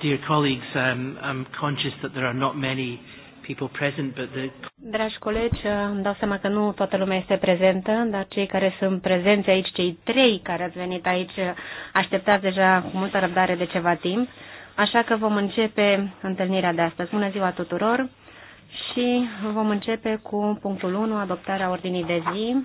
Dear colleagues, um, I'm conscious that there are not many people present, but the... Dragi colegi, îmi dau seama că nu toată lumea este prezentă, dar cei care sunt prezenți aici, cei trei care ați venit aici, așteptați deja cu multă răbdare de ceva timp. Așa că vom începe întâlnirea de astăzi. Bună ziua tuturor și vom începe cu punctul 1, adoptarea ordinii de zi.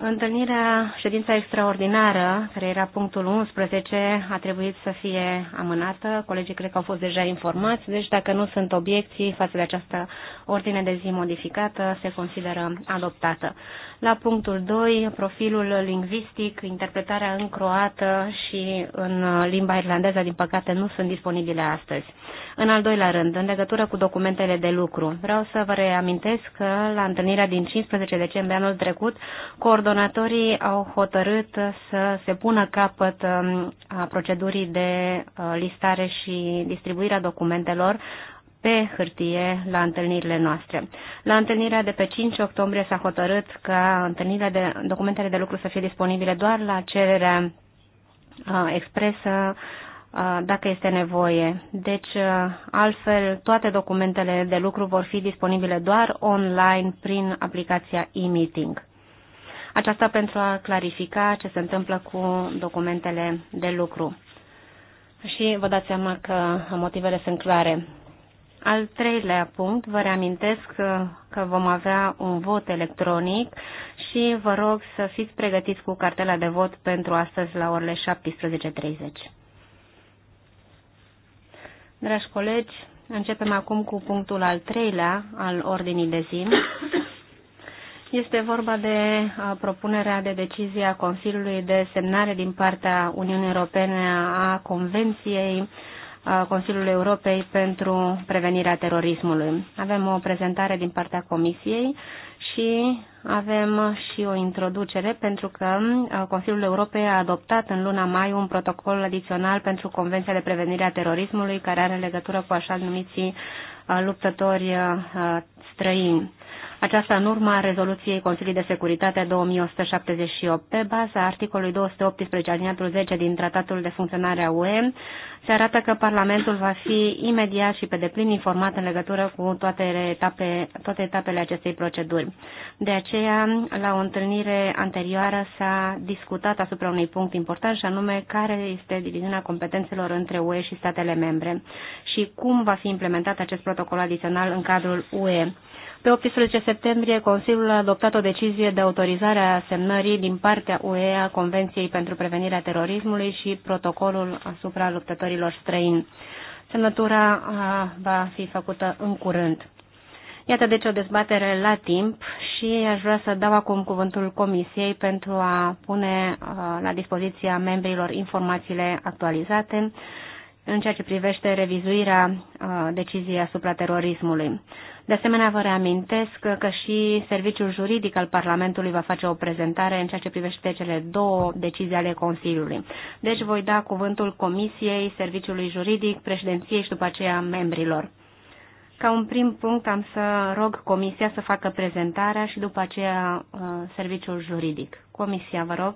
Întâlnirea, ședința extraordinară, care era punctul 11, a trebuit să fie amânată. Colegii cred că au fost deja informați, deci dacă nu sunt obiecții față de această ordine de zi modificată, se consideră adoptată. La punctul 2, profilul lingvistic, interpretarea în croată și în limba irlandeză, din păcate, nu sunt disponibile astăzi. În al doilea rând, în legătură cu documentele de lucru, vreau să vă reamintesc că la întâlnirea din 15 decembrie anul trecut, coordonatorii au hotărât să se pună capăt um, a procedurii de uh, listare și distribuirea documentelor pe hârtie la întâlnirile noastre. La întâlnirea de pe 5 octombrie s-a hotărât ca întâlnirea de documentele de lucru să fie disponibile doar la cererea uh, expresă dacă este nevoie. Deci, altfel, toate documentele de lucru vor fi disponibile doar online prin aplicația e-meeting. Aceasta pentru a clarifica ce se întâmplă cu documentele de lucru. Și vă dați seama că motivele sunt clare. Al treilea punct, vă reamintesc că vom avea un vot electronic și vă rog să fiți pregătiți cu cartela de vot pentru astăzi la orele 17.30. Dragi colegi, începem acum cu punctul al treilea al ordinii de zi. Este vorba de uh, propunerea de decizie a Consiliului de semnare din partea Uniunii Europene a Convenției Consiliului Europei pentru prevenirea terorismului. Avem o prezentare din partea Comisiei și avem și o introducere pentru că Consiliul Europei a adoptat în luna mai un protocol adițional pentru Convenția de prevenire a terorismului care are legătură cu așa numiții luptători străini aceasta în urma rezoluției Consiliului de Securitate 2178 pe baza articolului 218 aliniatul 10 din Tratatul de Funcționare a UE se arată că Parlamentul va fi imediat și pe deplin informat în legătură cu toate, etape, toate etapele acestei proceduri. De aceea, la o întâlnire anterioară s-a discutat asupra unui punct important și anume care este diviziunea competențelor între UE și statele membre și cum va fi implementat acest protocol adițional în cadrul UE. Pe 18 septembrie, Consiliul a adoptat o decizie de autorizare a semnării din partea UE a Convenției pentru prevenirea terorismului și protocolul asupra luptătorilor străini. Semnătura va fi făcută în curând. Iată deci o dezbatere la timp și aș vrea să dau acum cuvântul Comisiei pentru a pune la dispoziția membrilor informațiile actualizate în ceea ce privește revizuirea deciziei asupra terorismului. De asemenea, vă reamintesc că și Serviciul Juridic al Parlamentului va face o prezentare în ceea ce privește cele două decizii ale Consiliului. Deci voi da cuvântul Comisiei, Serviciului Juridic, președinției și după aceea membrilor. Ca un prim punct am să rog Comisia să facă prezentarea și după aceea uh, Serviciul Juridic. Comisia, vă rog.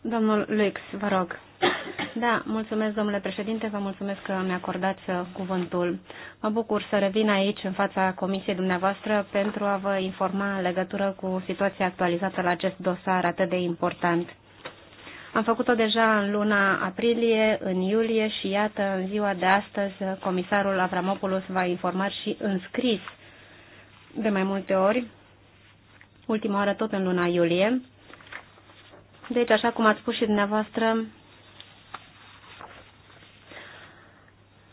Domnul Lux, vă rog. Da, mulțumesc, domnule președinte, vă mulțumesc că mi-a acordat uh, cuvântul. Mă bucur să revin aici, în fața comisiei dumneavoastră, pentru a vă informa în legătură cu situația actualizată la acest dosar atât de important. Am făcut-o deja în luna aprilie, în iulie și iată, în ziua de astăzi, comisarul Avramopoulos va informa și în scris de mai multe ori, ultima oară tot în luna iulie. Deci, așa cum ați spus și dumneavoastră,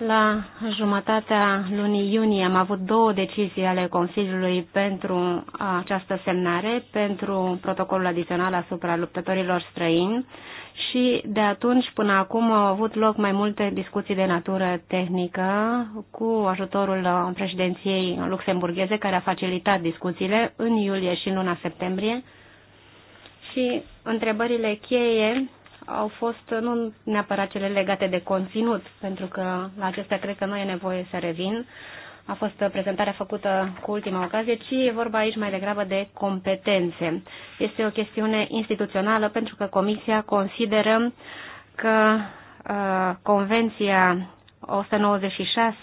La jumătatea lunii iunie am avut două decizii ale Consiliului pentru această semnare, pentru protocolul adițional asupra luptătorilor străini și de atunci până acum au avut loc mai multe discuții de natură tehnică cu ajutorul președinției luxemburgheze care a facilitat discuțiile în iulie și în luna septembrie și întrebările cheie au fost nu neapărat cele legate de conținut, pentru că la acestea cred că nu e nevoie să revin. A fost prezentarea făcută cu ultima ocazie, ci e vorba aici mai degrabă de competențe. Este o chestiune instituțională pentru că Comisia consideră că uh, Convenția 196,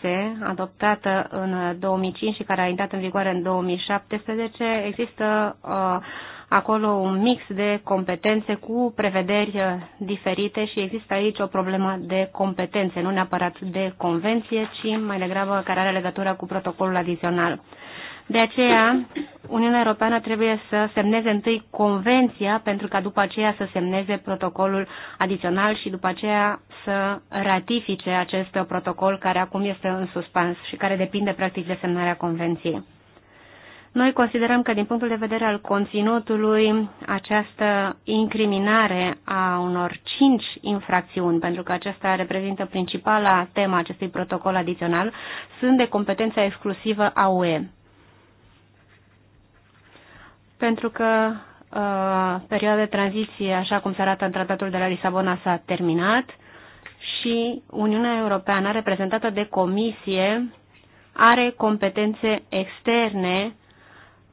adoptată în 2005 și care a intrat în vigoare în 2017, există uh, acolo un mix de competențe cu prevederi uh, diferite și există aici o problemă de competențe, nu neapărat de convenție, ci mai degrabă care are legătură cu protocolul adițional. De aceea, Uniunea Europeană trebuie să semneze întâi convenția pentru ca după aceea să semneze protocolul adițional și după aceea să ratifice acest protocol care acum este în suspans și care depinde practic de semnarea convenției. Noi considerăm că din punctul de vedere al conținutului, această incriminare a unor cinci infracțiuni, pentru că aceasta reprezintă principala tema acestui protocol adițional, sunt de competența exclusivă a UE. Pentru că uh, perioada de tranziție, așa cum se arată în tratatul de la Lisabona, s-a terminat și Uniunea Europeană, reprezentată de Comisie, are competențe externe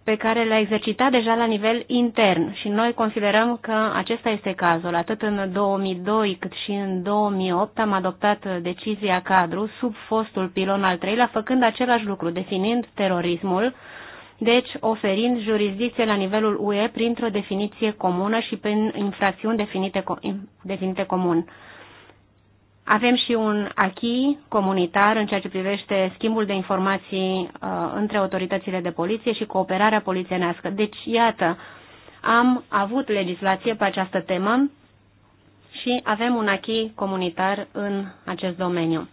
pe care le-a exercitat deja la nivel intern și noi considerăm că acesta este cazul. Atât în 2002 cât și în 2008 am adoptat decizia cadru sub fostul pilon al treilea, făcând același lucru, definind terorismul, deci oferind jurisdicție la nivelul UE printr-o definiție comună și prin infracțiuni definite, definite comun. Avem și un achi comunitar în ceea ce privește schimbul de informații uh, între autoritățile de poliție și cooperarea polițienească. Deci, iată, am avut legislație pe această temă și avem un achi comunitar în acest domeniu.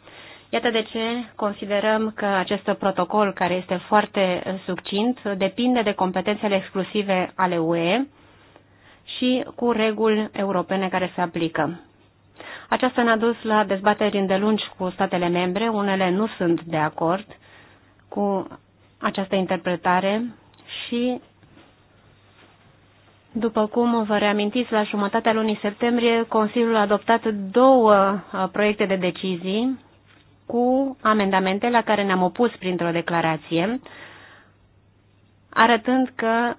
Iată de ce considerăm că acest protocol, care este foarte uh, succint, depinde de competențele exclusive ale UE și cu reguli europene care se aplică. Aceasta ne-a dus la dezbateri îndelungi cu statele membre, unele nu sunt de acord cu această interpretare și, după cum vă reamintiți, la jumătatea lunii septembrie Consiliul a adoptat două uh, proiecte de decizii cu amendamente la care ne-am opus printr-o declarație, arătând că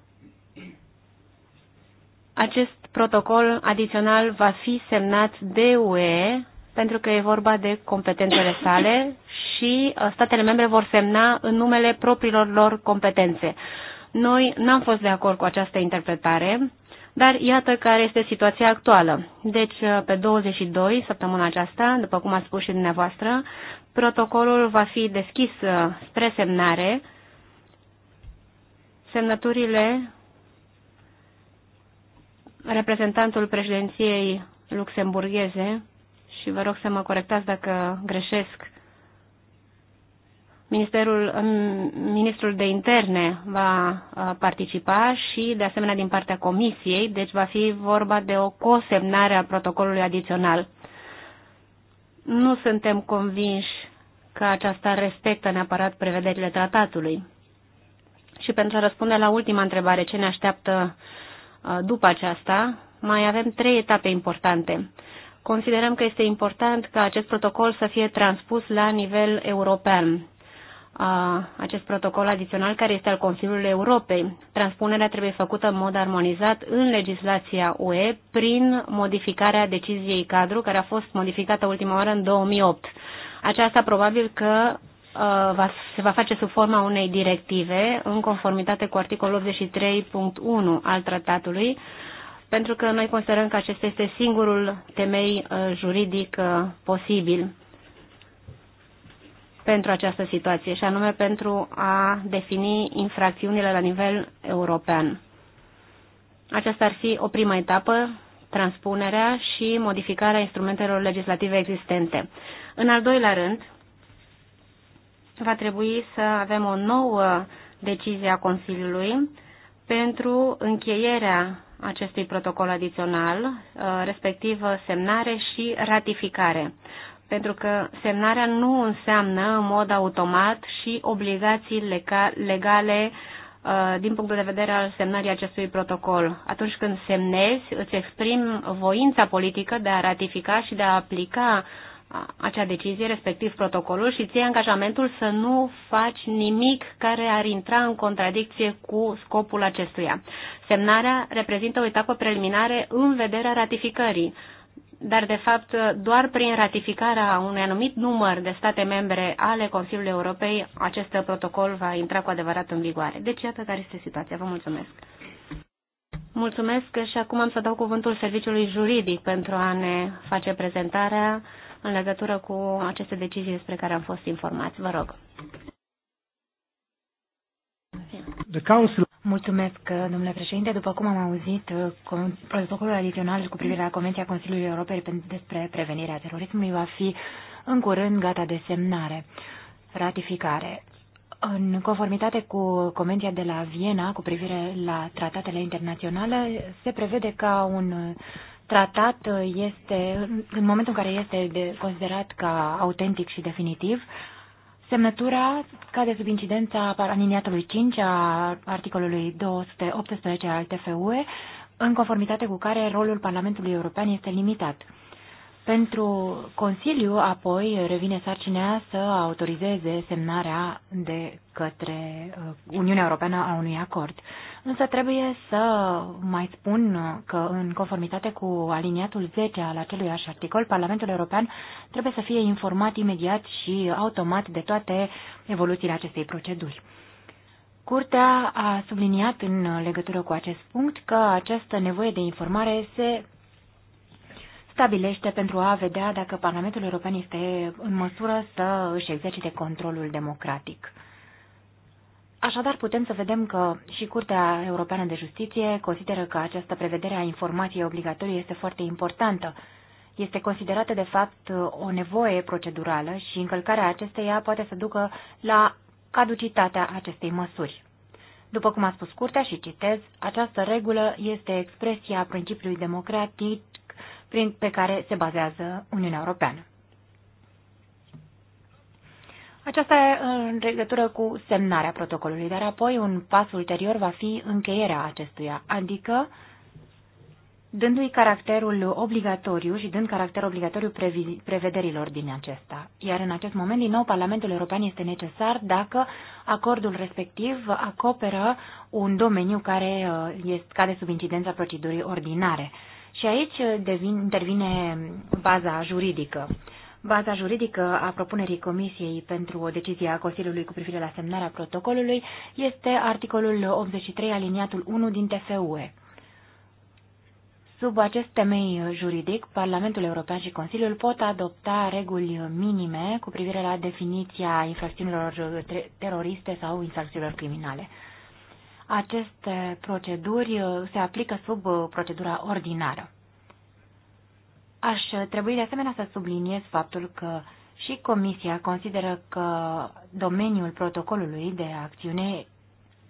acest protocol adițional va fi semnat de UE, pentru că e vorba de competențele sale și uh, statele membre vor semna în numele propriilor lor competențe. Noi n-am fost de acord cu această interpretare, dar iată care este situația actuală. Deci, uh, pe 22, săptămâna aceasta, după cum a spus și dumneavoastră, protocolul va fi deschis uh, spre semnare. Semnăturile reprezentantul președinției luxemburgheze, și vă rog să mă corectați dacă greșesc, Ministerul, ministrul de interne va uh, participa și, de asemenea, din partea comisiei, deci va fi vorba de o cosemnare a protocolului adițional. Nu suntem convinși că aceasta respectă neapărat prevederile tratatului. Și pentru a răspunde la ultima întrebare, ce ne așteaptă după aceasta, mai avem trei etape importante. Considerăm că este important ca acest protocol să fie transpus la nivel european. Acest protocol adițional care este al Consiliului Europei. Transpunerea trebuie făcută în mod armonizat în legislația UE prin modificarea deciziei cadru care a fost modificată ultima oară în 2008. Aceasta probabil că Uh, va, se va face sub forma unei directive în conformitate cu articolul 83.1 al tratatului, pentru că noi considerăm că acesta este singurul temei uh, juridic uh, posibil pentru această situație, și anume pentru a defini infracțiunile la nivel european. Aceasta ar fi o primă etapă, transpunerea și modificarea instrumentelor legislative existente. În al doilea rând, va trebui să avem o nouă decizie a Consiliului pentru încheierea acestui protocol adițional, uh, respectiv semnare și ratificare. Pentru că semnarea nu înseamnă în mod automat și obligații legale uh, din punctul de vedere al semnării acestui protocol. Atunci când semnezi, îți exprimi voința politică de a ratifica și de a aplica acea decizie, respectiv protocolul, și ții angajamentul să nu faci nimic care ar intra în contradicție cu scopul acestuia. Semnarea reprezintă o etapă preliminare în vederea ratificării, dar de fapt doar prin ratificarea unui anumit număr de state membre ale Consiliului Europei acest protocol va intra cu adevărat în vigoare. Deci iată care este situația. Vă mulțumesc. Mulțumesc și acum am să dau cuvântul serviciului juridic pentru a ne face prezentarea în legătură cu aceste decizii despre care am fost informați. Vă rog. The Council Mulțumesc, domnule președinte. După cum am auzit, protocolul adițional cu privire la Convenția Consiliului Europei despre prevenirea terorismului va fi în curând gata de semnare, ratificare. În conformitate cu Convenția de la Viena cu privire la tratatele internaționale, se prevede ca un tratat uh, este, în momentul în care este de, considerat ca autentic și definitiv, semnătura cade sub incidența aliniatului 5 a articolului 218 al TFUE, în conformitate cu care rolul Parlamentului European este limitat. Pentru Consiliu, apoi, revine sarcinea să autorizeze semnarea de către uh, Uniunea Europeană a unui acord. Însă trebuie să mai spun că în conformitate cu aliniatul 10 al acelui așa articol, Parlamentul European trebuie să fie informat imediat și automat de toate evoluțiile acestei proceduri. Curtea a subliniat în legătură cu acest punct că această nevoie de informare se stabilește pentru a vedea dacă Parlamentul European este în măsură să își exercite controlul democratic. Așadar, putem să vedem că și Curtea Europeană de Justiție consideră că această prevedere a informației obligatorii este foarte importantă. Este considerată, de fapt, o nevoie procedurală și încălcarea acesteia poate să ducă la caducitatea acestei măsuri. După cum a spus Curtea și citez, această regulă este expresia principiului democratic prin, pe care se bazează Uniunea Europeană. Aceasta în legătură cu semnarea protocolului, dar apoi un pas ulterior va fi încheierea acestuia, adică dându-i caracterul obligatoriu și dând caracter obligatoriu prevederilor din acesta. Iar în acest moment, din nou, Parlamentul European este necesar dacă acordul respectiv acoperă un domeniu care uh, este, cade sub incidența procedurii ordinare. Și aici devin, intervine baza juridică. Baza juridică a propunerii Comisiei pentru o decizie a Consiliului cu privire la semnarea protocolului este articolul 83 aliniatul 1 din TFUE. Sub acest temei juridic, Parlamentul European și Consiliul pot adopta reguli minime cu privire la definiția infracțiunilor teroriste sau infracțiunilor criminale. Aceste proceduri se aplică sub procedura ordinară. Aș trebui de asemenea să subliniez faptul că și Comisia consideră că domeniul protocolului de acțiune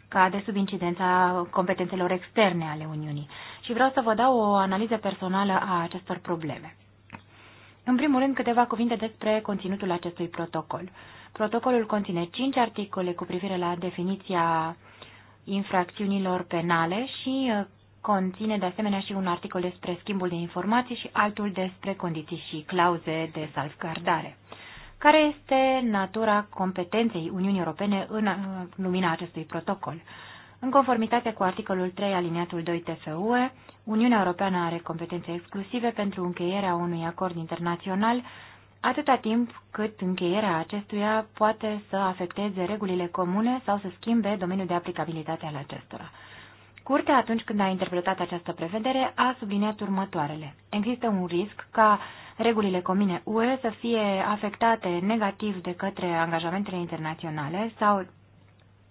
cade sub incidența competențelor externe ale Uniunii și vreau să vă dau o analiză personală a acestor probleme. În primul rând, câteva cuvinte despre conținutul acestui protocol. Protocolul conține cinci articole cu privire la definiția infracțiunilor penale și conține de asemenea și un articol despre schimbul de informații și altul despre condiții și clauze de salvgardare. Care este natura competenței Uniunii Europene în lumina acestui protocol? În conformitate cu articolul 3 aliniatul 2 TFUE, Uniunea Europeană are competențe exclusive pentru încheierea unui acord internațional atâta timp cât încheierea acestuia poate să afecteze regulile comune sau să schimbe domeniul de aplicabilitate al acestora. Curtea, atunci când a interpretat această prevedere, a subliniat următoarele. Există un risc ca regulile comune UE să fie afectate negativ de către angajamentele internaționale sau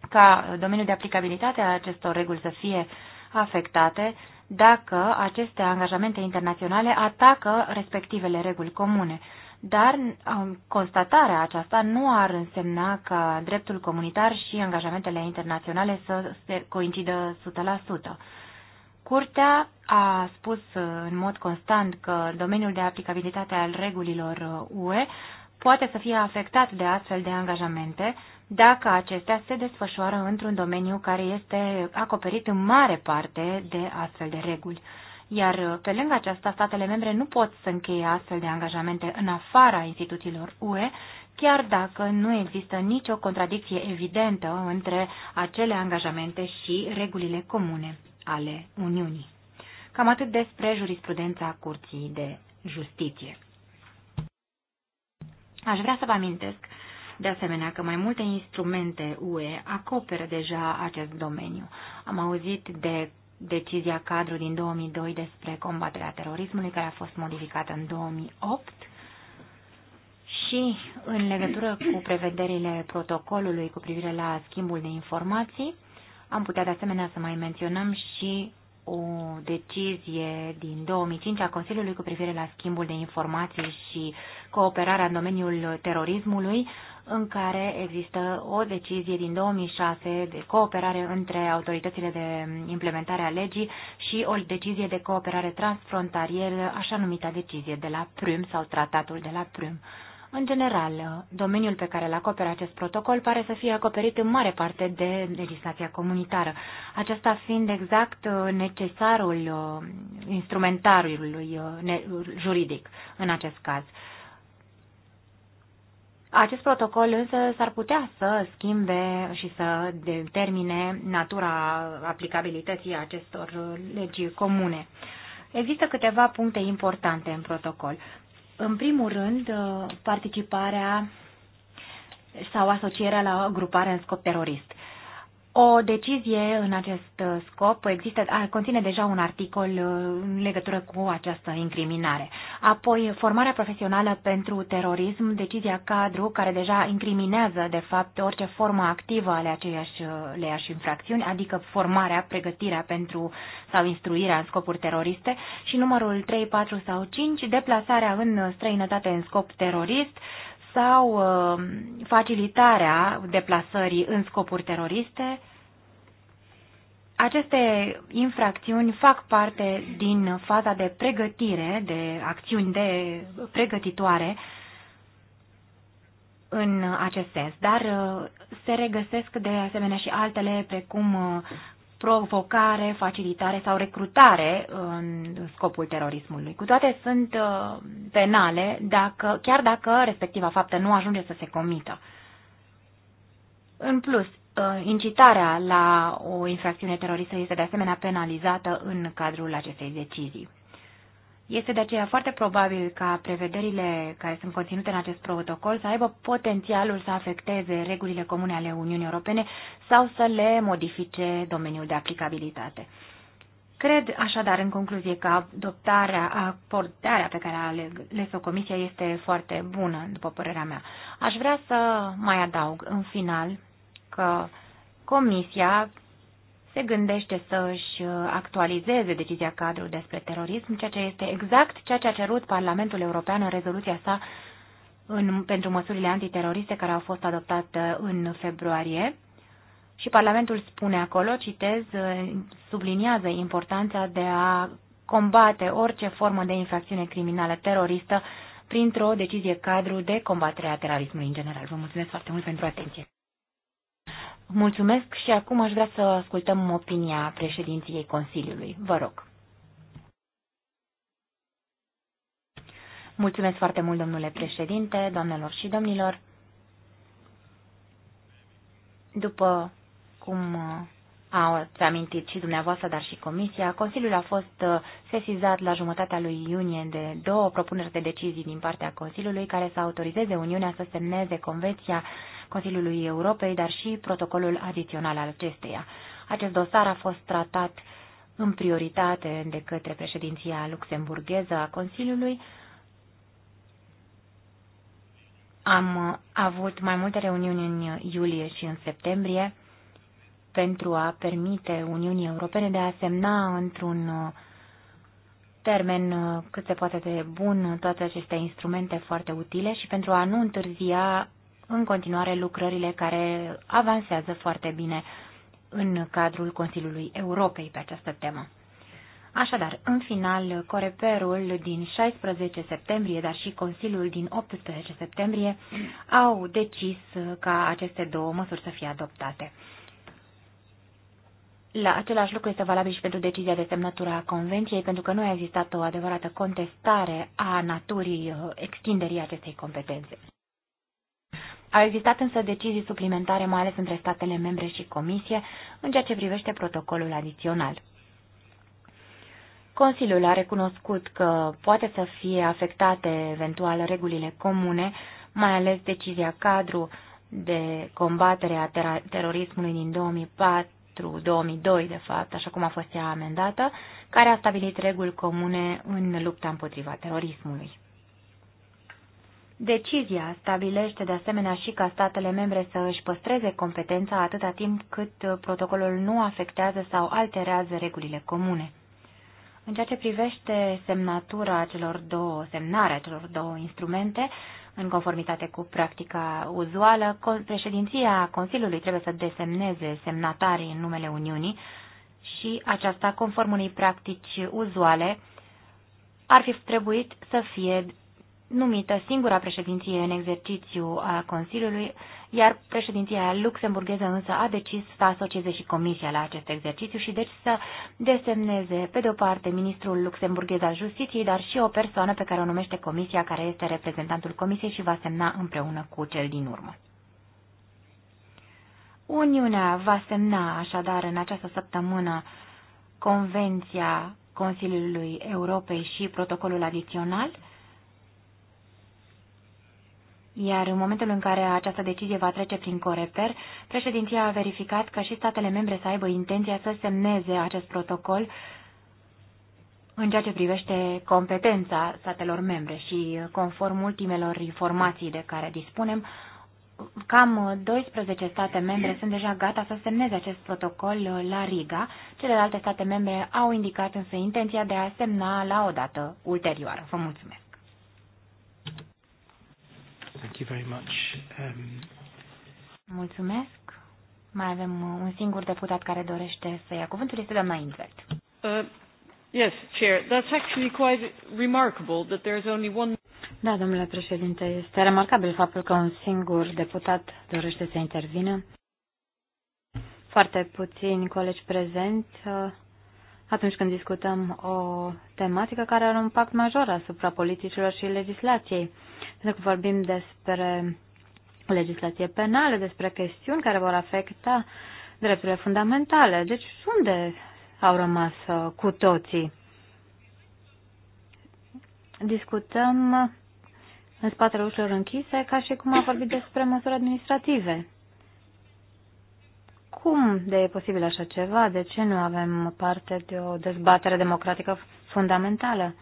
ca domeniul de aplicabilitate a acestor reguli să fie afectate dacă aceste angajamente internaționale atacă respectivele reguli comune. Dar um, constatarea aceasta nu ar însemna ca dreptul comunitar și angajamentele internaționale să se coincidă 100%. Curtea a spus uh, în mod constant că domeniul de aplicabilitate al regulilor uh, UE poate să fie afectat de astfel de angajamente dacă acestea se desfășoară într-un domeniu care este acoperit în mare parte de astfel de reguli iar uh, pe lângă aceasta statele membre nu pot să încheie astfel de angajamente în afara instituțiilor UE, chiar dacă nu există nicio contradicție evidentă între acele angajamente și regulile comune ale Uniunii. Cam atât despre jurisprudența Curții de Justiție. Aș vrea să vă amintesc de asemenea că mai multe instrumente UE acoperă deja acest domeniu. Am auzit de decizia cadru din 2002 despre combaterea terorismului, care a fost modificată în 2008, și în legătură cu prevederile protocolului cu privire la schimbul de informații, am putea de asemenea să mai menționăm și o decizie din 2005 a Consiliului cu privire la schimbul de informații și cooperarea în domeniul terorismului, în care există o decizie din 2006 de cooperare între autoritățile de implementare a legii și o decizie de cooperare transfrontalieră, așa numita decizie de la Prüm sau tratatul de la Prüm. În general, domeniul pe care îl acoperă acest protocol pare să fie acoperit în mare parte de legislația comunitară, aceasta fiind exact uh, necesarul uh, instrumentarului uh, juridic în acest caz. Acest protocol însă s-ar putea să schimbe și să determine natura aplicabilității acestor legi comune. Există câteva puncte importante în protocol. În primul rând, participarea sau asocierea la grupare în scop terorist o decizie în acest scop există, conține deja un articol uh, în legătură cu această incriminare. Apoi, formarea profesională pentru terorism, decizia cadru, care deja incriminează, de fapt, orice formă activă ale aceiași uh, leași infracțiuni, adică formarea, pregătirea pentru sau instruirea în scopuri teroriste și numărul 3, 4 sau 5, deplasarea în străinătate în scop terorist, sau uh, facilitarea deplasării în scopuri teroriste, aceste infracțiuni fac parte din faza de pregătire, de acțiuni de pregătitoare în acest sens, dar uh, se regăsesc de asemenea și altele precum uh, provocare, facilitare sau recrutare în scopul terorismului. Cu toate sunt uh, penale dacă, chiar dacă respectiva faptă nu ajunge să se comită. În plus, uh, incitarea la o infracțiune teroristă este de asemenea penalizată în cadrul acestei decizii. Este de aceea foarte probabil ca prevederile care sunt conținute în acest protocol să aibă potențialul să afecteze regulile comune ale Uniunii Europene sau să le modifice domeniul de aplicabilitate. Cred așadar în concluzie că adoptarea, aportarea pe care a ales-o Comisia este foarte bună, după părerea mea. Aș vrea să mai adaug în final că Comisia se gândește să își uh, actualizeze decizia cadru despre terorism, ceea ce este exact ceea ce a cerut Parlamentul European în rezoluția sa în, pentru măsurile antiteroriste care au fost adoptate în februarie. Și Parlamentul spune acolo, citez, uh, subliniază importanța de a combate orice formă de infracțiune criminală teroristă printr-o decizie cadru de combatere a terorismului în general. Vă mulțumesc foarte mult pentru atenție. Mulțumesc și acum aș vrea să ascultăm opinia președinției Consiliului. Vă rog. Mulțumesc foarte mult, domnule președinte, doamnelor și domnilor. După cum uh, ați amintit și dumneavoastră, dar și Comisia, Consiliul a fost uh, sesizat la jumătatea lui iunie de două propuneri de decizii din partea Consiliului care să autorizeze Uniunea să semneze Convenția Consiliului Europei, dar și protocolul adițional al acesteia. Acest dosar a fost tratat în prioritate de către președinția luxemburgheză a Consiliului. Am avut mai multe reuniuni în iulie și în septembrie pentru a permite Uniunii Europene de a semna într-un termen cât se poate de bun toate aceste instrumente foarte utile și pentru a nu întârzia în continuare lucrările care avansează foarte bine în cadrul Consiliului Europei pe această temă. Așadar, în final, Coreperul din 16 septembrie, dar și Consiliul din 18 septembrie au decis ca aceste două măsuri să fie adoptate. La același lucru este valabil și pentru decizia de semnătură a Convenției, pentru că nu a existat o adevărată contestare a naturii uh, extinderii acestei competențe. Au existat însă decizii suplimentare, mai ales între statele membre și Comisie, în ceea ce privește protocolul adițional. Consiliul a recunoscut că poate să fie afectate eventual regulile comune, mai ales decizia cadru de combatere a ter terorismului din 2004 2002, de fapt, așa cum a fost ea amendată, care a stabilit reguli comune în lupta împotriva terorismului. Decizia stabilește de asemenea și ca statele membre să își păstreze competența atâta timp cât uh, protocolul nu afectează sau alterează regulile comune. În ceea ce privește semnatura celor două, semnarea celor două instrumente, în conformitate cu practica uzuală, președinția Consiliului trebuie să desemneze semnatarii în numele Uniunii și aceasta, conform unei practici uzuale, ar fi trebuit să fie numită singura președinție în exercițiu a Consiliului, iar președinția luxemburgheză însă a decis să asocieze și Comisia la acest exercițiu și deci să desemneze, pe de o parte, ministrul luxemburghez al justiției, dar și o persoană pe care o numește Comisia, care este reprezentantul Comisiei și va semna împreună cu cel din urmă. Uniunea va semna așadar în această săptămână Convenția Consiliului Europei și protocolul adițional, iar în momentul în care această decizie va trece prin Coreper, președinția a verificat că și statele membre să aibă intenția să semneze acest protocol în ceea ce privește competența statelor membre și conform ultimelor informații de care dispunem, cam 12 state membre sunt deja gata să semneze acest protocol la Riga. Celelalte state membre au indicat însă intenția de a semna la o dată ulterioară. Vă mulțumesc! Thank you very much. Um... Mulțumesc. Mai avem uh, un singur deputat care dorește să ia cuvântul, este doamna Invert. Uh, yes, Chair, that's actually quite remarkable that is only one... Da, domnule președinte, este remarcabil faptul că un singur deputat dorește să intervină. Foarte puțini colegi prezenți. Uh, atunci când discutăm o tematică care are un impact major asupra politicilor și legislației. Pentru că vorbim despre legislație penală, despre chestiuni care vor afecta drepturile fundamentale. Deci unde au rămas uh, cu toții? Discutăm în spatele ușilor închise ca și cum am vorbit despre măsuri administrative cum de e posibil așa ceva? De ce nu avem parte de o dezbatere democratică fundamentală?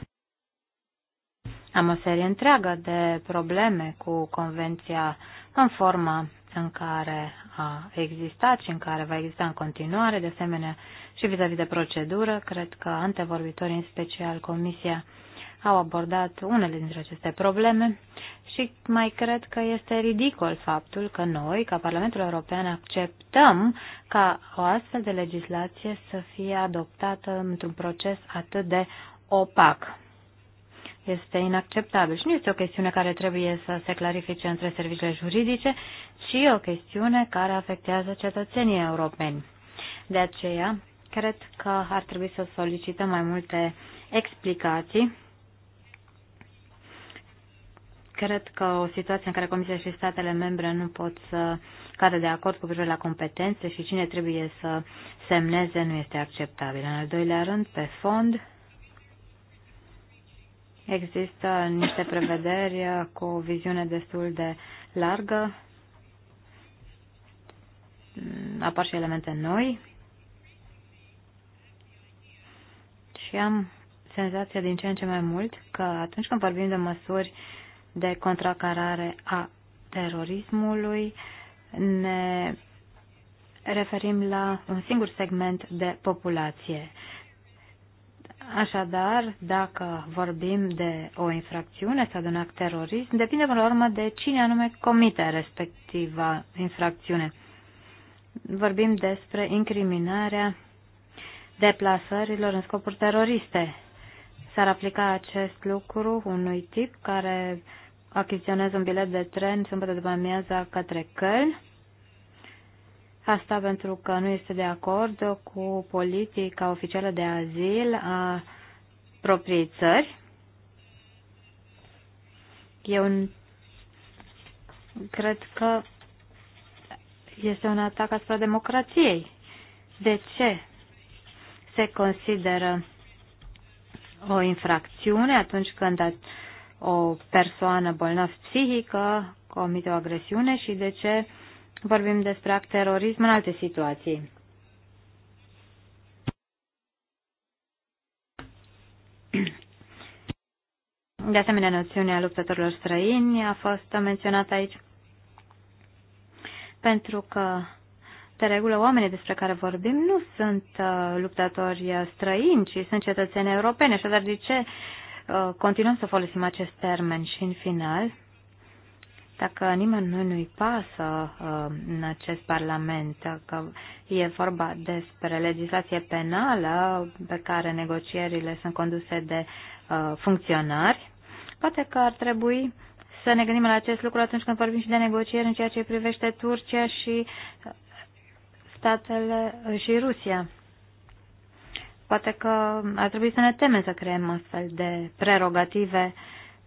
Am o serie întreagă de probleme cu Convenția în forma în care a existat și în care va exista în continuare, de asemenea și vis-a-vis -vis de procedură. Cred că antevorbitorii, în special Comisia, au abordat unele dintre aceste probleme. Și mai cred că este ridicol faptul că noi, ca Parlamentul European, acceptăm ca o astfel de legislație să fie adoptată într-un proces atât de opac. Este inacceptabil și nu este o chestiune care trebuie să se clarifice între serviciile juridice, ci o chestiune care afectează cetățenii europeni. De aceea, cred că ar trebui să solicităm mai multe explicații Cred că o situație în care Comisia și statele membre nu pot să cadă de acord cu privire la competențe și cine trebuie să semneze nu este acceptabil. În al doilea rând, pe fond, există niște prevederi cu o viziune destul de largă. Apar și elemente noi. Și am senzația din ce în ce mai mult că atunci când vorbim de măsuri uh, de contracarare a terorismului, ne referim la un singur segment de populație. Așadar, dacă vorbim de o infracțiune sau de un act terorist, depinde până la urmă de cine anume comite respectiva infracțiune. Vorbim despre incriminarea deplasărilor în scopuri teroriste. S-ar aplica acest lucru unui tip care achiziționez un bilet de tren sâmbătă după amiaza către Căln. Asta pentru că nu este de acord cu politica oficială de azil a proprii țări. Eu cred că este un atac asupra democrației. De ce se consideră o infracțiune atunci când ați o persoană bolnavă psihică comite o agresiune și de ce vorbim despre act terorism în alte situații. De asemenea, noțiunea luptătorilor străini a fost menționată aici pentru că, de regulă, oamenii despre care vorbim nu sunt uh, luptători străini, ci sunt cetățeni europeni. Așadar, de ce Uh, continuăm să folosim acest termen și în final, dacă nimeni nu nu-i pasă uh, în acest Parlament că e vorba despre legislație penală pe care negocierile sunt conduse de uh, funcționari, poate că ar trebui să ne gândim la acest lucru atunci când vorbim și de negocieri în ceea ce privește Turcia și statele și Rusia poate că ar trebui să ne temem să creăm astfel de prerogative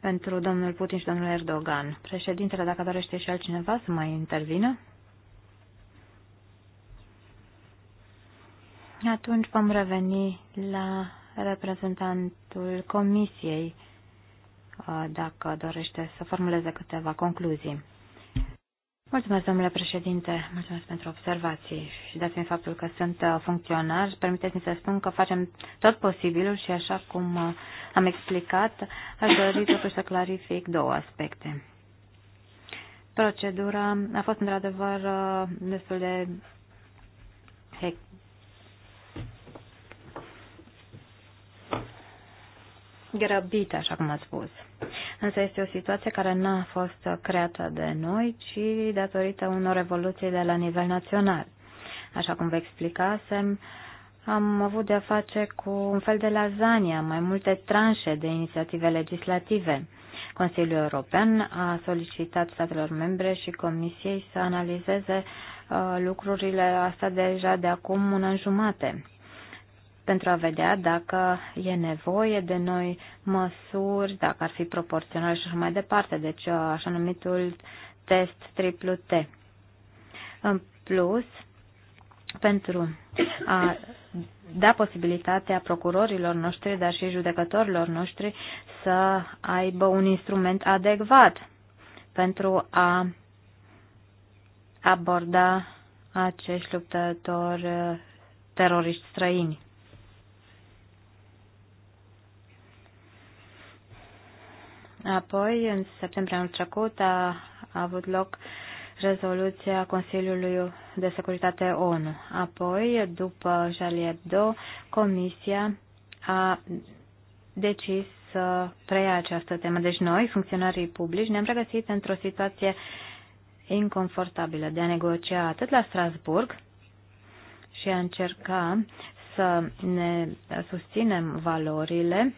pentru domnul Putin și domnul Erdogan. Președintele, dacă dorește și altcineva să mai intervină, atunci vom reveni la reprezentantul comisiei uh, dacă dorește să formuleze câteva concluzii. Mulțumesc, domnule președinte, mulțumesc pentru observații și dați-mi faptul că sunt uh, funcționar. Permiteți-mi să spun că facem tot posibilul și așa cum uh, am explicat, aș dori totuși să clarific două aspecte. Procedura a fost într-adevăr uh, destul de grăbită, așa cum ați spus. Însă este o situație care nu a fost creată de noi, ci datorită unor evoluții de la nivel național. Așa cum vă explicasem, am avut de-a face cu un fel de lasagna, mai multe tranșe de inițiative legislative. Consiliul European a solicitat statelor membre și Comisiei să analizeze uh, lucrurile astea deja de acum un an jumate pentru a vedea dacă e nevoie de noi măsuri, dacă ar fi proporțional și așa mai departe, deci uh, așa numitul test triplu T. În plus, pentru a da posibilitatea procurorilor noștri, dar și judecătorilor noștri să aibă un instrument adecvat pentru a aborda acești luptători uh, teroriști străini. Apoi, în septembrie anul trecut, a, a avut loc rezoluția Consiliului de Securitate ONU. Apoi, după Jalie 2, Comisia a decis să preia această temă. Deci noi, funcționarii publici, ne-am regăsit într-o situație inconfortabilă de a negocia atât la Strasburg și a încerca să ne susținem valorile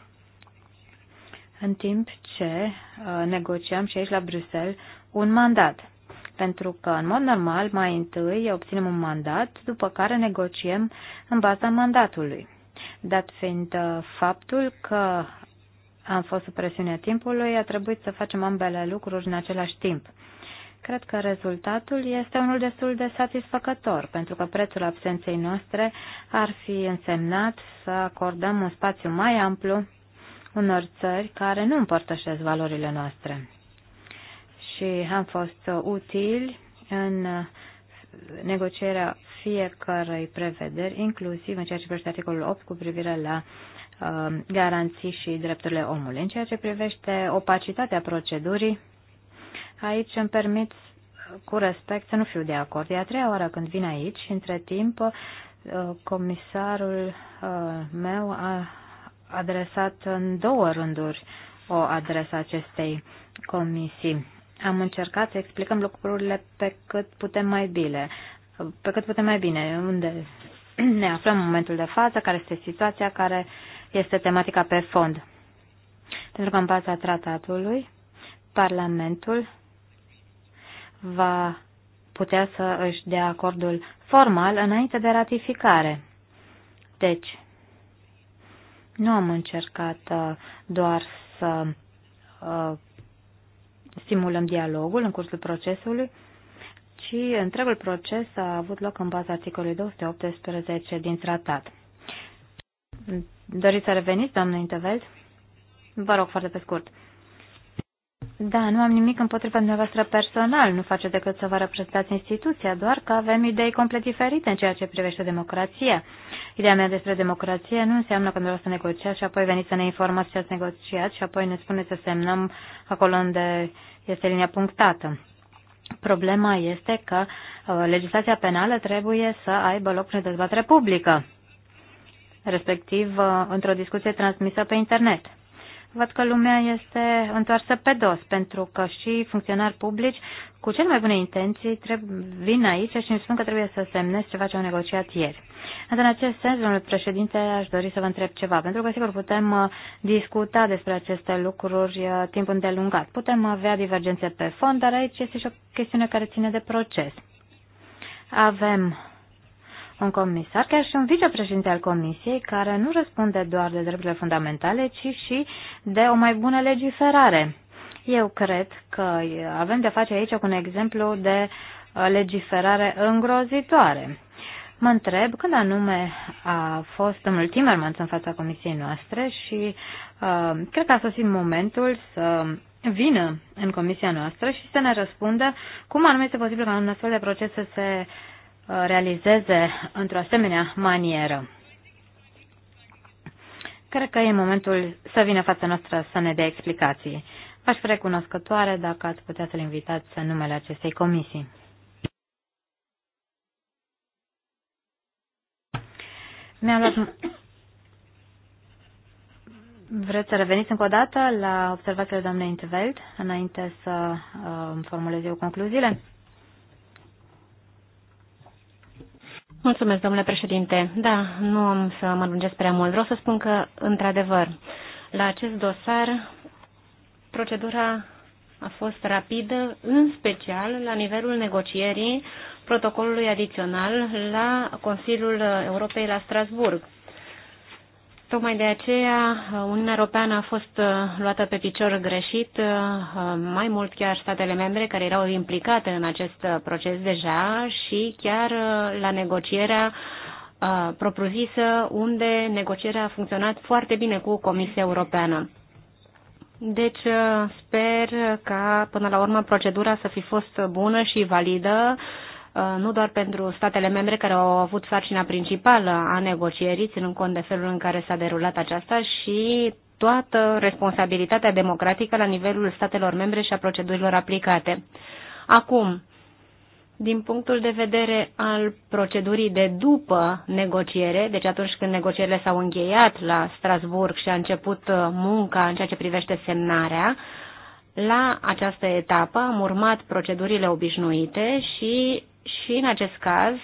în timp ce uh, negociam și aici la Bruxelles un mandat. Pentru că, în mod normal, mai întâi obținem un mandat, după care negociem în baza mandatului. Dat fiind uh, faptul că am fost sub presiunea timpului, a trebuit să facem ambele lucruri în același timp. Cred că rezultatul este unul destul de satisfăcător, pentru că prețul absenței noastre ar fi însemnat să acordăm un spațiu mai amplu unor țări care nu împărtășesc valorile noastre. Și am fost utili în negocierea fiecărei prevederi, inclusiv în ceea ce privește articolul 8 cu privire la uh, garanții și drepturile omului. În ceea ce privește opacitatea procedurii, aici îmi permit cu respect să nu fiu de acord. E a treia oară când vin aici între timp uh, comisarul uh, meu a adresat în două rânduri o adresă acestei comisii. Am încercat să explicăm lucrurile pe cât putem mai bine, pe cât putem mai bine, unde ne aflăm în momentul de față, care este situația, care este tematica pe fond. Pentru că în baza tratatului, Parlamentul va putea să își dea acordul formal înainte de ratificare. Deci, nu am încercat uh, doar să uh, stimulăm dialogul în cursul procesului, ci întregul proces a avut loc în baza articolului 218 din tratat. Doriți să reveniți, doamnă Intevez? Vă rog foarte pe scurt. Da, nu am nimic împotriva dumneavoastră personal, nu face decât să vă reprezentați instituția, doar că avem idei complet diferite în ceea ce privește democrația. Ideea mea despre democrație nu înseamnă că dumneavoastră negociați și apoi veniți să ne informați ce ați negociat și apoi ne spuneți să semnăm acolo unde este linia punctată. Problema este că uh, legislația penală trebuie să aibă loc prin dezbatere publică, respectiv uh, într-o discuție transmisă pe internet văd că lumea este întoarsă pe dos, pentru că și funcționari publici cu cel mai bune intenții trebuie, vin aici și îmi spun că trebuie să semnez ceva ce au negociat ieri. În acest sens, domnule președinte, aș dori să vă întreb ceva, pentru că sigur putem uh, discuta despre aceste lucruri uh, timp îndelungat. Putem avea divergențe pe fond, dar aici este și o chestiune care ține de proces. Avem un comisar, chiar și un vicepreședinte al Comisiei, care nu răspunde doar de drepturile fundamentale, ci și de o mai bună legiferare. Eu cred că avem de face aici cu un exemplu de uh, legiferare îngrozitoare. Mă întreb când anume a fost domnul Timmermans în fața comisiei noastre și uh, cred că a sosit momentul să vină în comisia noastră și să ne răspundă cum anume este posibil ca un astfel de proces să se uh, realizeze într-o asemenea manieră. Cred că e momentul să vină fața noastră să ne dea explicații. V-aș fi recunoscătoare dacă ați putea să-l invitați în numele acestei comisii. Mi-a luat... Vreți să reveniți încă o dată la observațiile doamnei Intveld, înainte să uh, formulez eu concluziile? Mulțumesc, domnule președinte. Da, nu am să mă lungesc prea mult. Vreau să spun că, într-adevăr, la acest dosar, procedura a fost rapidă, în special la nivelul negocierii protocolului adițional la Consiliul Europei la Strasburg. Tocmai de aceea uh, Uniunea Europeană a fost uh, luată pe picior greșit, uh, mai mult chiar statele membre care erau implicate în acest proces deja și chiar la negocierea propriu-zisă, unde negocierea a funcționat foarte bine cu Comisia Europeană. Deci sper ca până la urmă procedura să fi fost bună și validă Uh, nu doar pentru statele membre care au avut sarcina principală a negocierii, ținând cont de felul în care s-a derulat aceasta și toată responsabilitatea democratică la nivelul statelor membre și a procedurilor aplicate. Acum, din punctul de vedere al procedurii de după negociere, deci atunci când negocierile s-au încheiat la Strasburg și a început uh, munca în ceea ce privește semnarea, la această etapă am urmat procedurile obișnuite și și în acest caz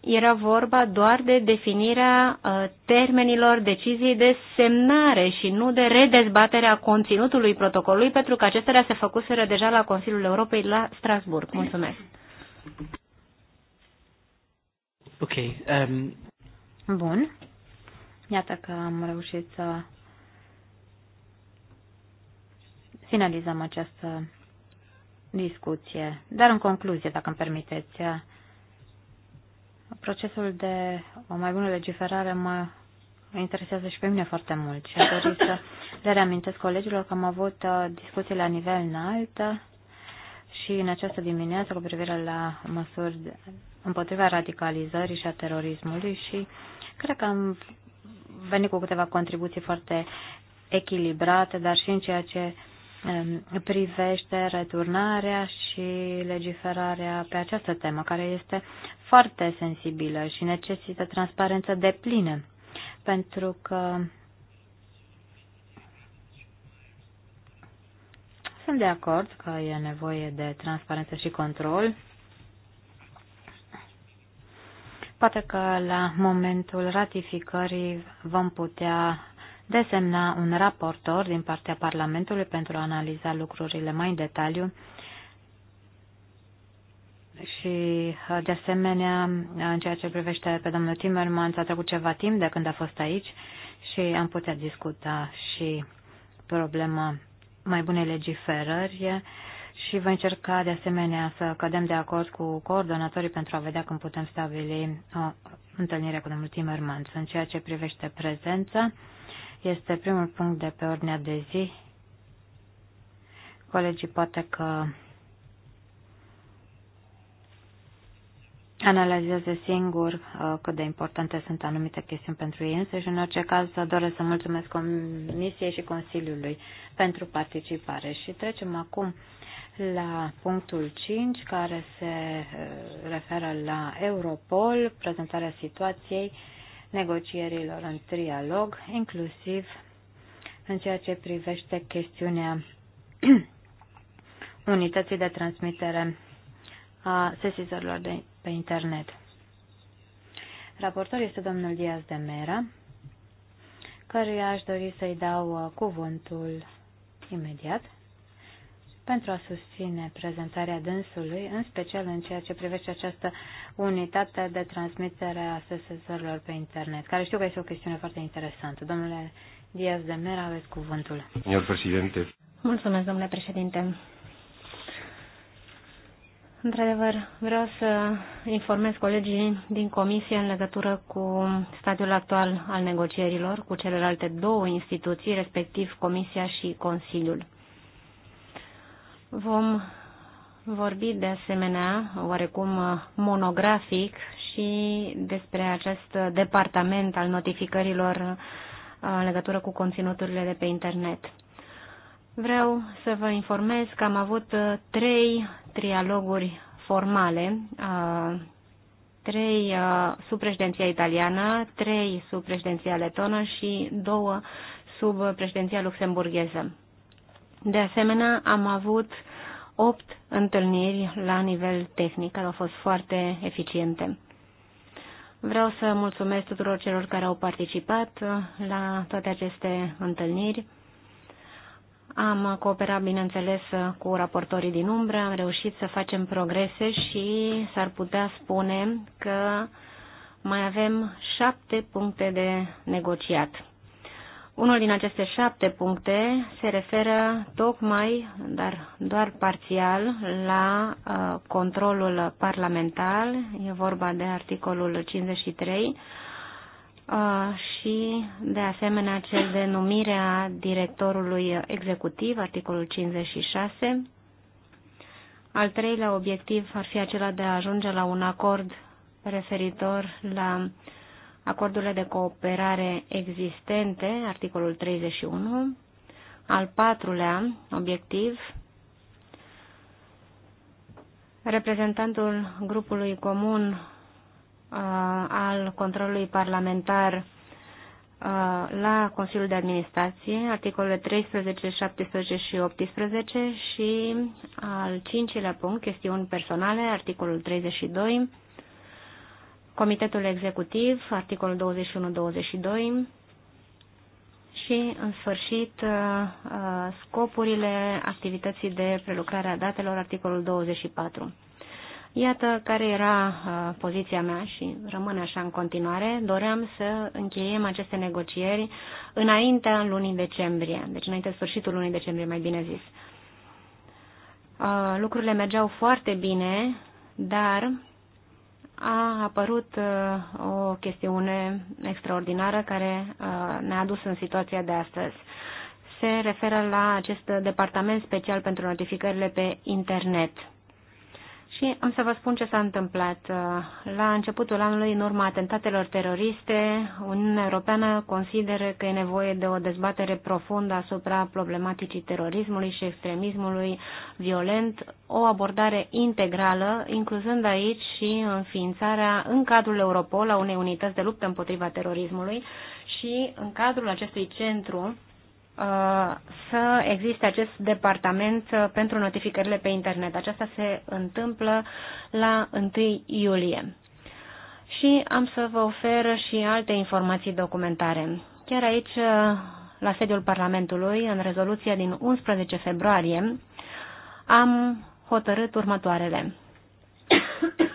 era vorba doar de definirea ă, termenilor deciziei de semnare și nu de redezbaterea conținutului protocolului, pentru că acestea se făcuseră deja la Consiliul Europei la Strasburg. Mulțumesc. Ok. Um... Bun. Iată că am reușit să finalizăm această discuție. Dar în concluzie, dacă îmi permiteți, procesul de o mai bună legiferare mă interesează și pe mine foarte mult și a dorit să le reamintesc colegilor că am avut uh, discuții la nivel înalt și în această dimineață cu privire la măsuri împotriva radicalizării și a terorismului și cred că am venit cu câteva contribuții foarte echilibrate, dar și în ceea ce privește returnarea și legiferarea pe această temă, care este foarte sensibilă și necesită transparență de plină, pentru că sunt de acord că e nevoie de transparență și control. Poate că la momentul ratificării vom putea desemna un raportor din partea Parlamentului pentru a analiza lucrurile mai în detaliu și, de asemenea, în ceea ce privește pe domnul Timmermans, a trecut ceva timp de când a fost aici și am putea discuta și problema mai bunei legiferări și voi încerca, de asemenea, să cădem de acord cu coordonatorii pentru a vedea cum putem stabili o întâlnire cu domnul Timmermans. În ceea ce privește prezența, este primul punct de pe ordinea de zi. Colegii poate că analizează singur uh, cât de importante sunt anumite chestiuni pentru ei însă și în orice caz doresc să mulțumesc Comisiei și Consiliului pentru participare. Și trecem acum la punctul 5 care se uh, referă la Europol, prezentarea situației uh, negocierilor în trialog, inclusiv în ceea ce privește chestiunea unității de transmitere a sesizorilor de, pe internet. Raportor este domnul Diaz de Mera, căruia aș dori să-i dau uh, cuvântul imediat pentru a susține prezentarea dânsului, în special în ceea ce privește această unitate de transmitere a ssz pe internet, care știu că este o chestiune foarte interesantă. Domnule Diaz de Mera, aveți cuvântul. Domnul președinte. Mulțumesc, domnule președinte. Într-adevăr, vreau să informez colegii din comisie în legătură cu stadiul actual al negocierilor cu celelalte două instituții, respectiv Comisia și Consiliul. Vom vorbi de asemenea, oarecum monografic, și despre acest departament al notificărilor uh, în legătură cu conținuturile de pe internet. Vreau să vă informez că am avut uh, trei trialoguri formale, uh, trei sub președinția italiană, trei sub președinția letonă și două sub președinția luxemburgheză. De asemenea, am avut opt întâlniri la nivel tehnic care au fost foarte eficiente. Vreau să mulțumesc tuturor celor care au participat la toate aceste întâlniri. Am cooperat, bineînțeles, cu raportorii din umbră, am reușit să facem progrese și s-ar putea spune că mai avem șapte puncte de negociat. Unul din aceste șapte puncte se referă tocmai, dar doar parțial, la uh, controlul parlamentar. E vorba de articolul 53 uh, și, de asemenea, cel de numire a directorului executiv, articolul 56. Al treilea obiectiv ar fi acela de a ajunge la un acord referitor la uh, acordurile de cooperare existente, articolul 31, al patrulea obiectiv, reprezentantul grupului comun uh, al controlului parlamentar uh, la Consiliul de Administrație, articolele 13, 17 și 18 și al cincilea punct, chestiuni personale, articolul 32, Comitetul Executiv, articolul 21-22 și, în sfârșit, uh, uh, scopurile activității de prelucrare a datelor, articolul 24. Iată care era uh, poziția mea și rămâne așa în continuare. Doream să încheiem aceste negocieri înaintea lunii decembrie, deci înainte sfârșitul lunii decembrie, mai bine zis. Lucrurile mergeau foarte bine, dar a apărut uh, o chestiune extraordinară care uh, ne-a adus în situația de astăzi. Se referă la acest departament special pentru notificările pe internet. Și am să vă spun ce s-a întâmplat. Uh, la începutul anului, în urma atentatelor teroriste, Uniunea Europeană consideră că e nevoie de o dezbatere profundă asupra problematicii terorismului și extremismului violent, o abordare integrală, incluzând aici și înființarea în cadrul Europol a unei unități de luptă împotriva terorismului și în cadrul acestui centru Uh, să existe acest departament uh, pentru notificările pe internet. Aceasta se întâmplă la 1 iulie. Și am să vă ofer și alte informații documentare. Chiar aici, uh, la sediul Parlamentului, în rezoluția din 11 februarie, am hotărât următoarele.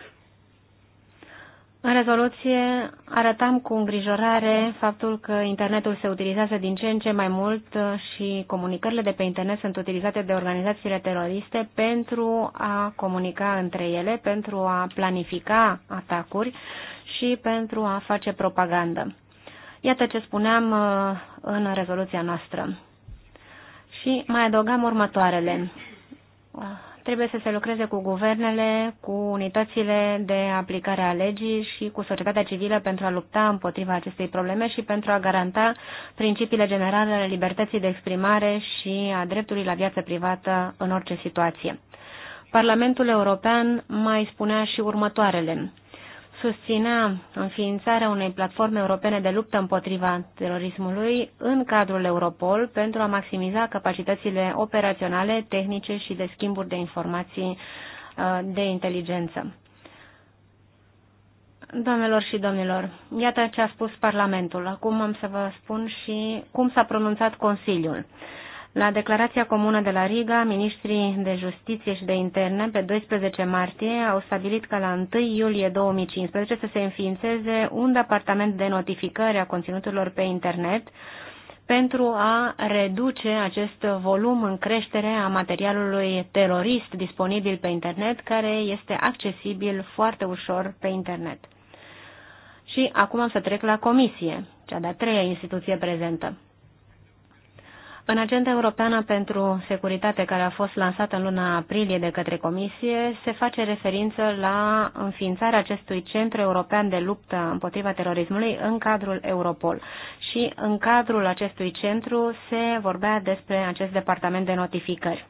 În rezoluție arătam cu îngrijorare faptul că internetul se utilizează din ce în ce mai mult și comunicările de pe internet sunt utilizate de organizațiile teroriste pentru a comunica între ele, pentru a planifica atacuri și pentru a face propagandă. Iată ce spuneam uh, în rezoluția noastră. Și mai adăugam următoarele. Trebuie să se lucreze cu guvernele, cu unitățile de aplicare a legii și cu societatea civilă pentru a lupta împotriva acestei probleme și pentru a garanta principiile generale ale libertății de exprimare și a dreptului la viață privată în orice situație. Parlamentul European mai spunea și următoarele susținea înființarea unei platforme europene de luptă împotriva terorismului în cadrul Europol pentru a maximiza capacitățile operaționale, tehnice și de schimburi de informații uh, de inteligență. Doamnelor și domnilor, iată ce a spus Parlamentul. Acum am să vă spun și cum s-a pronunțat Consiliul. La declarația comună de la Riga, ministrii de justiție și de interne pe 12 martie au stabilit că la 1 iulie 2015 să se înființeze un departament de notificări a conținuturilor pe internet pentru a reduce acest volum în creștere a materialului terorist disponibil pe internet, care este accesibil foarte ușor pe internet. Și acum am să trec la comisie, cea de-a treia instituție prezentă. În agenda europeană pentru securitate care a fost lansată în luna aprilie de către Comisie se face referință la înființarea acestui centru european de luptă împotriva terorismului în cadrul Europol. Și în cadrul acestui centru se vorbea despre acest departament de notificări.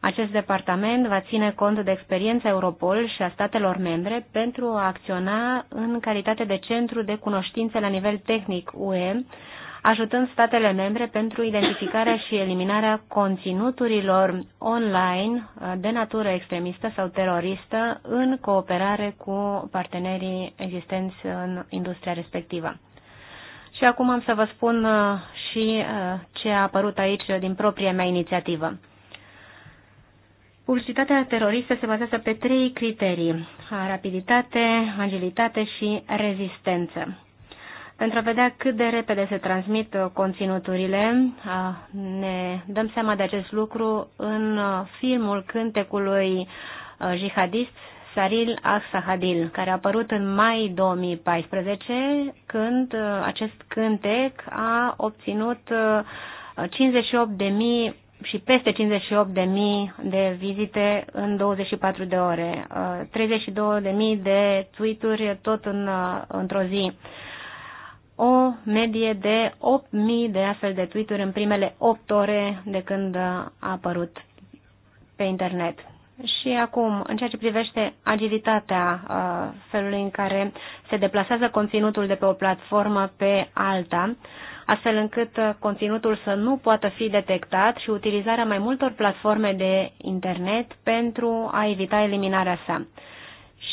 Acest departament va ține cont de experiența Europol și a statelor membre pentru a acționa în calitate de centru de cunoștințe la nivel tehnic UE ajutând statele membre pentru identificarea și eliminarea conținuturilor online uh, de natură extremistă sau teroristă în cooperare cu partenerii existenți în industria respectivă. Și acum am să vă spun uh, și uh, ce a apărut aici din propria mea inițiativă. Publicitatea teroristă se bazează pe trei criterii, rapiditate, agilitate și rezistență pentru a vedea cât de repede se transmit uh, conținuturile. Uh, ne dăm seama de acest lucru în uh, filmul cântecului jihadist Saril Aksahadil, care a apărut în mai 2014, când acest cântec a obținut 58.000 și peste 58.000 de vizite în 24 de ore, 32.000 de tweet-uri tot în, într-o zi o medie de 8.000 de astfel de tweet-uri în primele 8 ore de când a apărut pe internet. Și acum, în ceea ce privește agilitatea uh, felului în care se deplasează conținutul de pe o platformă pe alta, astfel încât uh, conținutul să nu poată fi detectat și utilizarea mai multor platforme de internet pentru a evita eliminarea sa.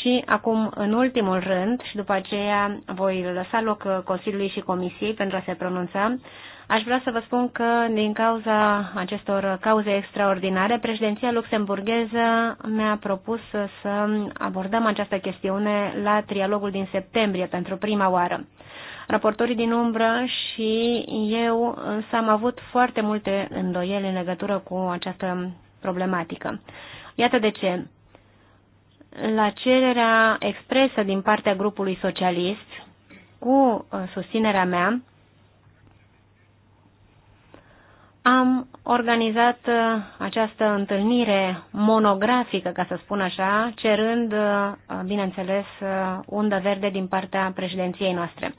Și acum, în ultimul rând, și după aceea voi lăsa loc uh, Consiliului și Comisiei pentru a se pronunța, aș vrea să vă spun că din cauza acestor cauze extraordinare, președinția luxemburgheză mi-a propus să abordăm această chestiune la trialogul din septembrie pentru prima oară raportorii din umbră și eu însă am avut foarte multe îndoieli în legătură cu această problematică. Iată de ce la cererea expresă din partea grupului socialist, cu uh, susținerea mea, am organizat uh, această întâlnire monografică, ca să spun așa, cerând, uh, bineînțeles, uh, undă verde din partea președinției noastre.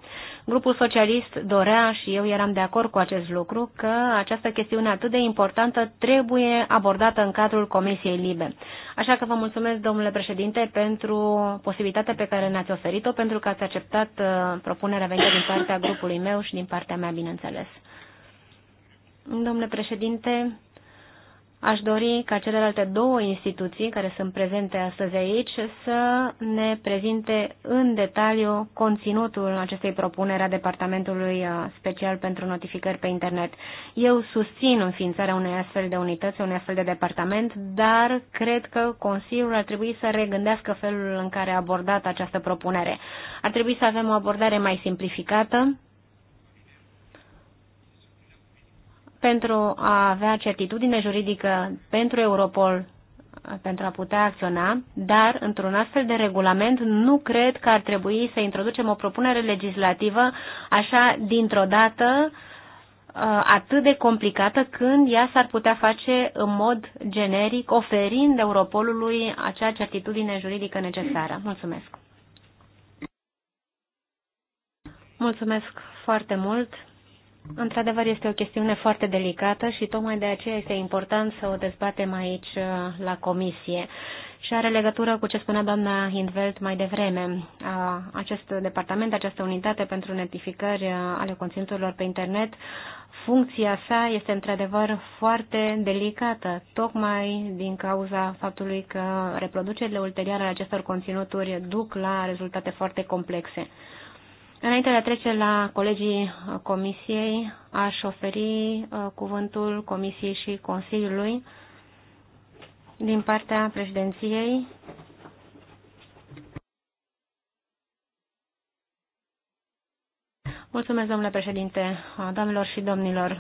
Grupul socialist dorea și eu eram de acord cu acest lucru că această chestiune atât de importantă trebuie abordată în cadrul Comisiei Libe. Așa că vă mulțumesc, domnule președinte, pentru posibilitatea pe care ne-ați oferit-o, pentru că ați acceptat propunerea venită din partea grupului meu și din partea mea, bineînțeles. Domnule președinte, aș dori ca celelalte două instituții care sunt prezente astăzi aici să ne prezinte în detaliu conținutul acestei propuneri a Departamentului uh, Special pentru Notificări pe Internet. Eu susțin înființarea unei astfel de unități, unei astfel de departament, dar cred că Consiliul ar trebui să regândească felul în care a abordat această propunere. Ar trebui să avem o abordare mai simplificată, pentru a avea certitudine juridică pentru Europol pentru a putea acționa, dar într-un astfel de regulament nu cred că ar trebui să introducem o propunere legislativă așa dintr-o dată uh, atât de complicată când ea s-ar putea face în mod generic, oferind Europolului acea certitudine juridică necesară. Mulțumesc! Mulțumesc foarte mult! Într-adevăr, este o chestiune foarte delicată și tocmai de aceea este important să o dezbatem aici uh, la comisie. Și are legătură cu ce spunea doamna Hindveld mai devreme. Uh, acest departament, această unitate pentru notificări uh, ale conținuturilor pe internet, funcția sa este într-adevăr foarte delicată, tocmai din cauza faptului că reproducerile ulterioare ale acestor conținuturi duc la rezultate foarte complexe. Înainte de a trece la colegii Comisiei, aș oferi uh, cuvântul Comisiei și Consiliului din partea președinției. Mulțumesc, domnule președinte, uh, doamnelor și domnilor.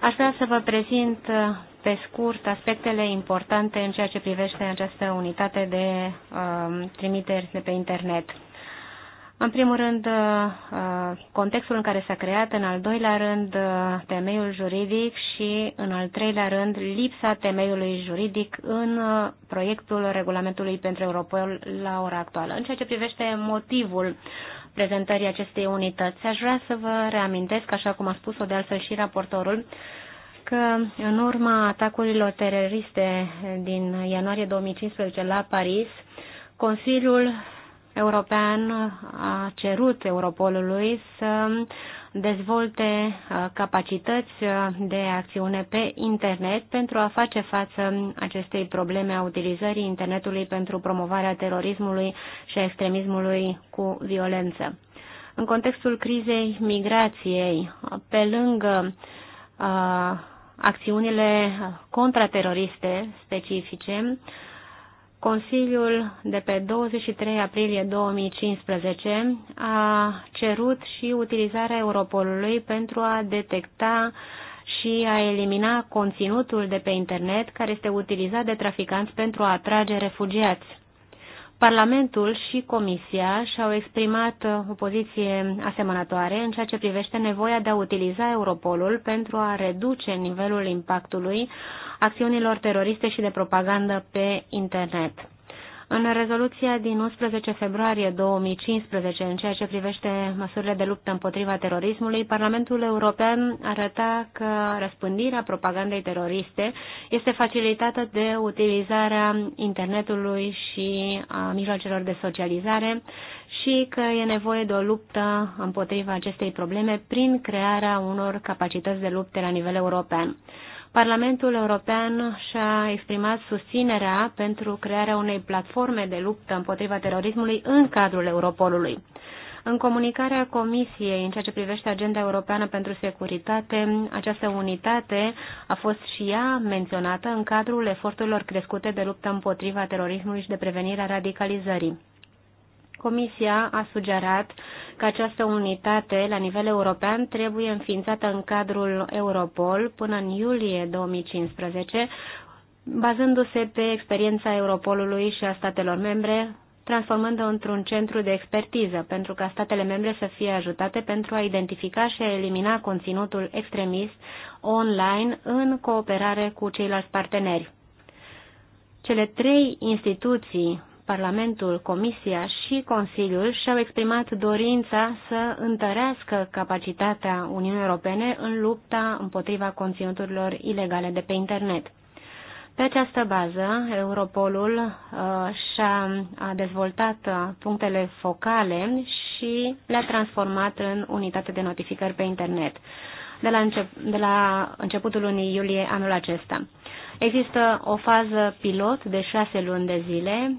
Aș vrea să vă prezint uh, pe scurt aspectele importante în ceea ce privește această unitate de uh, trimiteri de pe internet. În primul rând, uh, contextul în care s-a creat, în al doilea rând, uh, temeiul juridic și, în al treilea rând, lipsa temeiului juridic în uh, proiectul regulamentului pentru Europol la ora actuală. În ceea ce privește motivul prezentării acestei unități, aș vrea să vă reamintesc, așa cum a spus-o de altfel și raportorul, că în urma atacurilor teroriste din ianuarie 2015 la Paris, Consiliul European a cerut Europolului să dezvolte uh, capacități uh, de acțiune pe internet pentru a face față acestei probleme a utilizării internetului pentru promovarea terorismului și a extremismului cu violență. În contextul crizei migrației, pe lângă uh, acțiunile contrateroriste specifice, Consiliul de pe 23 aprilie 2015 a cerut și utilizarea Europolului pentru a detecta și a elimina conținutul de pe internet care este utilizat de traficanți pentru a atrage refugiați. Parlamentul și Comisia și-au exprimat uh, o poziție asemănătoare în ceea ce privește nevoia de a utiliza Europolul pentru a reduce nivelul impactului acțiunilor teroriste și de propagandă pe internet. În rezoluția din 11 februarie 2015, în ceea ce privește măsurile de luptă împotriva terorismului, Parlamentul European arăta că răspândirea propagandei teroriste este facilitată de utilizarea internetului și a mijloacelor de socializare și că e nevoie de o luptă împotriva acestei probleme prin crearea unor capacități de lupte la nivel european. Parlamentul European și-a exprimat susținerea pentru crearea unei platforme de luptă împotriva terorismului în cadrul Europolului. În comunicarea Comisiei în ceea ce privește Agenda Europeană pentru Securitate, această unitate a fost și ea menționată în cadrul eforturilor crescute de luptă împotriva terorismului și de prevenirea radicalizării. Comisia a sugerat că această unitate la nivel european trebuie înființată în cadrul Europol până în iulie 2015, bazându-se pe experiența Europolului și a statelor membre, transformându o într-un centru de expertiză, pentru ca statele membre să fie ajutate pentru a identifica și a elimina conținutul extremist online în cooperare cu ceilalți parteneri. Cele trei instituții Parlamentul, Comisia și Consiliul și-au exprimat dorința să întărească capacitatea Uniunii Europene în lupta împotriva conținuturilor ilegale de pe internet. Pe această bază, Europolul uh, și-a dezvoltat uh, punctele focale și le-a transformat în unitate de notificări pe internet de la, încep, de la începutul lunii iulie anul acesta. Există o fază pilot de șase luni de zile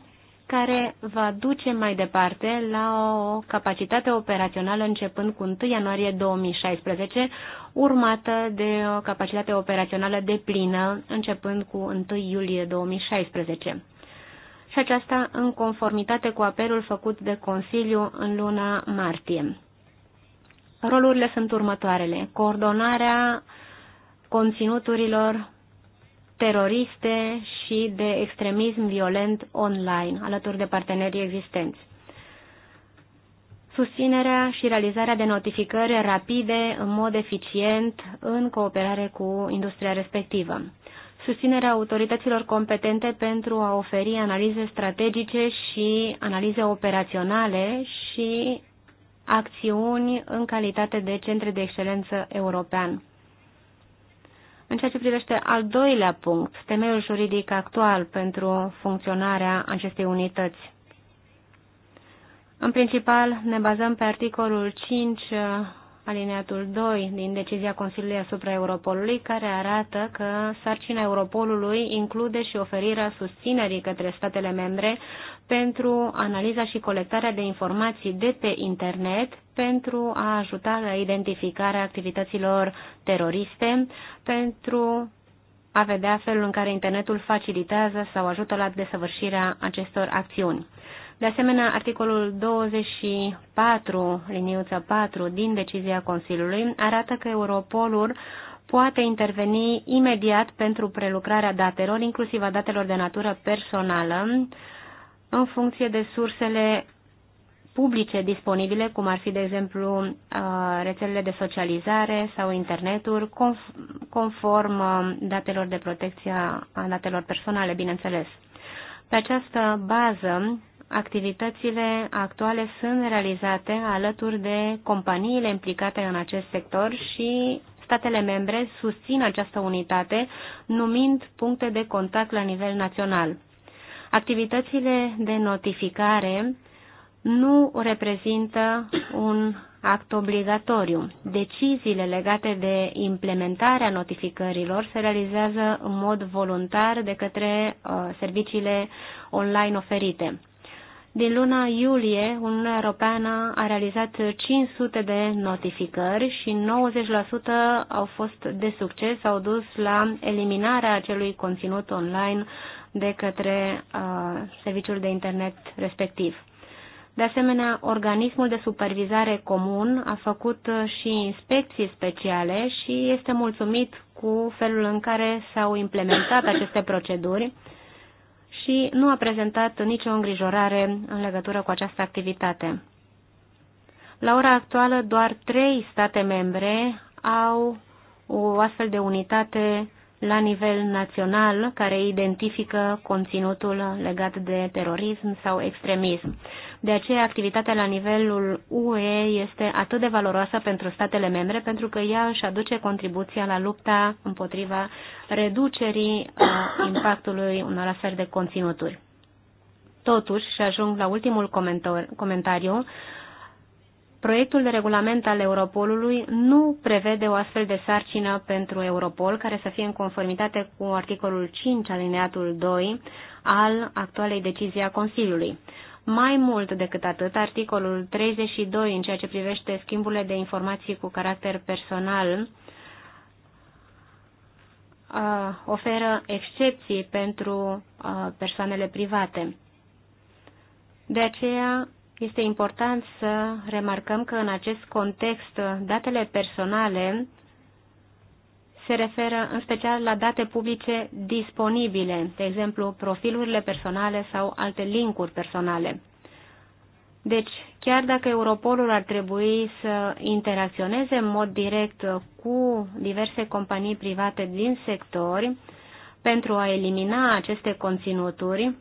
care va duce mai departe la o capacitate operațională începând cu 1 ianuarie 2016, urmată de o capacitate operațională de plină începând cu 1 iulie 2016. Și aceasta în conformitate cu apelul făcut de Consiliu în luna martie. Rolurile sunt următoarele. Coordonarea conținuturilor teroriste și de extremism violent online, alături de partenerii existenți. Susținerea și realizarea de notificări rapide, în mod eficient, în cooperare cu industria respectivă. Susținerea autorităților competente pentru a oferi analize strategice și analize operaționale și acțiuni în calitate de centre de excelență european în ceea ce privește al doilea punct, temeiul juridic actual pentru funcționarea acestei unități. În principal, ne bazăm pe articolul 5 alineatul 2 din decizia Consiliului asupra Europolului, care arată că sarcina Europolului include și oferirea susținerii către statele membre pentru analiza și colectarea de informații de pe internet pentru a ajuta la identificarea activităților teroriste, pentru a vedea felul în care internetul facilitează sau ajută la desăvârșirea acestor acțiuni. De asemenea, articolul 24, liniuță 4 din decizia Consiliului, arată că Europolul poate interveni imediat pentru prelucrarea datelor, inclusiv a datelor de natură personală, în funcție de sursele publice disponibile, cum ar fi, de exemplu, uh, rețelele de socializare sau internetul, conform uh, datelor de protecție a datelor personale, bineînțeles. Pe această bază, activitățile actuale sunt realizate alături de companiile implicate în acest sector și statele membre susțin această unitate numind puncte de contact la nivel național. Activitățile de notificare nu reprezintă un act obligatoriu. Deciziile legate de implementarea notificărilor se realizează în mod voluntar de către uh, serviciile online oferite. Din luna iulie, Uniunea Europeană a realizat 500 de notificări și 90% au fost de succes, au dus la eliminarea acelui conținut online de către uh, serviciul de internet respectiv. De asemenea, organismul de supervizare comun a făcut uh, și inspecții speciale și este mulțumit cu felul în care s-au implementat aceste proceduri și nu a prezentat nicio îngrijorare în legătură cu această activitate. La ora actuală, doar trei state membre au o astfel de unitate la nivel național care identifică conținutul legat de terorism sau extremism. De aceea, activitatea la nivelul UE este atât de valoroasă pentru statele membre pentru că ea își aduce contribuția la lupta împotriva reducerii uh, impactului unor astfel de conținuturi. Totuși, și ajung la ultimul comentariu, Proiectul de regulament al Europolului nu prevede o astfel de sarcină pentru Europol, care să fie în conformitate cu articolul 5 alineatul 2 al actualei decizii a Consiliului. Mai mult decât atât, articolul 32 în ceea ce privește schimburile de informații cu caracter personal uh, oferă excepții pentru uh, persoanele private. De aceea, este important să remarcăm că în acest context datele personale se referă în special la date publice disponibile, de exemplu profilurile personale sau alte linkuri personale. Deci, chiar dacă Europolul ar trebui să interacționeze în mod direct cu diverse companii private din sectori pentru a elimina aceste conținuturi,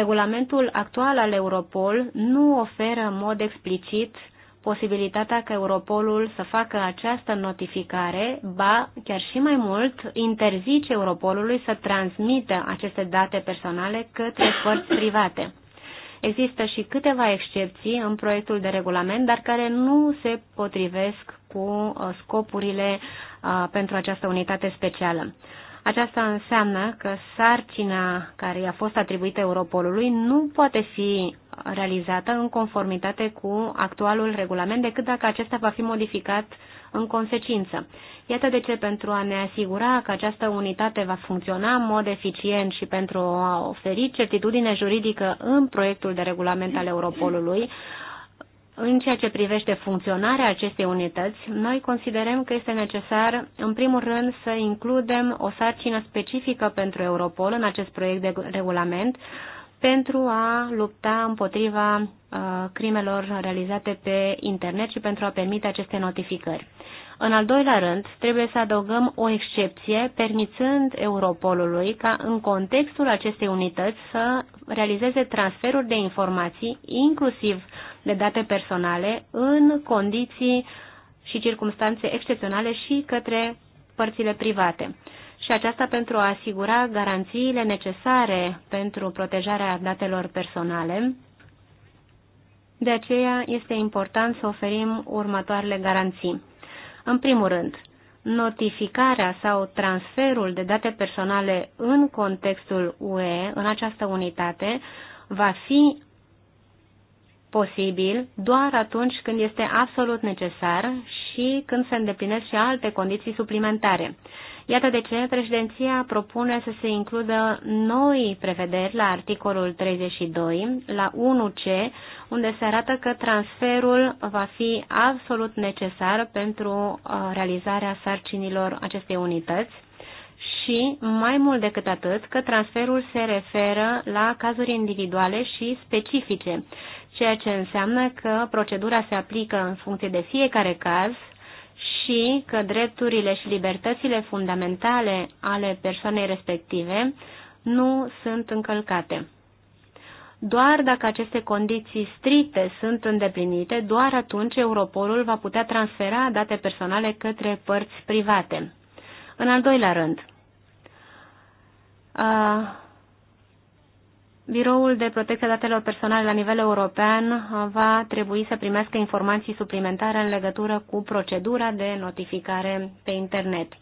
Regulamentul actual al Europol nu oferă în mod explicit posibilitatea ca Europolul să facă această notificare, ba chiar și mai mult interzice Europolului să transmită aceste date personale către părți private. Există și câteva excepții în proiectul de regulament, dar care nu se potrivesc cu uh, scopurile uh, pentru această unitate specială. Aceasta înseamnă că sarcina care i-a fost atribuită Europolului nu poate fi realizată în conformitate cu actualul regulament decât dacă acesta va fi modificat în consecință. Iată de ce, pentru a ne asigura că această unitate va funcționa în mod eficient și pentru a oferi certitudine juridică în proiectul de regulament al Europolului, în ceea ce privește funcționarea acestei unități, noi considerăm că este necesar, în primul rând, să includem o sarcină specifică pentru Europol în acest proiect de regulament pentru a lupta împotriva uh, crimelor realizate pe internet și pentru a permite aceste notificări. În al doilea rând, trebuie să adăugăm o excepție permițând Europolului ca în contextul acestei unități să realizeze transferuri de informații, inclusiv de date personale, în condiții și circunstanțe excepționale și către părțile private. Și aceasta pentru a asigura garanțiile necesare pentru protejarea datelor personale. De aceea este important să oferim următoarele garanții. În primul rând, notificarea sau transferul de date personale în contextul UE, în această unitate, va fi posibil doar atunci când este absolut necesar și când se îndeplinesc și alte condiții suplimentare. Iată de ce președinția propune să se includă noi prevederi la articolul 32, la 1C, unde se arată că transferul va fi absolut necesar pentru uh, realizarea sarcinilor acestei unități și, mai mult decât atât, că transferul se referă la cazuri individuale și specifice, ceea ce înseamnă că procedura se aplică în funcție de fiecare caz, și că drepturile și libertățile fundamentale ale persoanei respective nu sunt încălcate. Doar dacă aceste condiții stricte sunt îndeplinite, doar atunci Europolul va putea transfera date personale către părți private. În al doilea rând, Biroul de protecție a datelor personale la nivel european va trebui să primească informații suplimentare în legătură cu procedura de notificare pe internet.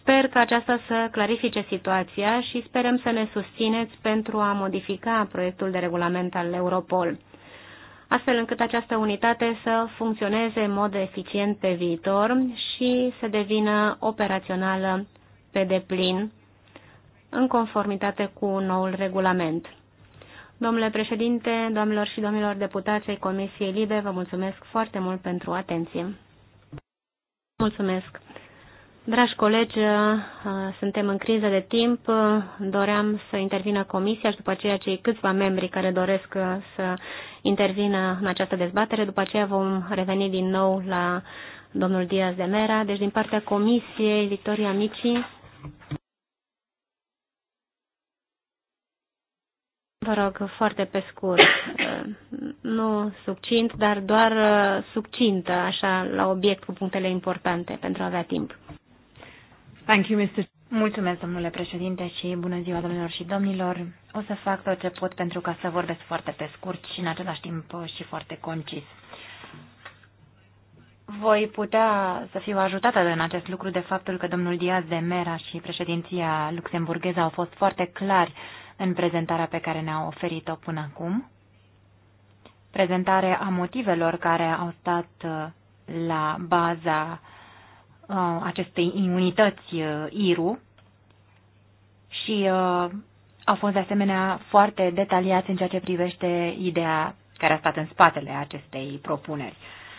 Sper că aceasta să clarifice situația și sperăm să ne susțineți pentru a modifica proiectul de regulament al Europol, astfel încât această unitate să funcționeze în mod eficient pe viitor și să devină operațională pe deplin, în conformitate cu noul regulament. Domnule președinte, doamnelor și domnilor deputați ai Comisiei Libe, vă mulțumesc foarte mult pentru atenție. Mulțumesc. Dragi colegi, uh, suntem în criză de timp. Uh, doream să intervină comisia și după aceea cei câțiva membri care doresc uh, să intervină în această dezbatere. După aceea vom reveni din nou la domnul Diaz de Mera. Deci din partea comisiei, Victoria Mici. Vă rog, foarte pe scurt, nu succint, dar doar uh, succintă, așa, la obiect cu punctele importante, pentru a avea timp. Thank you, Mr. Mulțumesc, domnule președinte, și bună ziua, domnilor și domnilor. O să fac tot ce pot pentru ca să vorbesc foarte pe scurt și în același timp și foarte concis. Voi putea să fiu ajutată în acest lucru de faptul că domnul Diaz de Mera și președinția luxemburgheză au fost foarte clari în prezentarea pe care ne-a oferit-o până acum, prezentare a motivelor care au stat uh, la baza uh, acestei unități uh, IRU și au fost de asemenea foarte detaliați în ceea ce privește ideea care a stat în spatele acestei propuneri.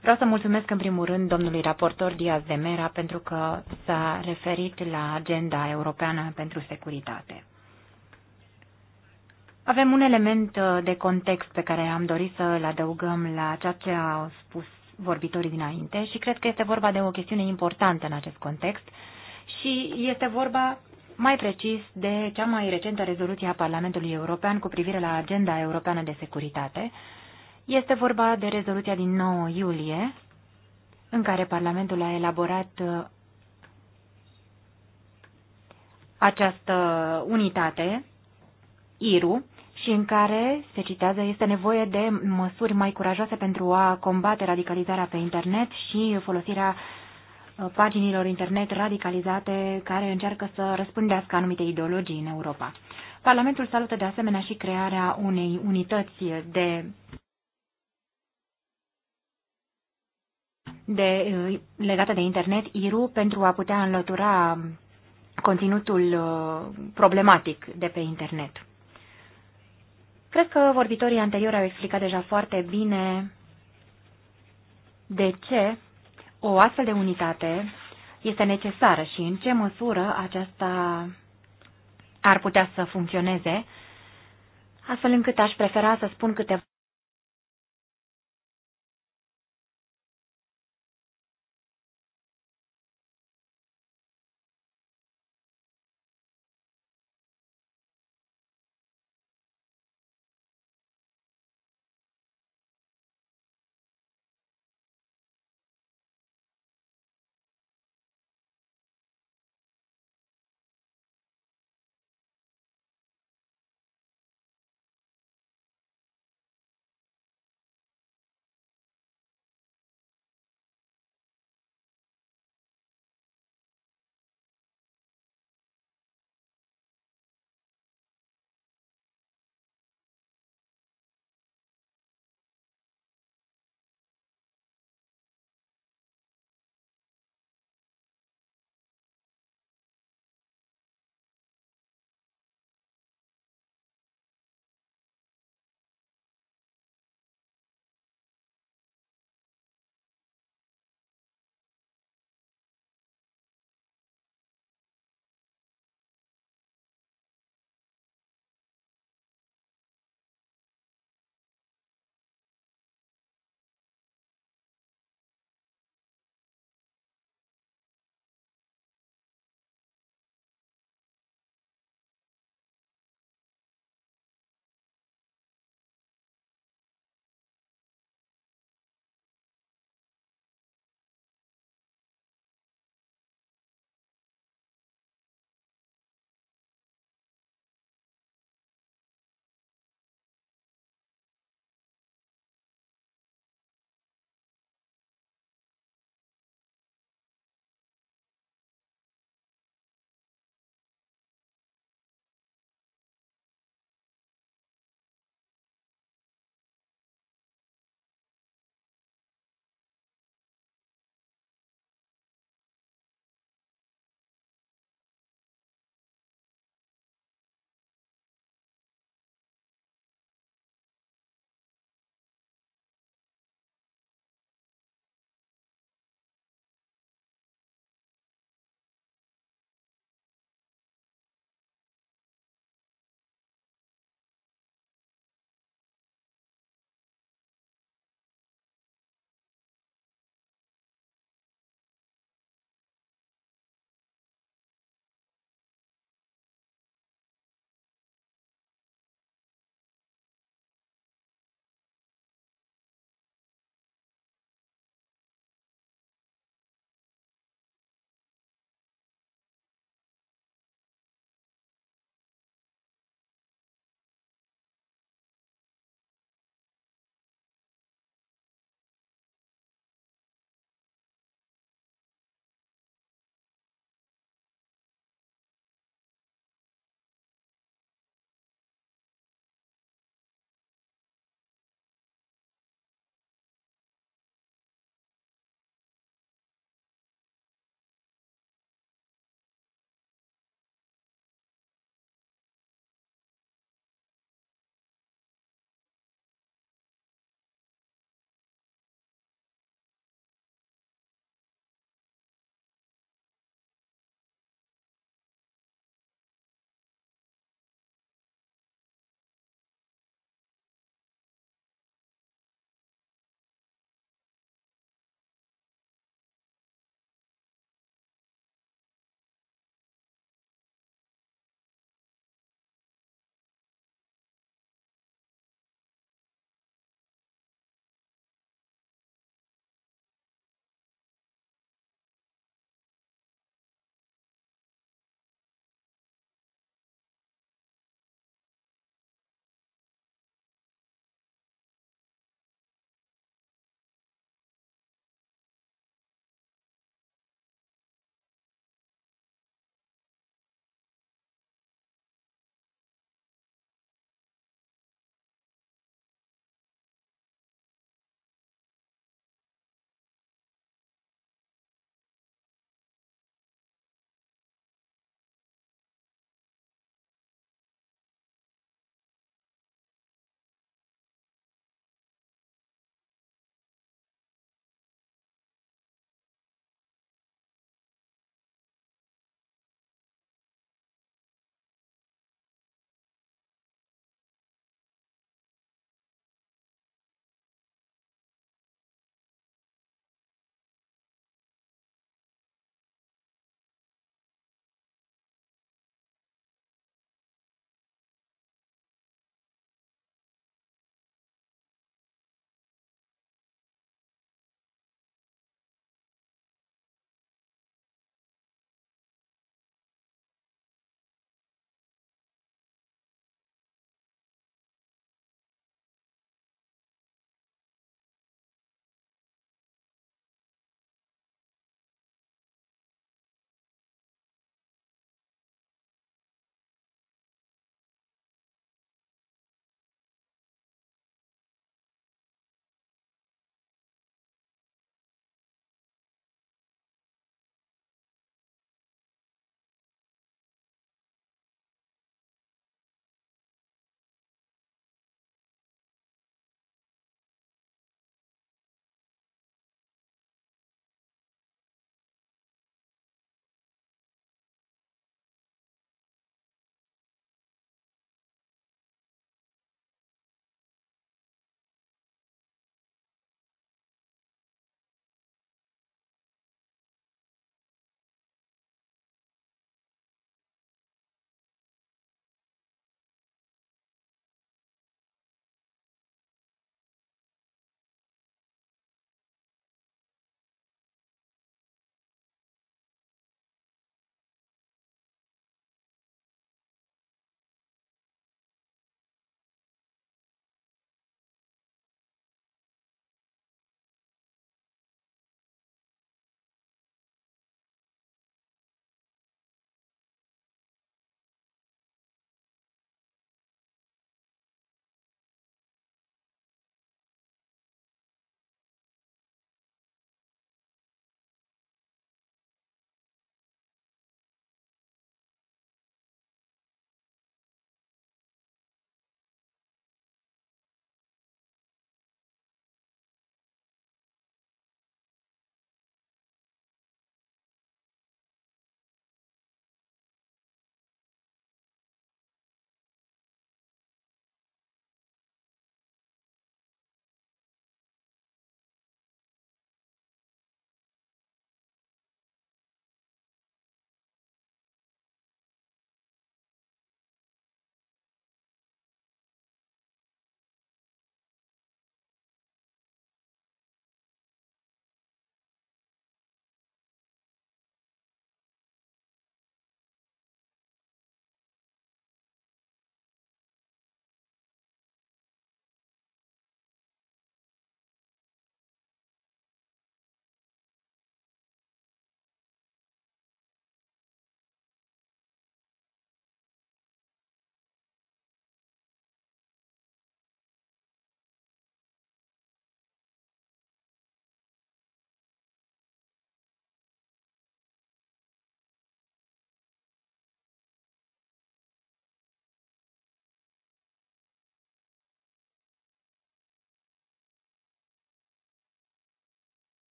Vreau să mulțumesc în primul rând domnului raportor Diaz de Mera pentru că s-a referit la agenda europeană pentru securitate. Avem un element uh, de context pe care am dorit să-l adăugăm la ceea ce au spus vorbitorii dinainte și cred că este vorba de o chestiune importantă în acest context și este vorba mai precis de cea mai recentă rezoluție a Parlamentului European cu privire la agenda europeană de securitate. Este vorba de rezoluția din 9 iulie în care Parlamentul a elaborat uh, această unitate, IRU, și în care, se citează, este nevoie de măsuri mai curajoase pentru a combate radicalizarea pe internet și folosirea uh, paginilor internet radicalizate care încearcă să răspândească anumite ideologii în Europa. Parlamentul salută de asemenea și crearea unei unități de de, uh, legată de internet, IRU, pentru a putea înlătura conținutul uh, problematic de pe internet. Cred că vorbitorii anteriori au explicat deja foarte bine de ce o astfel de unitate este necesară și în ce măsură aceasta ar putea să funcționeze, astfel încât aș prefera să spun câteva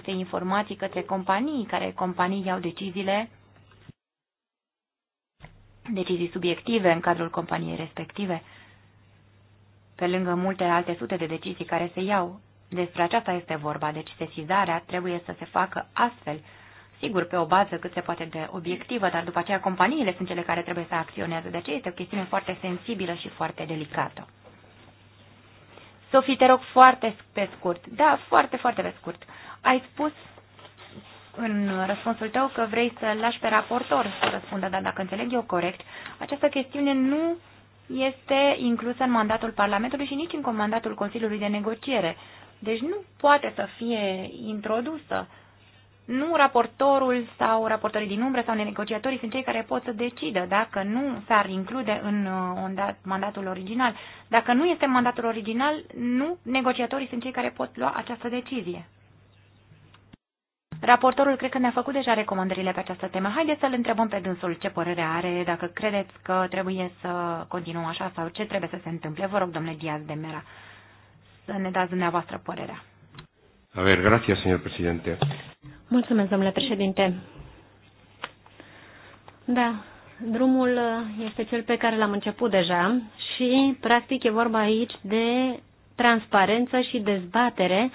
aceste informații către companii, care companii iau deciziile, decizii subiective în cadrul companiei respective, pe lângă multe alte sute de decizii care se iau. Despre aceasta este vorba, deci sesizarea trebuie să se facă astfel, sigur, pe o bază cât se poate de obiectivă, dar după aceea companiile sunt cele care trebuie să acționeze. De aceea este o chestiune foarte sensibilă și foarte delicată. Sofie, te rog foarte pe scurt. Da, foarte, foarte pe scurt. Ai spus în răspunsul tău că vrei să lași pe raportor să răspundă, dar dacă înțeleg eu corect, această chestiune nu este inclusă în mandatul Parlamentului și nici în mandatul Consiliului de Negociere. Deci nu poate să fie introdusă nu raportorul sau raportorii din umbră sau negociatorii sunt cei care pot să decidă dacă nu s-ar include în uh, mandatul original. Dacă nu este mandatul original, nu negociatorii sunt cei care pot lua această decizie. Raportorul cred că ne-a făcut deja recomandările pe această temă. Haideți să-l întrebăm pe dânsul ce părere are, dacă credeți că trebuie să continuăm așa sau ce trebuie să se întâmple. Vă rog, domnule Diaz de Mera, să ne dați dumneavoastră părerea. A ver, gracias, señor presidente. Mulțumesc, domnule președinte. Da, drumul este cel pe care l-am început deja și, practic, e vorba aici de transparență și dezbatere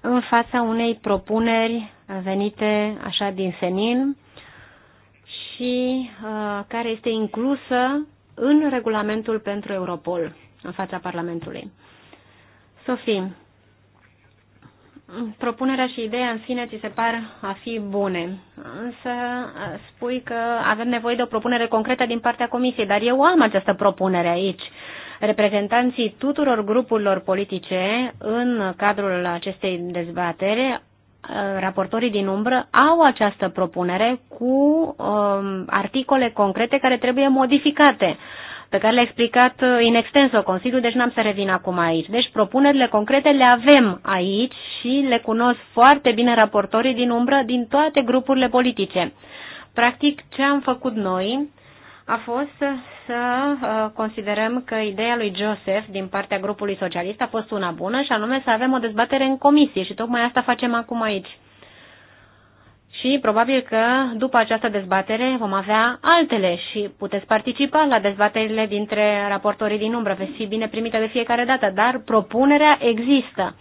în fața unei propuneri venite așa din senin și uh, care este inclusă în regulamentul pentru Europol în fața Parlamentului. Sofie, propunerea și ideea în sine ți se par a fi bune, însă spui că avem nevoie de o propunere concretă din partea Comisiei, dar eu am această propunere aici. Reprezentanții tuturor grupurilor politice în cadrul acestei dezbatere, raportorii din umbră, au această propunere cu um, articole concrete care trebuie modificate. Uh, pe care le-a explicat în uh, extenso Consiliul, deci n-am să revin acum aici. Deci propunerile concrete le avem aici și le cunosc foarte bine raportorii din umbră din toate grupurile politice. Practic, ce am făcut noi a fost să, să uh, considerăm că ideea lui Joseph din partea grupului socialist a fost una bună și anume să avem o dezbatere în comisie și tocmai asta facem acum aici și probabil că după această dezbatere vom avea altele și puteți participa la dezbaterile dintre raportorii din umbră. Veți fi bine primite de fiecare dată, dar propunerea există.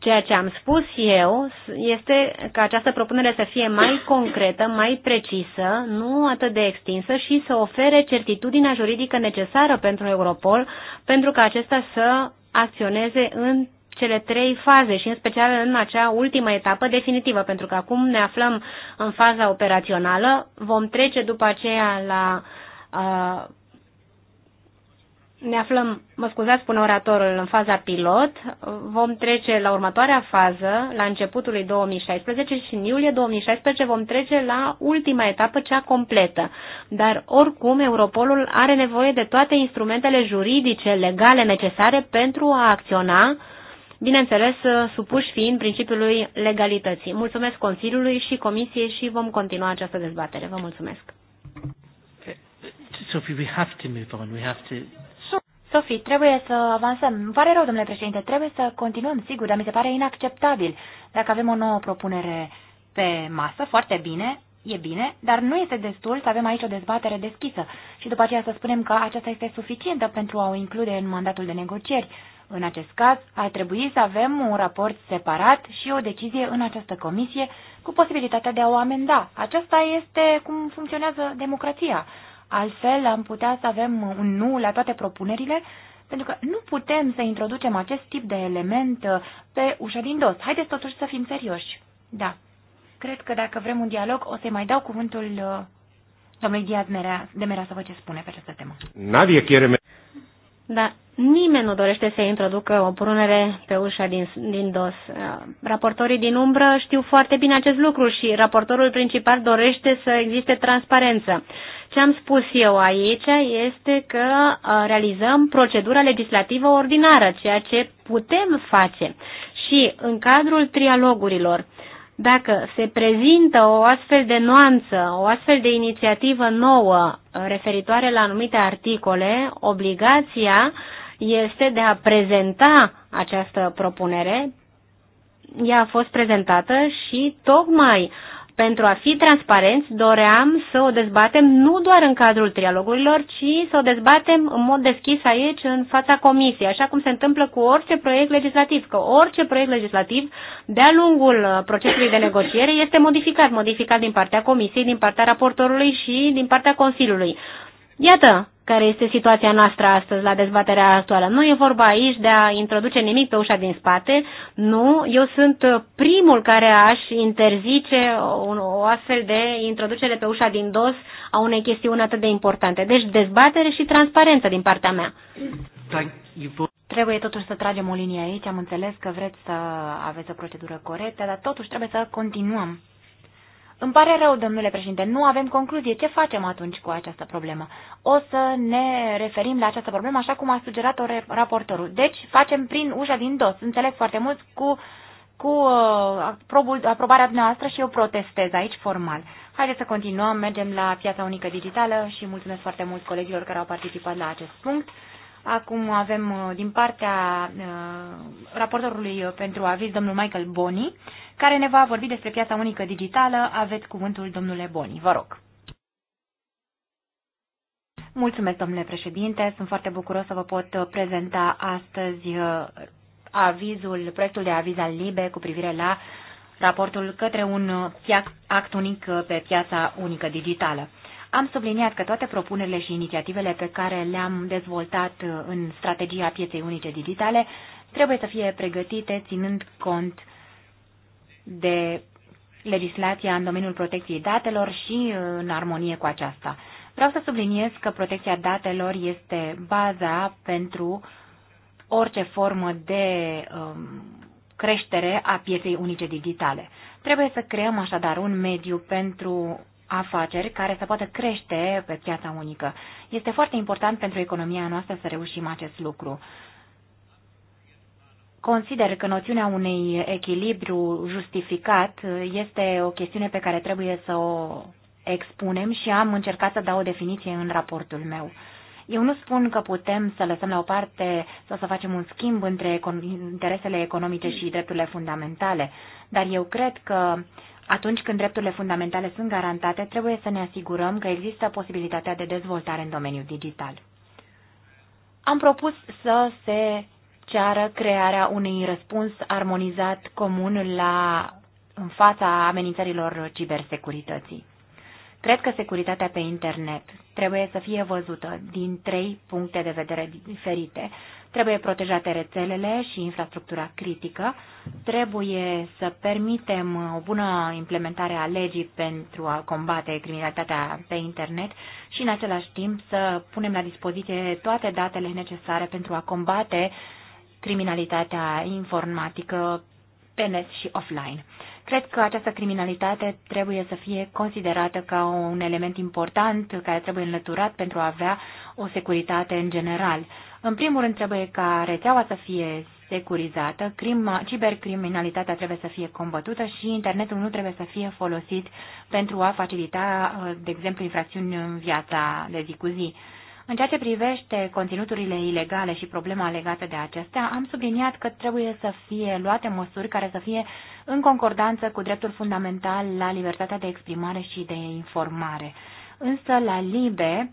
Ceea ce am spus eu este că această propunere să fie mai concretă, mai precisă, nu atât de extinsă și să ofere certitudinea juridică necesară pentru Europol pentru ca acesta să acționeze în cele trei faze și în special în acea ultimă etapă definitivă, pentru că acum ne aflăm în faza operațională, vom trece după aceea la uh, ne aflăm, mă scuzați, spune oratorul, în faza pilot. Vom trece la următoarea fază, la începutul lui 2016 și în iulie 2016 vom trece la ultima etapă, cea completă. Dar oricum, Europolul are nevoie de toate instrumentele juridice, legale necesare pentru a acționa uh, bineînțeles uh, supuși fiind principiului legalității. Mulțumesc Consiliului și Comisiei și vom continua această dezbatere. Vă mulțumesc. Eh, Sophie, we have to move on. We have to... Sophie, trebuie să avansăm. Îmi pare rău, domnule președinte, trebuie să continuăm, sigur, dar mi se pare inacceptabil. Dacă avem o nouă propunere pe masă, foarte bine, e bine, dar nu este destul să avem aici o dezbatere deschisă și după aceea să spunem că aceasta este suficientă pentru a o include în mandatul de negocieri. În acest caz, ar trebui să avem un raport separat și o decizie în această comisie cu posibilitatea de a o amenda. Aceasta este cum funcționează democrația. Altfel, am putea să avem un nu la toate propunerile, pentru că nu putem să introducem acest tip de element uh, pe ușa din dos. Haideți totuși să fim serioși. Da. Cred că dacă vrem un dialog, o să-i mai dau cuvântul uh, domnului Diaz de Merea să vă ce spune pe această temă. Nadia chiar Da, Nimeni nu dorește să introducă o prunere pe ușa din, din dos. Uh, raportorii din umbră știu foarte bine acest lucru și raportorul principal dorește să existe transparență. Ce am spus eu aici este că uh, realizăm procedura legislativă ordinară, ceea ce putem face. Și în cadrul trialogurilor, dacă se prezintă o astfel de nuanță, o astfel de inițiativă nouă uh, referitoare la anumite articole, obligația uh, este de a prezenta această propunere. Ea a fost prezentată și tocmai pentru a fi transparenți doream să o dezbatem nu doar în cadrul trialogurilor, ci să o dezbatem în mod deschis aici în fața comisiei, așa cum se întâmplă cu orice proiect legislativ, că orice proiect legislativ de-a lungul uh, procesului de negociere este modificat, modificat din partea comisiei, din partea raportorului și din partea Consiliului. Iată, care este situația noastră astăzi la dezbaterea actuală. Nu e vorba aici de a introduce nimic pe ușa din spate, nu, eu sunt primul care aș interzice o astfel de introducere pe ușa din dos a unei chestiuni atât de importante. Deci dezbatere și transparență din partea mea. Trebuie totuși să tragem o linie aici, am înțeles că vreți să aveți o procedură corectă, dar totuși trebuie să continuăm îmi pare rău, domnule președinte, nu avem concluzie. Ce facem atunci cu această problemă? O să ne referim la această problemă așa cum a sugerat-o raportorul. Deci facem prin ușa din dos. Înțeleg foarte mult cu, cu uh, aprobul, aprobarea dumneavoastră și eu protestez aici formal. Haideți să continuăm, mergem la piața unică digitală și mulțumesc foarte mult colegilor care au participat la acest punct. Acum avem uh, din partea uh, raportorului pentru aviz, domnul Michael Boni, care ne va vorbi despre piața unică digitală. Aveți cuvântul, domnule Boni. Vă rog. Mulțumesc, domnule președinte. Sunt foarte bucuros să vă pot prezenta astăzi uh, avizul, proiectul de aviz al LIBE cu privire la raportul către un act unic pe piața unică digitală. Am subliniat că toate propunerile și inițiativele pe care le-am dezvoltat uh, în strategia pieței unice digitale trebuie să fie pregătite ținând cont de legislația în domeniul protecției datelor și uh, în armonie cu aceasta. Vreau să subliniez că protecția datelor este baza pentru orice formă de um, creștere a pieței unice digitale. Trebuie să creăm așadar un mediu pentru afaceri care să poată crește pe piața unică. Este foarte important pentru economia noastră să reușim acest lucru. Consider că noțiunea unui echilibru justificat este o chestiune pe care trebuie să o expunem și am încercat să dau o definiție în raportul meu. Eu nu spun că putem să lăsăm la o parte sau să facem un schimb între interesele economice și drepturile fundamentale, dar eu cred că atunci când drepturile fundamentale sunt garantate, trebuie să ne asigurăm că există posibilitatea de dezvoltare în domeniul digital. Am propus să se ceară crearea unui răspuns armonizat comun la, în fața amenințărilor cibersecurității. Cred că securitatea pe internet trebuie să fie văzută din trei puncte de vedere diferite Trebuie protejate rețelele și infrastructura critică, trebuie să permitem o bună implementare a legii pentru a combate criminalitatea pe internet și în același timp să punem la dispoziție toate datele necesare pentru a combate criminalitatea informatică pe net și offline. Cred că această criminalitate trebuie să fie considerată ca un element important care trebuie înlăturat pentru a avea o securitate în general. În primul rând trebuie ca rețeaua să fie securizată, crima, cibercriminalitatea trebuie să fie combătută și internetul nu trebuie să fie folosit pentru a facilita, uh, de exemplu, infracțiuni în viața de zi cu zi. În ceea ce privește conținuturile ilegale și problema legată de acestea, am subliniat că trebuie să fie luate măsuri care să fie în concordanță cu dreptul fundamental la libertatea de exprimare și de informare. Însă, la LIBE,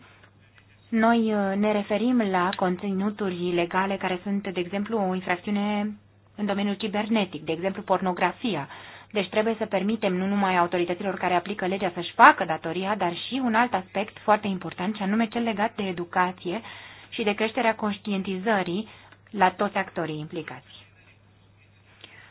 noi uh, ne referim la conținuturi ilegale care sunt, de exemplu, o infracțiune în domeniul cibernetic, de exemplu, pornografia. Deci trebuie să permitem nu numai autorităților care aplică legea să-și facă datoria, dar și un alt aspect foarte important, și anume cel legat de educație și de creșterea conștientizării la toți actorii implicați.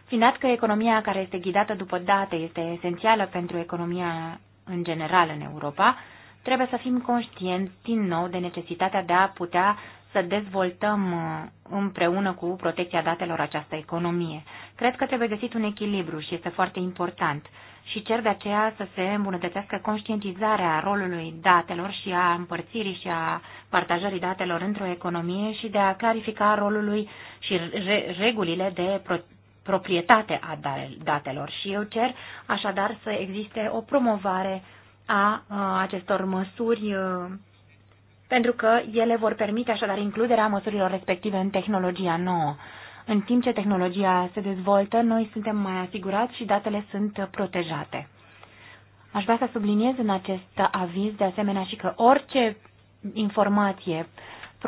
Fiind că economia care este ghidată după date este esențială pentru economia în general în Europa, trebuie să fim conștienți din nou de necesitatea de a putea să dezvoltăm uh, împreună cu protecția datelor această economie. Cred că trebuie găsit un echilibru și este foarte important și cer de aceea să se îmbunătățească conștientizarea rolului datelor și a împărțirii și a partajării datelor într-o economie și de a clarifica rolului și re regulile de pro proprietate a datelor. Și eu cer așadar să existe o promovare a acestor măsuri pentru că ele vor permite așadar includerea măsurilor respective în tehnologia nouă. În timp ce tehnologia se dezvoltă, noi suntem mai asigurați și datele sunt protejate. Aș vrea să subliniez în acest aviz de asemenea și că orice informație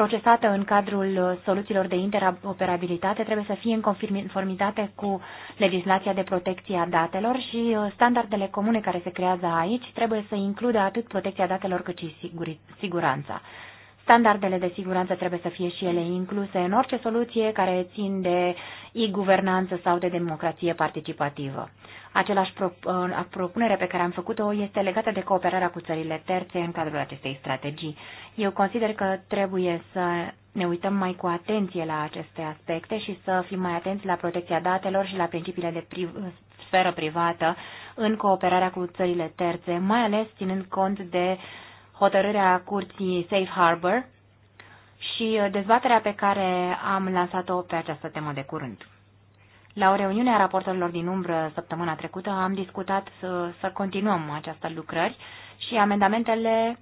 procesată în cadrul soluțiilor de interoperabilitate trebuie să fie în conformitate cu legislația de protecție a datelor și uh, standardele comune care se creează aici trebuie să includă atât protecția datelor cât și siguranța. Standardele de siguranță trebuie să fie și ele incluse în orice soluție care țin de e-guvernanță sau de democrație participativă. Același uh, propunere pe care am făcut-o este legată de cooperarea cu țările terțe în cadrul acestei strategii. Eu consider că trebuie să ne uităm mai cu atenție la aceste aspecte și să fim mai atenți la protecția datelor și la principiile de priv- sferă privată în cooperarea cu țările terțe, mai ales ținând cont de uh, hotărârea curții Safe Harbor și uh, dezbaterea pe care am lansat-o pe această temă de curând. La o reuniune a raportorilor din umbră săptămâna trecută am discutat să, uh, să continuăm această lucrări și amendamentele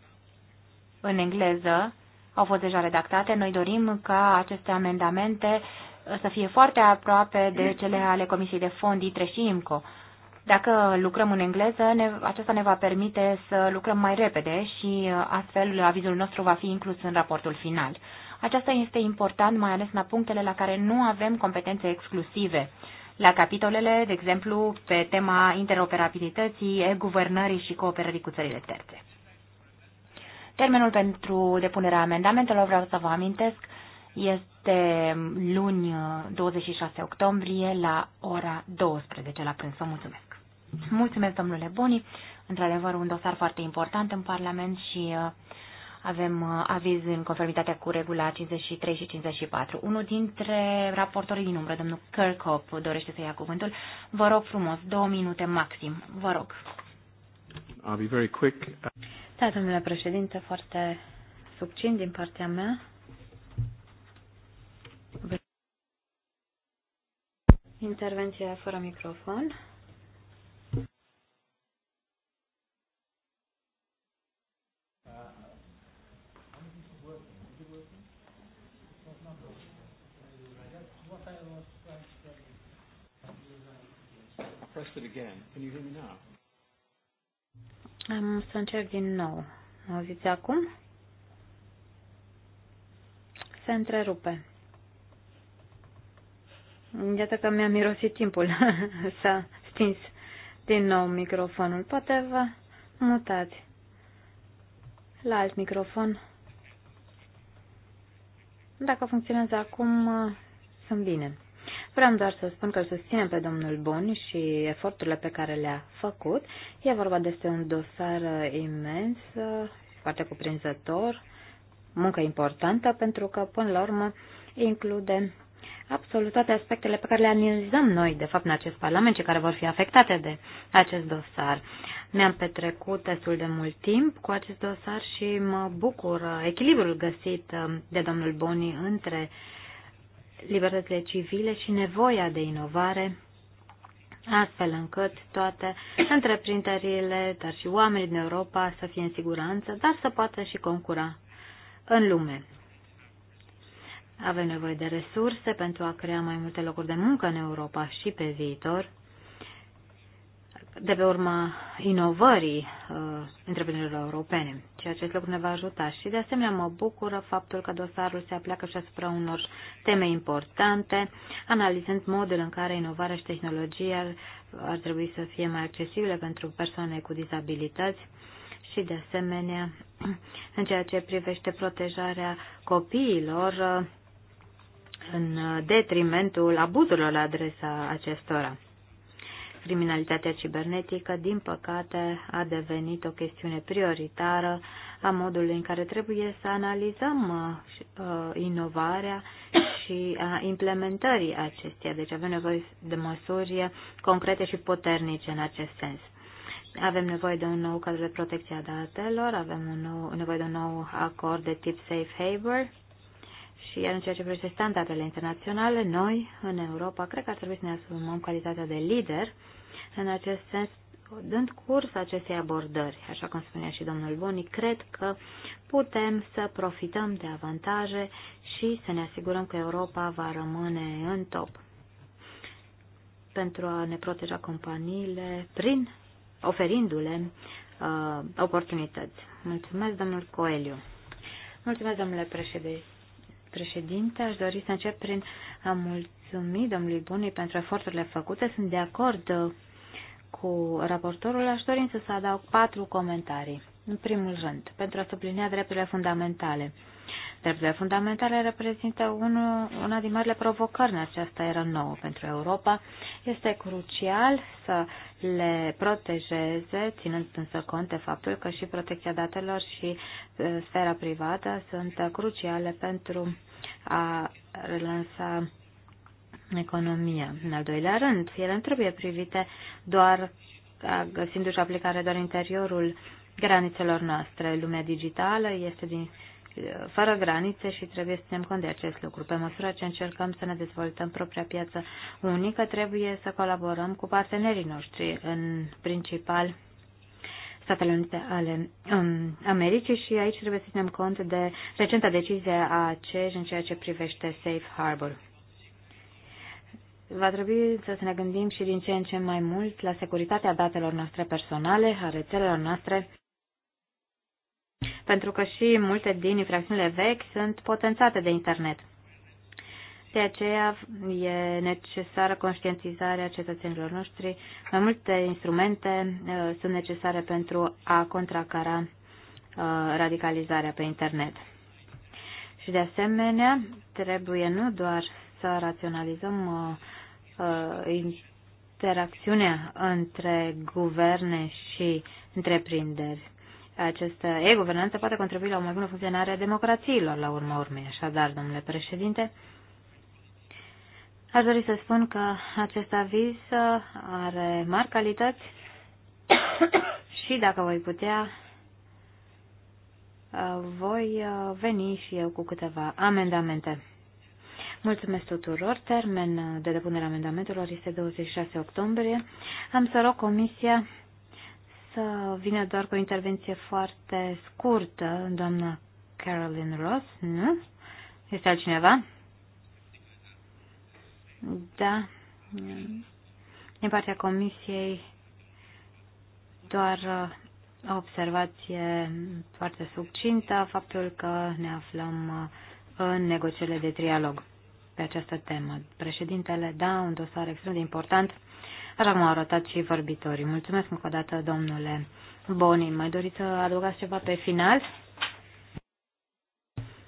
în engleză au fost deja redactate. Noi dorim ca aceste amendamente uh, să fie foarte aproape de cele ale Comisiei de Fond ITRE și IMCO. Dacă lucrăm în engleză, ne, aceasta ne va permite să lucrăm mai repede și uh, astfel avizul nostru va fi inclus în raportul final. Aceasta este important mai ales la punctele la care nu avem competențe exclusive la capitolele, de exemplu, pe tema interoperabilității, e-guvernării și cooperării cu țările terțe. Termenul pentru depunerea amendamentelor, vreau să vă amintesc, este luni 26 uh, octombrie la ora 12 la prânz. Vă mulțumesc! Mulțumesc, domnule Boni. Într-adevăr, un dosar foarte important în Parlament și uh, avem uh, aviz în conformitate cu regula 53 și 54. Unul dintre raportorii din umbră, domnul Kirkhope, dorește să ia cuvântul. Vă rog frumos, două minute maxim. Vă rog. I'll be very quick. Da, domnule președinte, foarte succint din partea mea. Intervenție fără microfon. pressed it again. Can you hear me now? Am să încerc din nou. Mă auziți acum? Se întrerupe. Iată că mi-a mirosit timpul. S-a stins din nou microfonul. Poate vă mutați la alt microfon. Dacă funcționează acum, sunt bine. Vreau doar să spun că îl susținem pe domnul Bun și eforturile pe care le-a făcut. E vorba despre un dosar uh, imens, uh, foarte cuprinzător, muncă importantă, pentru că, până la urmă, include absolut toate aspectele pe care le analizăm noi, de fapt, în acest Parlament și care vor fi afectate de acest dosar. ne am petrecut destul de mult timp cu acest dosar și mă bucur echilibrul găsit uh, de domnul Boni între uh, libertățile civile și nevoia de inovare, astfel încât toate întreprinderile, dar și oamenii din Europa să fie în siguranță, dar să poată și concura în lume. Avem nevoie de resurse pentru a crea mai multe locuri de muncă în Europa și pe viitor de pe urma inovării uh, întreprinderilor europene și acest lucru ne va ajuta. Și de asemenea mă bucură faptul că dosarul se apleacă și asupra unor teme importante, analizând modul în care inovarea și tehnologia ar, ar trebui să fie mai accesibile pentru persoane cu dizabilități și de asemenea în ceea ce privește protejarea copiilor uh, în detrimentul abuzurilor la adresa acestora criminalitatea cibernetică, din păcate, a devenit o chestiune prioritară a modului în care trebuie să analizăm uh, uh, inovarea și a uh, implementării acesteia. Deci avem nevoie de măsuri concrete și puternice în acest sens. Avem nevoie de un nou cadru de protecție a datelor, avem un nou, nevoie de un nou acord de tip Safe Haven, și în ceea ce privește standardele internaționale, noi, în Europa, cred că ar trebui să ne asumăm calitatea de lider în acest sens, dând curs acestei abordări. Așa cum spunea și domnul Boni, cred că putem să profităm de avantaje și să ne asigurăm că Europa va rămâne în top pentru a ne proteja companiile prin oferindu-le uh, oportunități. Mulțumesc, domnul Coeliu. Mulțumesc, domnule președinte președinte. Aș dori să încep prin a mulțumi domnului Bunii pentru eforturile făcute. Sunt de acord uh, cu raportorul. Aș dori să adaug patru comentarii. În primul rând, pentru a sublinia drepturile fundamentale. Drepturile fundamentale reprezintă unul, una din marile provocări în această era nouă pentru Europa. Este crucial să le protejeze, ținând însă cont de faptul că și protecția datelor și uh, sfera privată sunt cruciale pentru a relansa economia. În al doilea rând, ele nu trebuie privite doar uh, găsindu-și aplicare doar interiorul granițelor noastre. Lumea digitală este din fără granițe și trebuie să ținem cont de acest lucru. Pe măsură ce încercăm să ne dezvoltăm propria piață unică, trebuie să colaborăm cu partenerii noștri, în principal Statele Unite ale um, Americii și aici trebuie să ținem cont de recenta decizie a CEJ în ceea ce privește Safe Harbor. Va trebui să ne gândim și din ce în ce mai mult la securitatea datelor noastre personale, a rețelelor noastre pentru că și multe din infracțiunile vechi sunt potențate de internet. De aceea e necesară conștientizarea cetățenilor noștri. Mai multe instrumente uh, sunt necesare pentru a contracara uh, radicalizarea pe internet. Și de asemenea, trebuie nu doar să raționalizăm uh, uh, interacțiunea între guverne și întreprinderi, această e-guvernanță poate contribui la o mai bună funcționare a democrațiilor, la urma urmei. Așadar, domnule președinte, aș dori să spun că acest aviz uh, are mari calități și, dacă voi putea, uh, voi uh, veni și eu cu câteva amendamente. Mulțumesc tuturor. Termen de depunere amendamentelor este 26 octombrie. Am să rog Comisia să vină doar cu o intervenție foarte scurtă, doamna Carolyn Ross, nu? Este altcineva? Da. Din partea comisiei doar uh, o observație foarte subcintă, faptul că ne aflăm uh, în negocierile de trialog pe această temă. Președintele, da, un dosar extrem de important Așa cum au arătat și vorbitorii. Mulțumesc încă o dată, domnule Boni. Mai doriți să adăugați ceva pe final?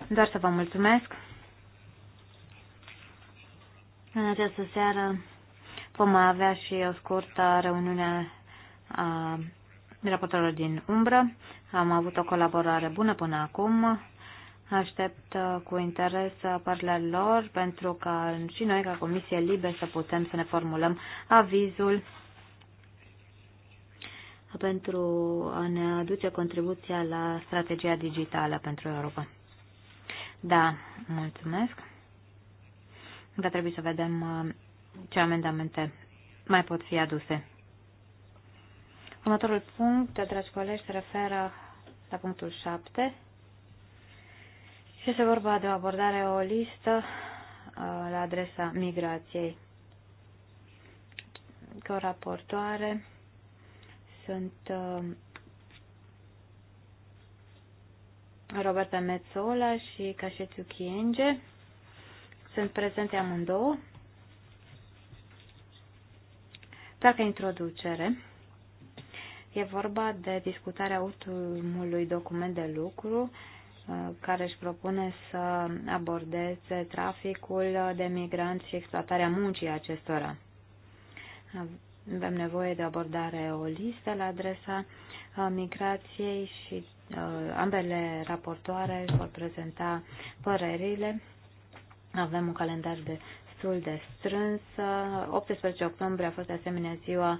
Doar să vă mulțumesc. În această seară vom mai avea și o scurtă reuniune a raportorilor din umbră. Am avut o colaborare bună până acum. Aștept uh, cu interes uh, părerile lor pentru ca și noi, ca Comisie Libe, să putem să ne formulăm avizul pentru a ne aduce contribuția la strategia digitală pentru Europa. Da, mulțumesc. Dar trebuie să vedem uh, ce amendamente mai pot fi aduse. Următorul punct, dragi colegi, se referă la punctul 7 este vorba de o abordare olistă uh, la adresa migrației. o raportoare sunt uh, Roberta Mezzola și Cașețiu Chienge. Sunt prezente amândouă. Dacă introducere, e vorba de discutarea ultimului document de lucru Uh, care își propune să abordeze traficul de migranți și exploatarea muncii acestora. Avem nevoie de abordare listă la adresa uh, migrației și uh, ambele raportoare își vor prezenta părerile. Avem un calendar destul de strâns. 18 octombrie a fost de asemenea ziua uh,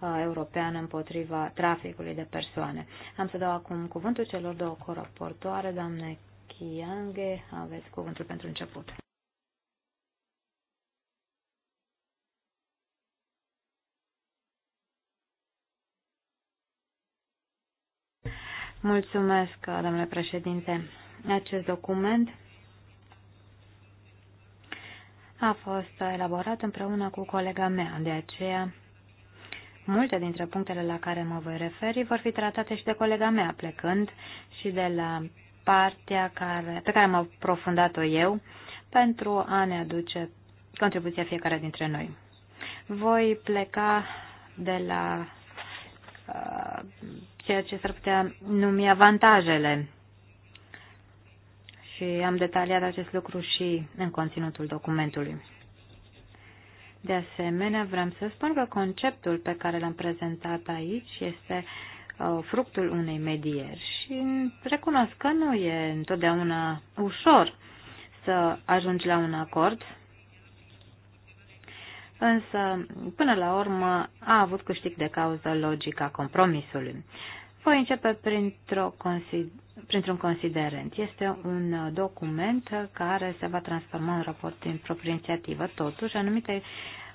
Uh, european împotriva traficului de persoane. Am să dau acum cuvântul celor două coraportoare, doamne Chiange, aveți cuvântul pentru început. Mulțumesc, uh, domnule președinte. Acest document a fost elaborat împreună cu colega mea, de aceea Multe dintre punctele la care mă voi referi vor fi tratate și de colega mea, plecând și de la partea care, pe care am aprofundat-o eu pentru a ne aduce contribuția fiecare dintre noi. Voi pleca de la uh, ceea ce s-ar putea numi avantajele și am detaliat acest lucru și în conținutul documentului. De asemenea, vrem să spun că conceptul pe care l-am prezentat aici este uh, fructul unei medieri și recunosc că nu e întotdeauna ușor să ajungi la un acord, însă până la urmă a avut câștig de cauză logica compromisului. Voi începe printr-o consider printr-un considerent. Este un uh, document care se va transforma în raport din proprie inițiativă. Totuși, anumite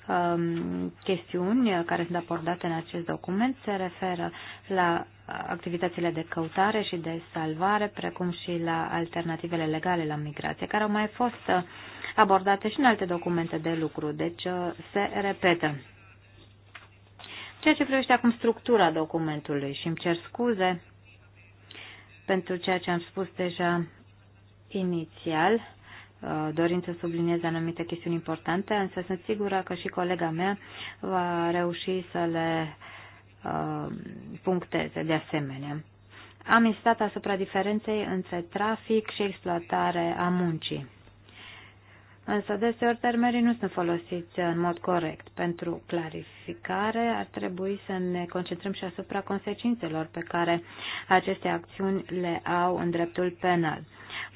um, chestiuni care sunt abordate în acest document se referă la activitățile de căutare și de salvare, precum și la alternativele legale la migrație, care au mai fost uh, abordate și în alte documente de lucru, deci uh, se repetă. Ceea ce privește acum structura documentului și îmi cer scuze pentru ceea ce am spus deja inițial. Uh, dorim să subliniez anumite chestiuni importante, însă sunt sigură că și colega mea va reuși să le uh, puncteze de asemenea. Am insistat asupra diferenței între trafic și exploatare a muncii. Însă deseori termenii nu sunt folosiți în mod corect. Pentru clarificare ar trebui să ne concentrăm și asupra consecințelor pe care aceste acțiuni le au în dreptul penal.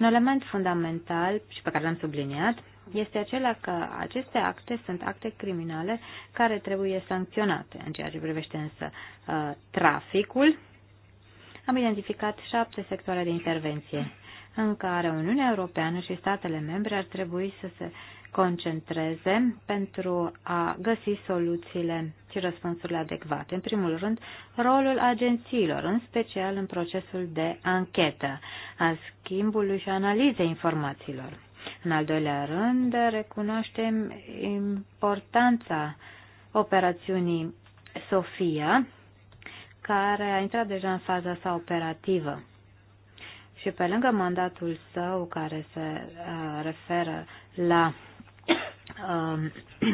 Un element fundamental și pe care l-am subliniat este acela că aceste acte sunt acte criminale care trebuie sancționate. În ceea ce privește însă uh, traficul, am identificat șapte sectoare de intervenție în care Uniunea Europeană și statele membre ar trebui să se concentreze pentru a găsi soluțiile și răspunsurile adecvate. În primul rând, rolul agențiilor, în special în procesul de anchetă, a schimbului și analizei informațiilor. În al doilea rând, recunoaștem importanța operațiunii Sofia, care a intrat deja în faza sa operativă și pe lângă mandatul său care se uh, referă la um,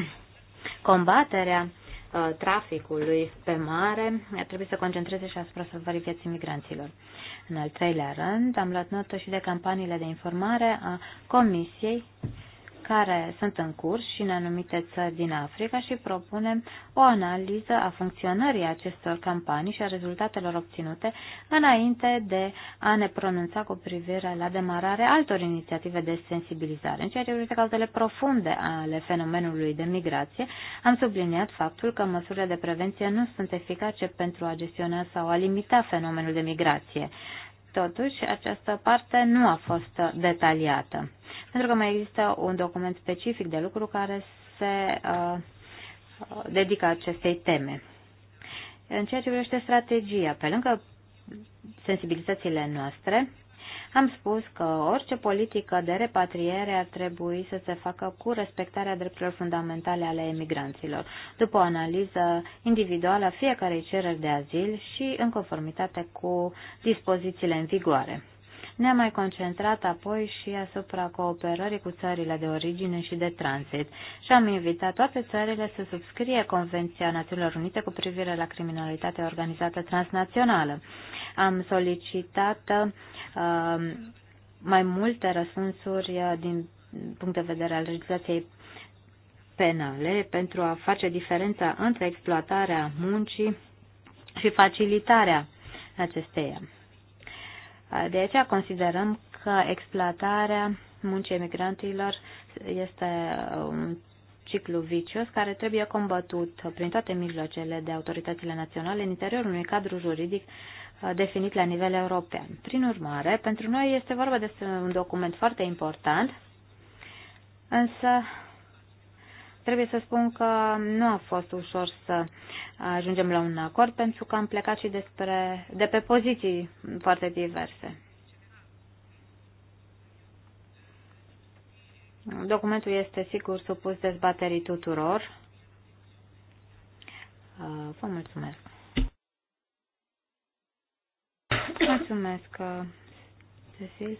combaterea uh, traficului pe mare, ar trebui să concentreze și asupra salvării vieții migranților. În al treilea rând, am luat notă și de campaniile de informare a Comisiei care sunt în curs și în anumite țări din Africa și propunem o analiză a funcționării acestor campanii și a rezultatelor obținute înainte de a ne pronunța cu privire la demararea altor inițiative de sensibilizare. În ceea ce privește cauzele profunde ale fenomenului de migrație, am subliniat faptul că măsurile de prevenție nu sunt eficace pentru a gestiona sau a limita fenomenul de migrație. Totuși, această parte nu a fost detaliată, pentru că mai există un document specific de lucru care se uh, dedică acestei teme. În ceea ce privește strategia, pe lângă sensibilitățile noastre, am spus că orice politică de repatriere ar trebui să se facă cu respectarea drepturilor fundamentale ale emigranților, după o analiză individuală a fiecarei cereri de azil și în conformitate cu dispozițiile în vigoare. Ne-am mai concentrat apoi și asupra cooperării cu țările de origine și de tranzit și am invitat toate țările să subscrie Convenția Națiunilor Unite cu privire la criminalitatea organizată transnațională. Am solicitat uh, mai multe răspunsuri uh, din punct de vedere al legislației penale pentru a face diferența între exploatarea muncii și facilitarea acesteia. De aceea considerăm că exploatarea muncii emigranților este un ciclu vicios care trebuie combătut prin toate mijloacele de autoritățile naționale în interiorul unui cadru juridic uh, definit la nivel european. Prin urmare, pentru noi este vorba despre un document foarte important, însă Trebuie să spun că nu a fost ușor să ajungem la un acord pentru că am plecat și despre, de pe poziții foarte diverse. Documentul este sigur supus dezbaterii tuturor. Uh, vă mulțumesc. Mulțumesc, uh, Cecil.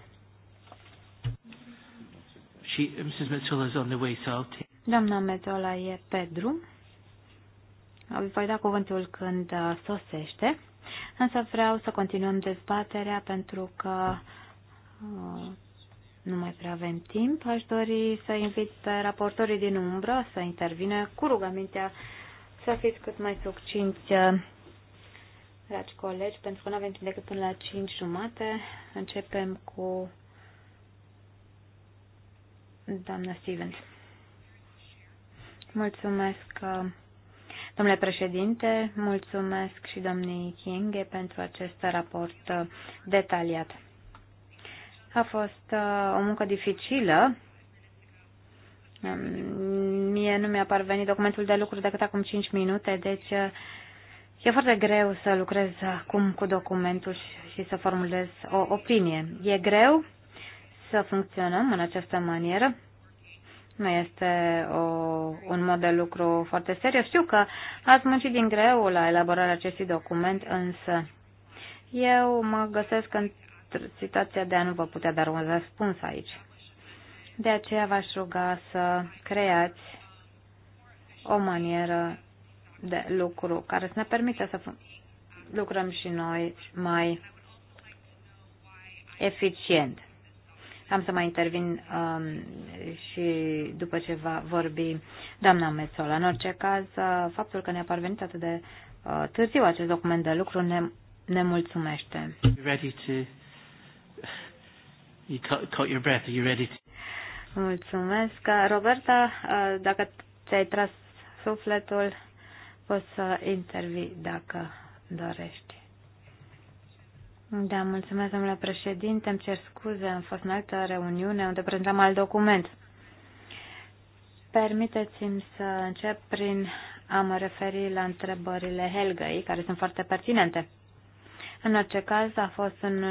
She, Mrs. Mitchell is on the way, so I'll take Doamna Metola e pe drum. Îi voi da cuvântul când uh, sosește, însă vreau să continuăm dezbaterea pentru că uh, nu mai prea avem timp. Aș dori să invit pe raportorii din umbră să intervine cu rugămintea să fiți cât mai succinți, uh, dragi colegi, pentru că nu avem timp decât până la 5 jumate. Începem cu doamna Stevens. Mulțumesc, domnule președinte, mulțumesc și domnului Kinghe pentru acest raport uh, detaliat. A fost uh, o muncă dificilă. Um, mie nu mi-a parvenit documentul de lucru decât acum 5 minute, deci uh, e foarte greu să lucrez acum cu documentul și să formulez o opinie. E greu să funcționăm în această manieră, nu este o, un mod de lucru foarte serios. Știu că ați muncit din greu la elaborarea acestui document, însă eu mă găsesc în situația de a nu vă putea da un răspuns aici. De aceea v-aș ruga să creați o manieră de lucru care să ne permită să lucrăm și noi mai eficient. Am să mai intervin um, și după ce va vorbi doamna Metzola. În orice caz, uh, faptul că ne-a parvenit atât de uh, târziu acest document de lucru ne, ne mulțumește. Mulțumesc. Uh, Roberta, uh, dacă ți-ai tras sufletul, poți să intervii dacă dorești. Da, mulțumesc, domnule președinte. Îmi cer scuze, am fost în altă reuniune unde prezentam alt document. Permiteți-mi să încep prin a mă referi la întrebările Helgăi, care sunt foarte pertinente. În orice caz, a fost un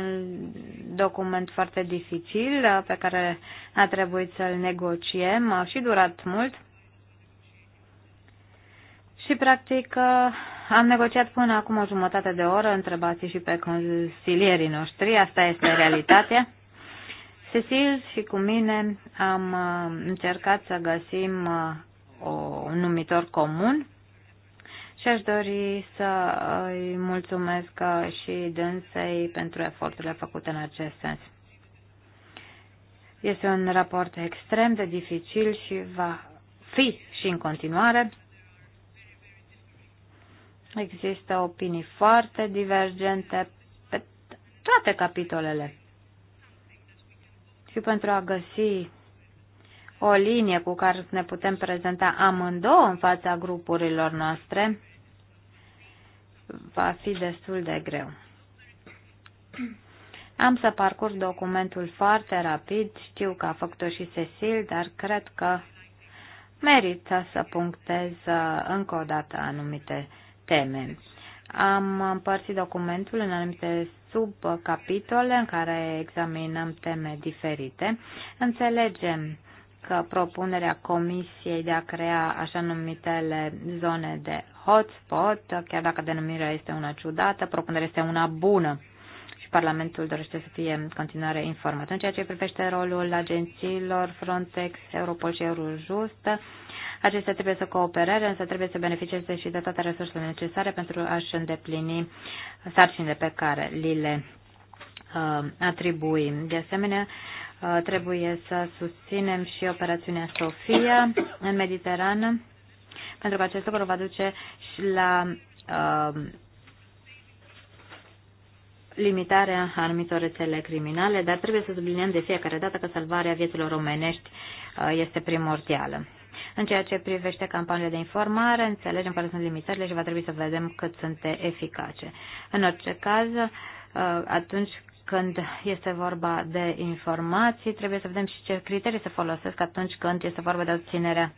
document foarte dificil pe care a trebuit să-l negociem. A și durat mult. Și, practic, uh, am negociat până acum o jumătate de oră, întrebați și pe consilierii noștri, asta este realitatea. Cecil și cu mine am uh, încercat să găsim uh, un numitor comun și aș dori să îi mulțumesc și dânsei pentru eforturile făcute în acest sens. Este un raport extrem de dificil și va fi și în continuare. Există opinii foarte divergente pe toate capitolele. Și pentru a găsi o linie cu care ne putem prezenta amândouă în fața grupurilor noastre, va fi destul de greu. Am să parcurg documentul foarte rapid, știu că a făcut-o și Cecil, dar cred că merită să punctez uh, încă o dată anumite teme. Am împărțit documentul în anumite subcapitole în care examinăm teme diferite. Înțelegem că propunerea Comisiei de a crea așa numitele zone de hotspot, chiar dacă denumirea este una ciudată, propunerea este una bună și Parlamentul dorește să fie în continuare informat. În ceea ce privește rolul agențiilor Frontex, Europol și Eurojust, Acestea trebuie să coopereze, însă trebuie să beneficieze și de toate resursele necesare pentru a-și îndeplini sarcinile pe care li le uh, atribuim. De asemenea, uh, trebuie să susținem și operațiunea Sofia în Mediterană, pentru că acest lucru va duce și la uh, limitarea anumitor rețele criminale, dar trebuie să subliniem de fiecare dată că salvarea vieților omenești uh, este primordială. În ceea ce privește campaniile de informare, înțelegem care sunt limitările și va trebui să vedem cât sunt eficace. În orice caz, uh, atunci când este vorba de informații, trebuie să vedem și ce criterii se folosesc atunci când este vorba de obținerea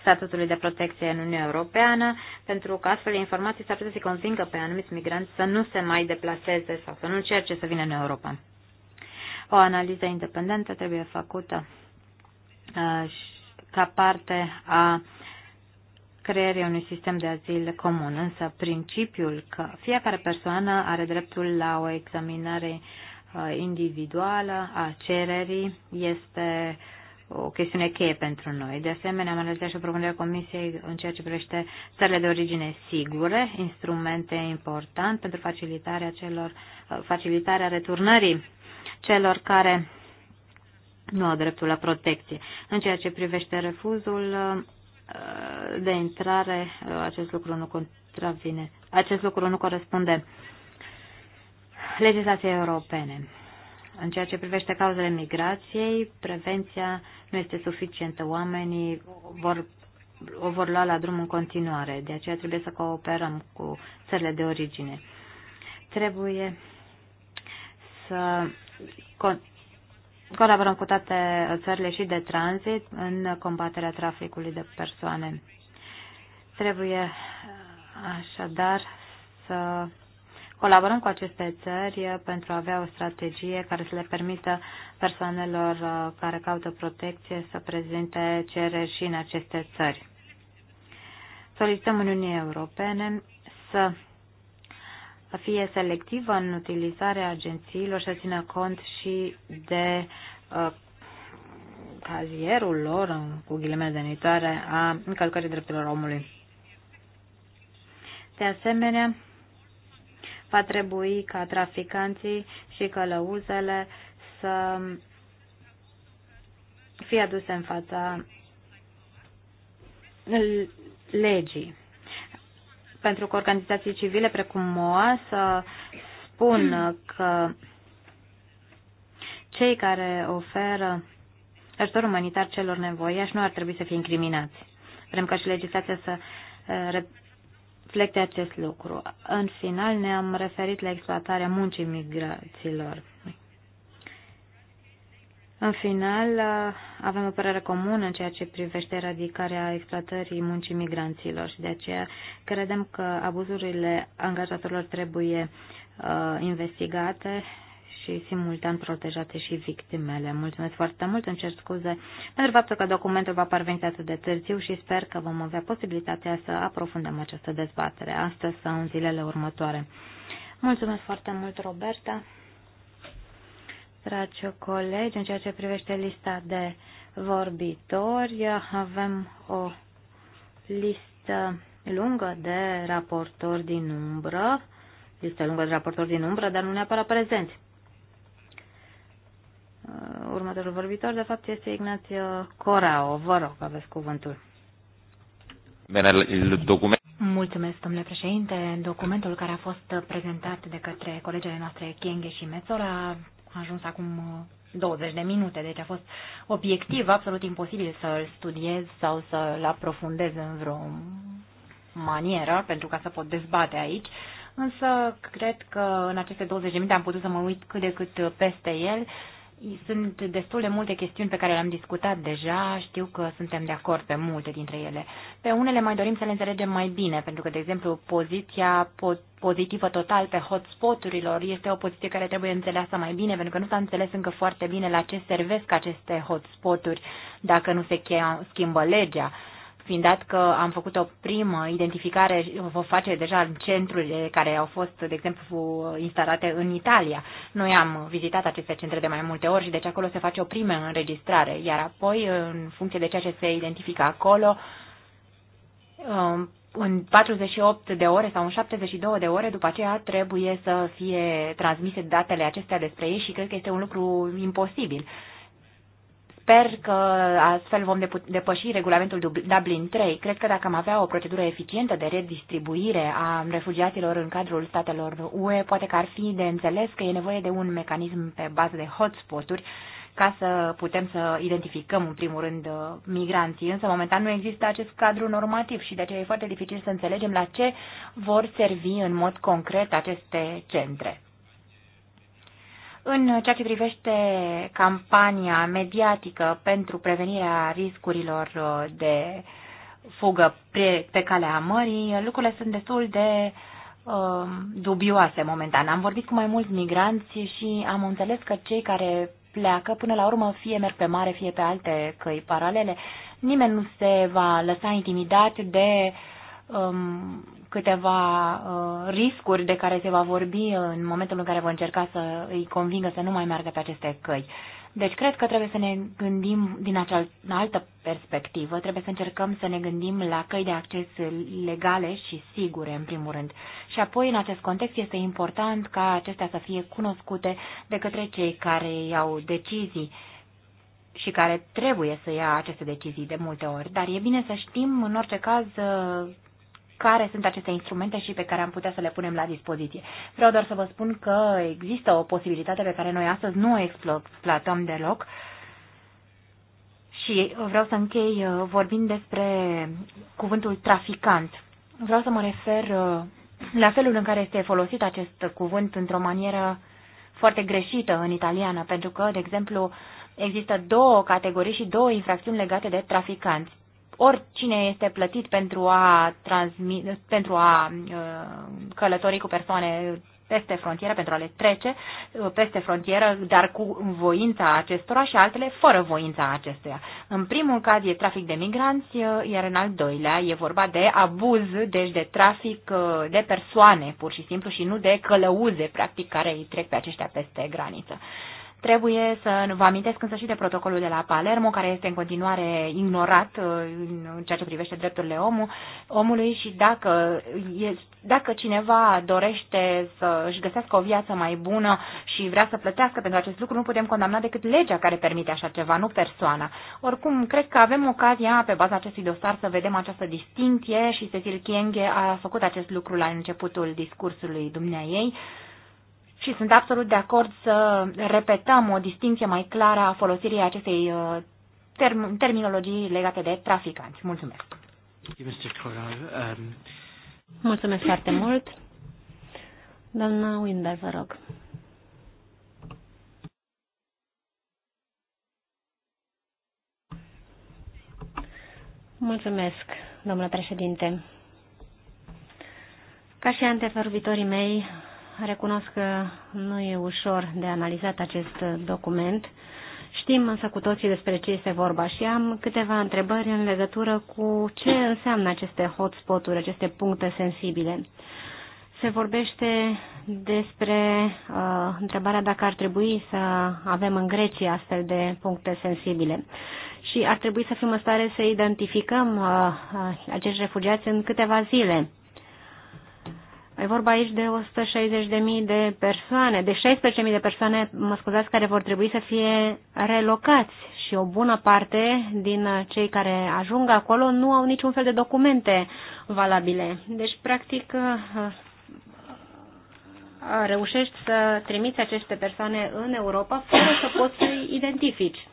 statutului de protecție în Uniunea Europeană, pentru că astfel de informații s-ar putea să convingă pe anumiți migranți să nu se mai deplaseze sau să nu încerce să vină în Europa. O analiză independentă trebuie făcută uh, ca parte a creierii unui sistem de azil comun. Însă principiul că fiecare persoană are dreptul la o examinare uh, individuală a cererii este o chestiune cheie pentru noi. De asemenea, am analizat și propunerea Comisiei în ceea ce privește țările de origine sigure, instrumente important pentru facilitarea, celor, uh, facilitarea returnării celor care nu au dreptul la protecție. În ceea ce privește refuzul uh, de intrare, uh, acest lucru nu contravine. Acest lucru nu corespunde legislației europene. În ceea ce privește cauzele migrației, prevenția nu este suficientă. Oamenii vor, o vor lua la drum în continuare, de aceea trebuie să cooperăm cu țările de origine. Trebuie să Colaborăm cu toate țările și de tranzit în combaterea traficului de persoane. Trebuie așadar să colaborăm cu aceste țări pentru a avea o strategie care să le permită persoanelor uh, care caută protecție să prezinte cereri și în aceste țări. Solicităm Uniunii Europene să fie selectivă în utilizarea agențiilor și să țină cont și de uh, cazierul lor, cu ghilimele de înitoare, a încălcării drepturilor omului. De asemenea, va trebui ca traficanții și călăuzele să fie aduse în fața legii pentru că organizații civile precum MOA să spun că cei care oferă ajutor umanitar celor nevoiași nu ar trebui să fie incriminați. Vrem ca și legislația să reflecte acest lucru. În final ne-am referit la exploatarea muncii migraților. În final, uh, avem o părere comună în ceea ce privește eradicarea exploatării muncii migranților și de aceea credem că abuzurile angajatorilor trebuie uh, investigate și simultan protejate și victimele. Mulțumesc foarte mult, îmi cer scuze pentru faptul că documentul va parveni atât de târziu și sper că vom avea posibilitatea să aprofundăm această dezbatere astăzi sau în zilele următoare. Mulțumesc foarte mult, Roberta. Dragi colegi, în ceea ce privește lista de vorbitori, avem o listă lungă de raportori din umbră, listă lungă de raportori din umbră, dar nu neapărat prezenți. Următorul vorbitor, de fapt, este Ignațio Corao. Vă rog, aveți cuvântul. Mulțumesc, domnule președinte. Documentul care a fost prezentat de către colegele noastre Kienge și Metzola a ajuns acum 20 uh, de minute, deci a fost obiectiv absolut imposibil să-l studiez sau să-l aprofundez în vreo manieră pentru ca să pot dezbate aici, însă cred că în aceste 20 de minute am putut să mă uit cât de cât peste el sunt destul de multe chestiuni pe care le-am discutat deja, știu că suntem de acord pe multe dintre ele. Pe unele mai dorim să le înțelegem mai bine, pentru că, de exemplu, poziția pozitivă total pe hotspoturilor este o poziție care trebuie înțeleasă mai bine, pentru că nu s-a înțeles încă foarte bine la ce servesc aceste hotspoturi dacă nu se schimbă legea fiind dat că am făcut o primă identificare, o face deja în centrurile care au fost, de exemplu, instalate în Italia. Noi am vizitat aceste centre de mai multe ori și deci acolo se face o primă înregistrare, iar apoi, în funcție de ceea ce se identifică acolo, um, în 48 de ore sau în 72 de ore după aceea trebuie să fie transmise datele acestea despre ei și cred că este un lucru imposibil. Sper că astfel vom depăși regulamentul Dublin 3. Cred că dacă am avea o procedură eficientă de redistribuire a refugiaților în cadrul statelor UE, poate că ar fi de înțeles că e nevoie de un mecanism pe bază de hotspot-uri ca să putem să identificăm, în primul rând, uh, migranții. Însă, momentan, nu există acest cadru normativ și de aceea e foarte dificil să înțelegem la ce vor servi în mod concret aceste centre. În ceea ce privește campania mediatică pentru prevenirea riscurilor uh, de fugă pe, calea mării, lucrurile sunt destul de uh, dubioase momentan. Am vorbit cu mai mulți migranți și am înțeles că cei care pleacă, până la urmă, fie merg pe mare, fie pe alte căi paralele, nimeni nu se va lăsa intimidat de um, câteva uh, riscuri de care se va vorbi în momentul în care vă încerca să îi convingă să nu mai meargă pe aceste căi. Deci cred că trebuie să ne gândim din această altă perspectivă, trebuie să încercăm să ne gândim la căi de acces legale și sigure, în primul rând. Și apoi, în acest context, este important ca acestea să fie cunoscute de către cei care iau decizii și care trebuie să ia aceste decizii de multe ori. Dar e bine să știm, în orice caz, care sunt aceste instrumente și pe care am putea să le punem la dispoziție. Vreau doar să vă spun că există o posibilitate pe care noi astăzi nu o exploatăm deloc și vreau să închei uh, vorbind despre cuvântul traficant. Vreau să mă refer uh, la felul în care este folosit acest cuvânt într-o manieră foarte greșită în italiană, pentru că, de exemplu, există două categorii și două infracțiuni legate de traficanți oricine este plătit pentru a, transmi, pentru a uh, călători cu persoane peste frontieră, pentru a le trece uh, peste frontieră, dar cu voința acestora și altele fără voința acestuia. În primul caz e trafic de migranți, uh, iar în al doilea e vorba de abuz, deci de trafic de persoane, pur și simplu, și nu de călăuze, practic, care îi trec pe aceștia peste graniță. Trebuie să vă amintesc însă și de protocolul de la Palermo, care este în continuare ignorat uh, în ceea ce privește drepturile omul, omului și dacă, dacă cineva dorește să își găsească o viață mai bună și vrea să plătească pentru acest lucru, nu putem condamna decât legea care permite așa ceva, nu persoana. Oricum, cred că avem ocazia, pe baza acestui dosar, să vedem această distinție și Cecil Kienge a făcut acest lucru la începutul discursului dumneaei. ei și sunt absolut de acord să repetăm o distinție mai clară a folosirii acestei uh, term- terminologii legate de traficanți. Mulțumesc! Um, Mulțumesc foarte mult! Doamna Winder, vă rog. Mulțumesc, domnule președinte. Ca și antevorbitorii mei, recunosc că nu e ușor de analizat acest document. Știm însă cu toții despre ce este vorba și am câteva întrebări în legătură cu ce înseamnă aceste hotspot-uri, aceste puncte sensibile. Se vorbește despre uh, întrebarea dacă ar trebui să avem în Grecia astfel de puncte sensibile și ar trebui să fim în stare să identificăm uh, uh acești refugiați în câteva zile. E vorba aici de 160.000 de persoane, de 16.000 de persoane, mă scuzați, care vor trebui să fie relocați și o bună parte din cei care ajung acolo nu au niciun fel de documente valabile. Deci, practic, reușești să trimiți aceste persoane în Europa fără să poți să-i identifici.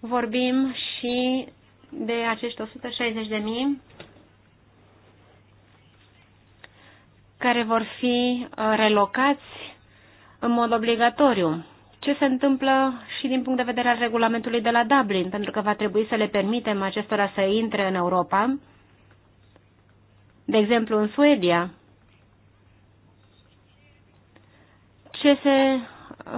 Vorbim și de acești 160.000 care vor fi uh, relocați în mod obligatoriu. Ce se întâmplă și din punct de vedere al regulamentului de la Dublin, pentru că va trebui să le permitem acestora să intre în Europa, de exemplu în Suedia. Ce se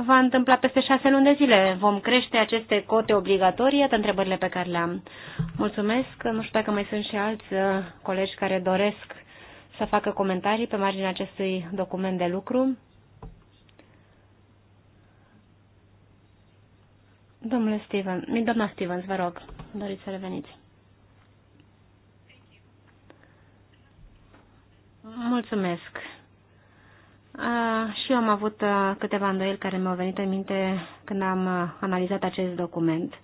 va întâmpla peste șase luni de zile? Vom crește aceste cote obligatorii? Iată întrebările pe care le-am. Mulțumesc. Nu știu dacă mai sunt și alți uh, colegi care doresc să facă comentarii pe marginea acestui document de lucru. Domnule Steven, doamna Stevens, vă rog, doriți să reveniți. Mulțumesc. A, și eu am avut câteva îndoieli care mi-au venit în minte când am analizat acest document.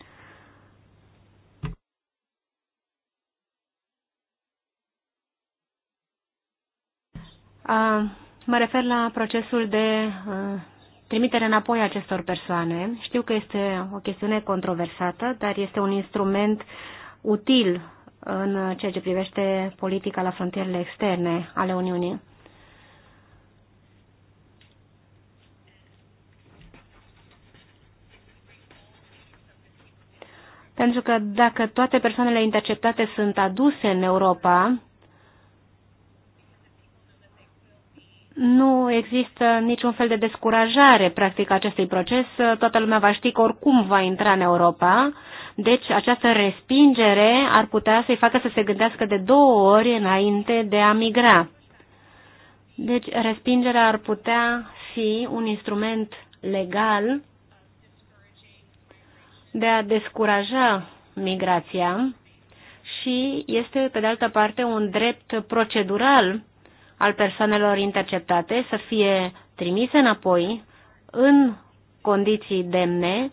Mă refer la procesul de trimitere înapoi a acestor persoane. Știu că este o chestiune controversată, dar este un instrument util în ceea ce privește politica la frontierele externe ale Uniunii. Pentru că dacă toate persoanele interceptate sunt aduse în Europa, nu există niciun fel de descurajare, practic, acestui proces. Toată lumea va ști că oricum va intra în Europa, deci această respingere ar putea să-i facă să se gândească de două ori înainte de a migra. Deci respingerea ar putea fi un instrument legal de a descuraja migrația și este, pe de altă parte, un drept procedural al persoanelor interceptate să fie trimise înapoi în condiții demne,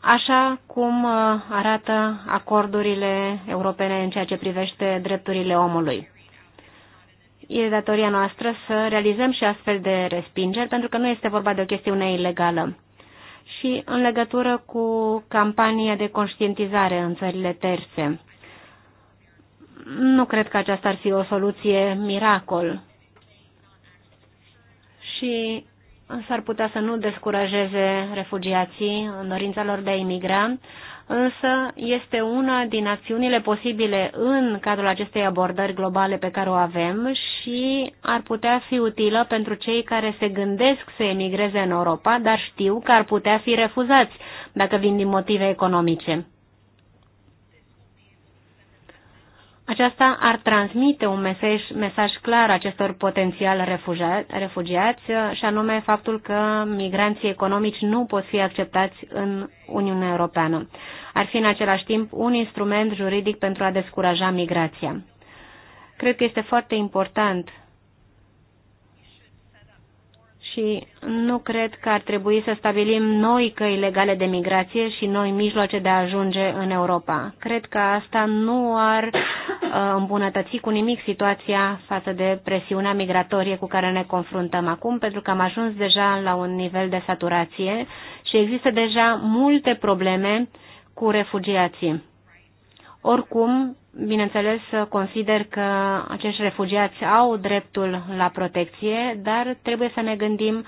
așa cum uh, arată acordurile europene în ceea ce privește drepturile omului. E datoria noastră să realizăm și astfel de respingeri, pentru că nu este vorba de o chestiune ilegală. Și în legătură cu campania de conștientizare în țările terțe, nu cred că aceasta ar fi o soluție miracol. Și s-ar putea să nu descurajeze refugiații în dorința lor de a imigra, însă este una din acțiunile posibile în cadrul acestei abordări globale pe care o avem și ar putea fi utilă pentru cei care se gândesc să emigreze în Europa, dar știu că ar putea fi refuzați dacă vin din motive economice. Aceasta ar transmite un mesaj, mesaj clar acestor potențial refugiați și anume faptul că migranții economici nu pot fi acceptați în Uniunea Europeană. Ar fi în același timp un instrument juridic pentru a descuraja migrația. Cred că este foarte important și nu cred că ar trebui să stabilim noi căi legale de migrație și noi mijloace de a ajunge în Europa. Cred că asta nu ar uh, îmbunătăți cu nimic situația față de presiunea migratorie cu care ne confruntăm acum, pentru că am ajuns deja la un nivel de saturație și există deja multe probleme cu refugiații. Oricum, bineînțeles, consider că acești refugiați au dreptul la protecție, dar trebuie să ne gândim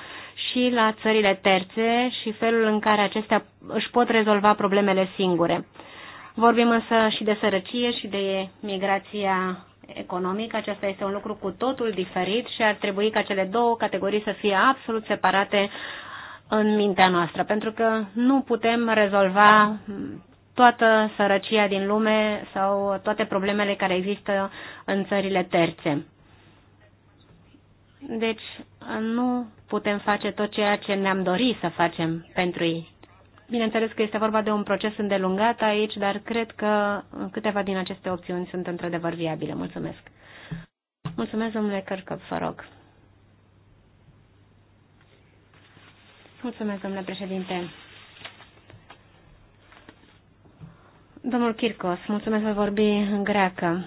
și la țările terțe și felul în care acestea își pot rezolva problemele singure. Vorbim însă și de sărăcie și de migrația economică. Acesta este un lucru cu totul diferit și ar trebui ca cele două categorii să fie absolut separate în mintea noastră, pentru că nu putem rezolva toată sărăcia din lume sau toate problemele care există în țările terțe. Deci nu putem face tot ceea ce ne-am dorit să facem pentru ei. Bineînțeles că este vorba de un proces îndelungat aici, dar cred că câteva din aceste opțiuni sunt într-adevăr viabile. Mulțumesc. Mulțumesc, domnule Cărcăp, vă rog. Mulțumesc, domnule președinte. Domnul Kirkos, mulțumesc că vorbi în greacă.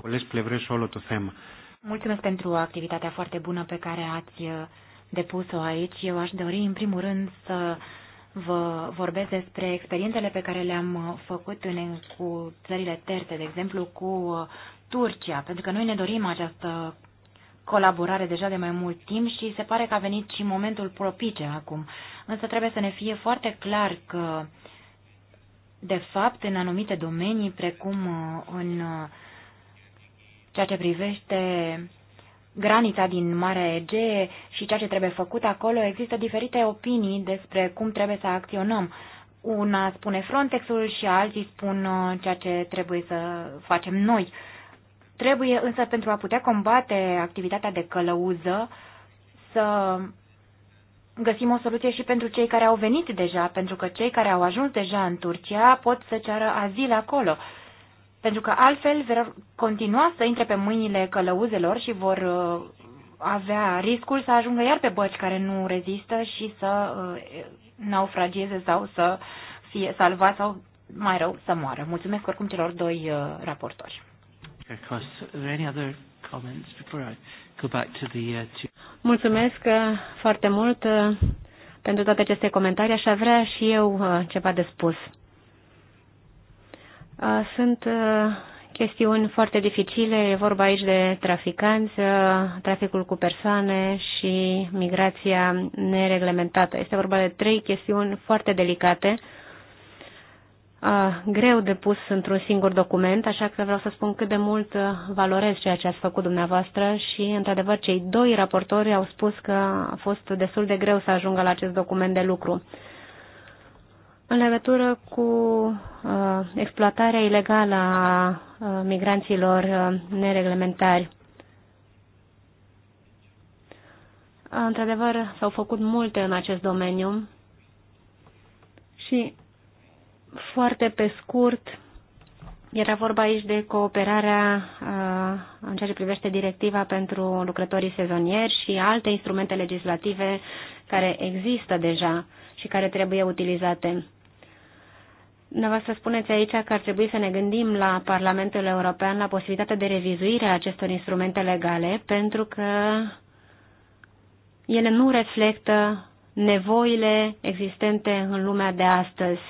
Πολλές πλευρές o το θέμα. Mulțumesc pentru activitatea foarte bună pe care ați uh, depus-o aici. Eu aș dori, în primul rând, să vă vorbesc despre experiențele pe care le-am uh, făcut în, cu țările terțe, de exemplu cu uh, Turcia, pentru că noi ne dorim această colaborare deja de mai mult timp și se pare că a venit și momentul propice acum. Însă trebuie să ne fie foarte clar că uh, de fapt, în anumite domenii, precum uh, în uh, ceea ce privește granița din Marea Egee și ceea ce trebuie făcut acolo, există diferite opinii despre cum trebuie să acționăm. Una spune Frontexul și alții spun uh, ceea ce trebuie să facem noi. Trebuie însă pentru a putea combate activitatea de călăuză să găsim o soluție și pentru cei care au venit deja, pentru că cei care au ajuns deja în Turcia pot să ceară azil acolo. Pentru că altfel vor continua să intre pe mâinile călăuzelor și vor uh, avea riscul să ajungă iar pe băci care nu rezistă și să uh, naufragieze sau să fie salvați sau mai rău să moară. Mulțumesc oricum celor doi uh, raportori go back to the, uh, to... Mulțumesc uh, foarte mult uh, pentru toate aceste comentarii. Aș vrea și eu uh, ceva de spus. Sunt chestiuni foarte dificile. E vorba aici de traficanți, traficul cu persoane și migrația nereglementată. Este vorba de trei chestiuni foarte delicate greu de pus într-un singur document, așa că vreau să spun cât de mult uh, valorez ceea ce ați făcut dumneavoastră și, într-adevăr, cei doi raportori au spus că a fost destul de greu să ajungă la acest document de lucru. În legătură cu uh, exploatarea ilegală a uh, migranților uh, nereglementari, Într-adevăr, s-au făcut multe în acest domeniu și foarte pe scurt, era vorba aici de cooperarea uh, în ceea ce privește directiva pentru lucrătorii sezonieri și alte instrumente legislative care există deja și care trebuie utilizate. să spuneți aici că ar trebui să ne gândim la Parlamentul European la posibilitatea de revizuire a acestor instrumente legale pentru că ele nu reflectă nevoile existente în lumea de astăzi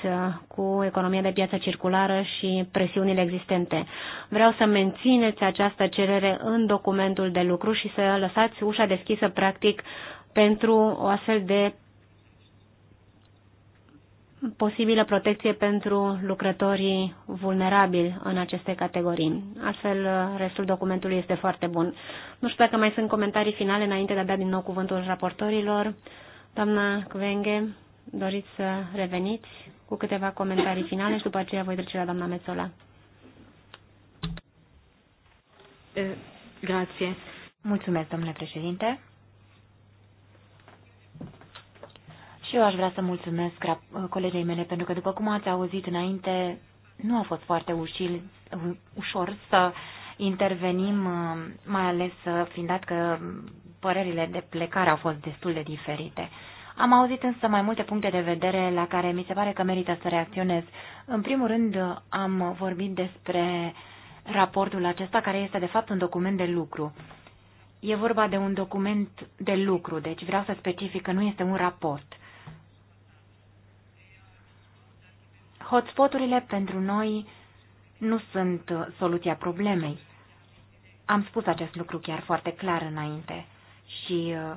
cu economia de piață circulară și presiunile existente. Vreau să mențineți această cerere în documentul de lucru și să lăsați ușa deschisă practic pentru o astfel de posibilă protecție pentru lucrătorii vulnerabili în aceste categorii. Astfel, restul documentului este foarte bun. Nu știu dacă mai sunt comentarii finale înainte de a da din nou cuvântul raportorilor. Doamna Cuvenghe, doriți să reveniți cu câteva comentarii finale și după aceea voi trece la doamna Mețola. Eh, grație. Mulțumesc, domnule președinte. Și eu aș vrea să mulțumesc colegei mele, pentru că, după cum ați auzit înainte, nu a fost foarte ușil, ușor să intervenim, eh, mai ales eh, fiind dat că părerile de plecare au fost destul de diferite. Am auzit însă mai multe puncte de vedere la care mi se pare că merită să reacționez. În primul rând am vorbit despre raportul acesta care este de fapt un document de lucru. E vorba de un document de lucru, deci vreau să specific că nu este un raport. Hotspoturile pentru noi nu sunt soluția problemei. Am spus acest lucru chiar foarte clar înainte și uh,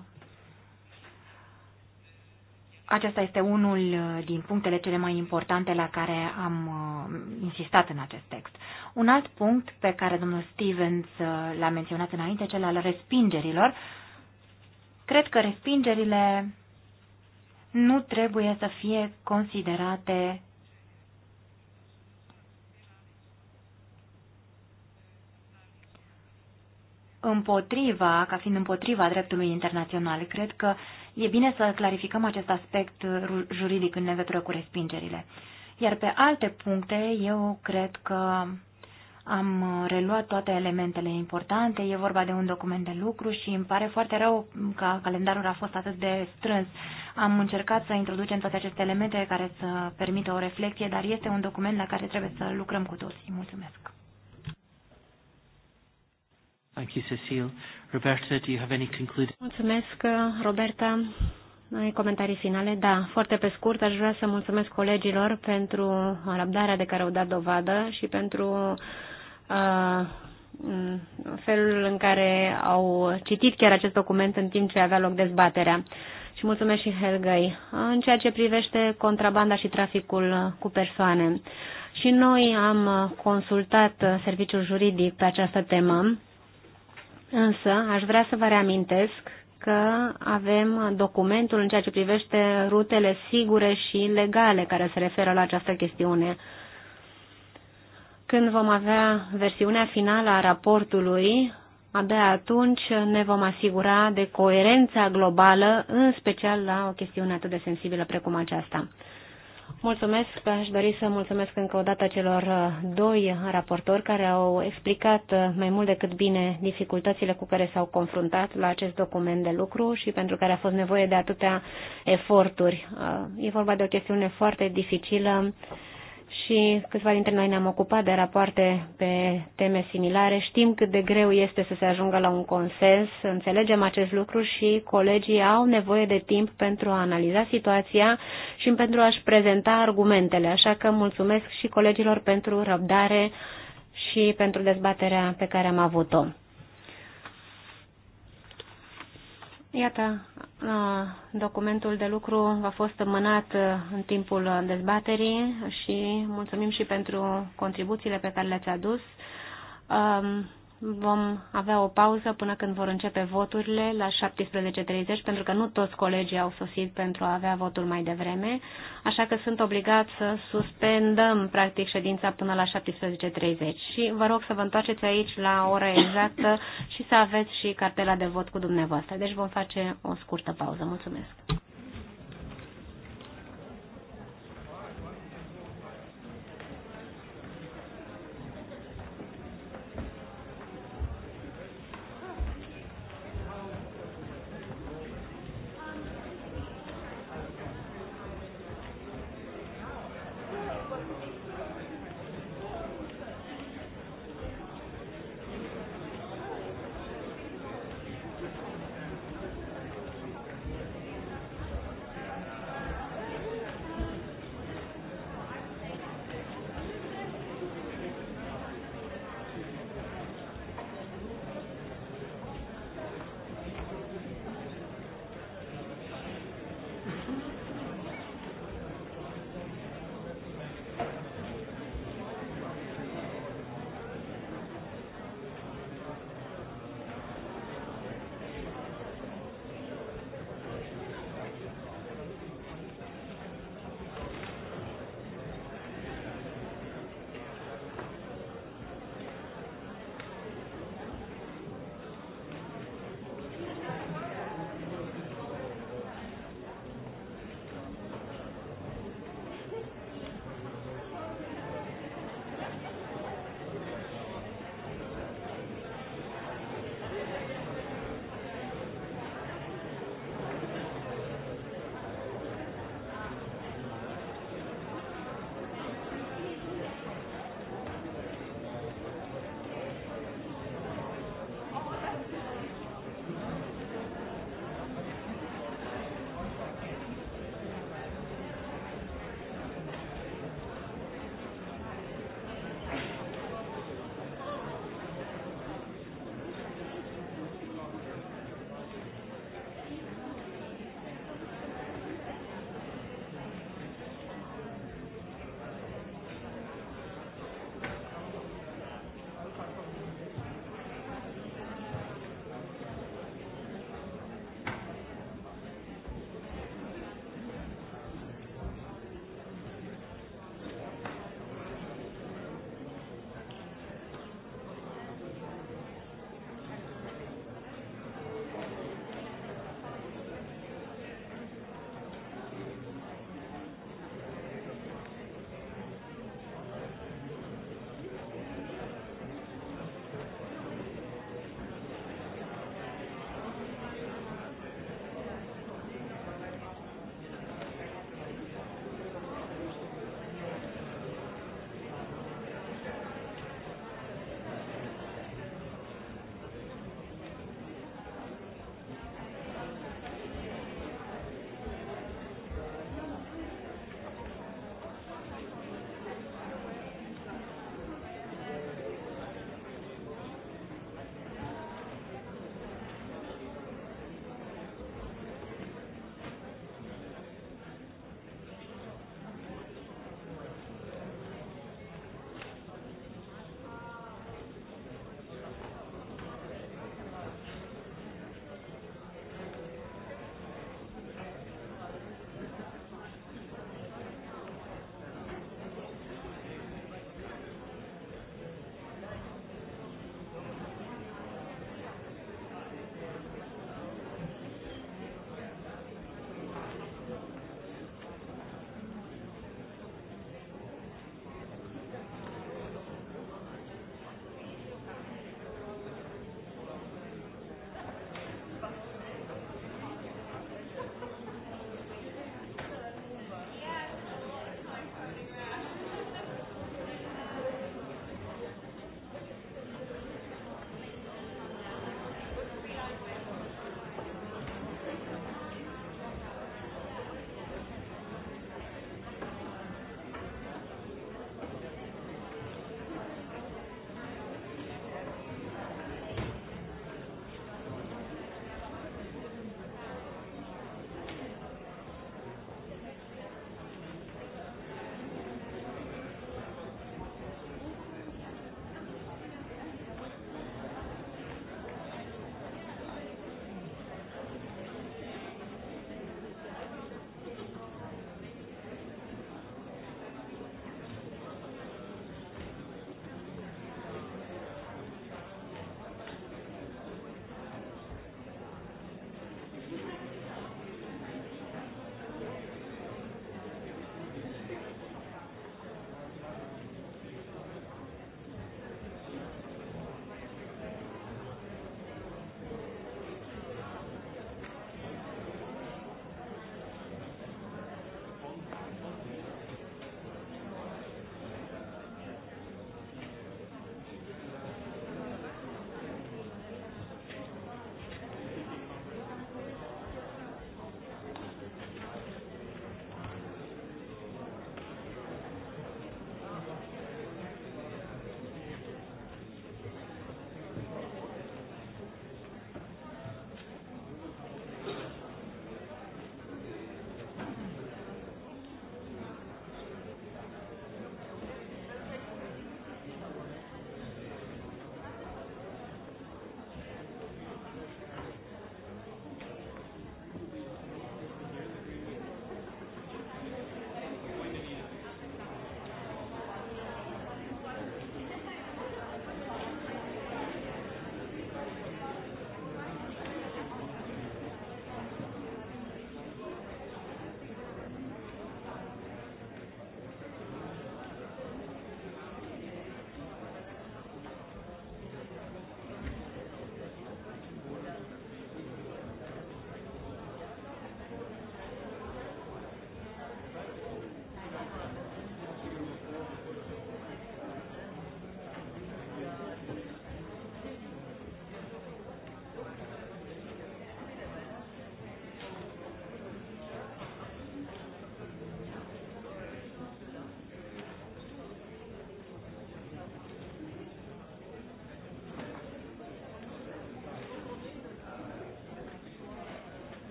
acesta este unul uh, din punctele cele mai importante la care am uh, insistat în acest text. Un alt punct pe care domnul Stevens l-a menționat înainte, cel al respingerilor, cred că respingerile nu trebuie să fie considerate împotriva, ca fiind împotriva dreptului internațional. Cred că e bine să clarificăm acest aspect uh, juridic în legătură cu respingerile. Iar pe alte puncte, eu cred că am reluat toate elementele importante, e vorba de un document de lucru și îmi pare foarte rău că calendarul a fost atât de strâns. Am încercat să introducem toate aceste elemente care să permită o reflexie, dar este un document la care trebuie să lucrăm cu toții. Mulțumesc! Thank you, Cecile. Roberta, do you have any concluding? Mulțumesc, Roberta. Ai comentarii finale? Da, foarte pe scurt, aș vrea să mulțumesc colegilor pentru răbdarea de care au dat dovadă și pentru uh, felul în care au citit chiar acest document în timp ce avea loc dezbaterea. Și mulțumesc și Helgăi. În ceea ce privește contrabanda și traficul cu persoane. Și noi am consultat serviciul juridic pe această temă Însă, aș vrea să vă reamintesc că avem documentul în ceea ce privește rutele sigure și legale care se referă la această chestiune. Când vom avea versiunea finală a raportului, abia atunci ne vom asigura de coerența globală, în special la o chestiune atât de sensibilă precum aceasta. Mulțumesc, aș dori să mulțumesc încă o dată celor uh, doi raportori care au explicat uh, mai mult decât bine dificultățile cu care s-au confruntat la acest document de lucru și pentru care a fost nevoie de atâtea eforturi. Uh, e vorba de o chestiune foarte dificilă și câțiva dintre noi ne-am ocupat de rapoarte pe teme similare. Știm cât de greu este să se ajungă la un consens, înțelegem acest lucru și colegii au nevoie de timp pentru a analiza situația și pentru a-și prezenta argumentele. Așa că mulțumesc și colegilor pentru răbdare și pentru dezbaterea pe care am avut-o. Iată, uh, documentul de lucru a fost mânat uh, în timpul dezbaterii și mulțumim și pentru contribuțiile pe care le-ați adus. Um, vom avea o pauză până când vor începe voturile la 17.30, pentru că nu toți colegii au sosit pentru a avea votul mai devreme, așa că sunt obligat să suspendăm practic ședința până la 17.30. Și vă rog să vă întoarceți aici la ora exactă și să aveți și cartela de vot cu dumneavoastră. Deci vom face o scurtă pauză. Mulțumesc!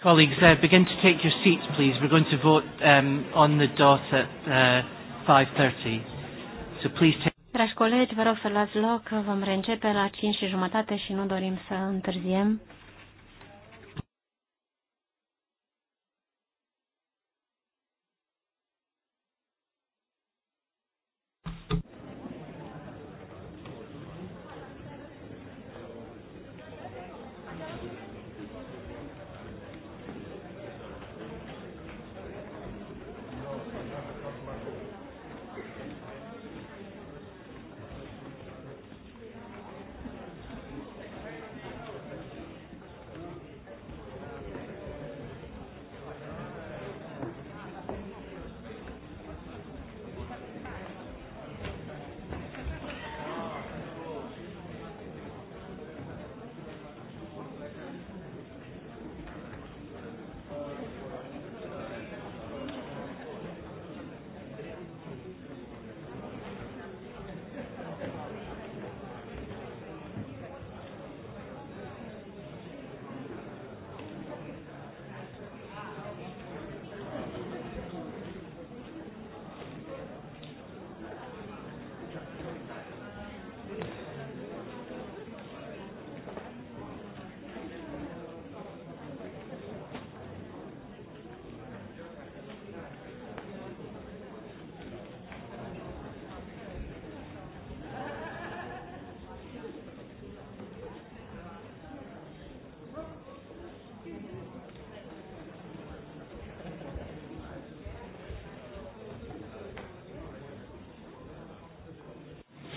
Colleagues, uh, begin to take your seats, please. We're going to vote um, on the dot at uh, 5.30. So please take... Dragi colegi, vă rog să luați loc. Vom reîncepe la 5 și jumătate și nu dorim să întârziem.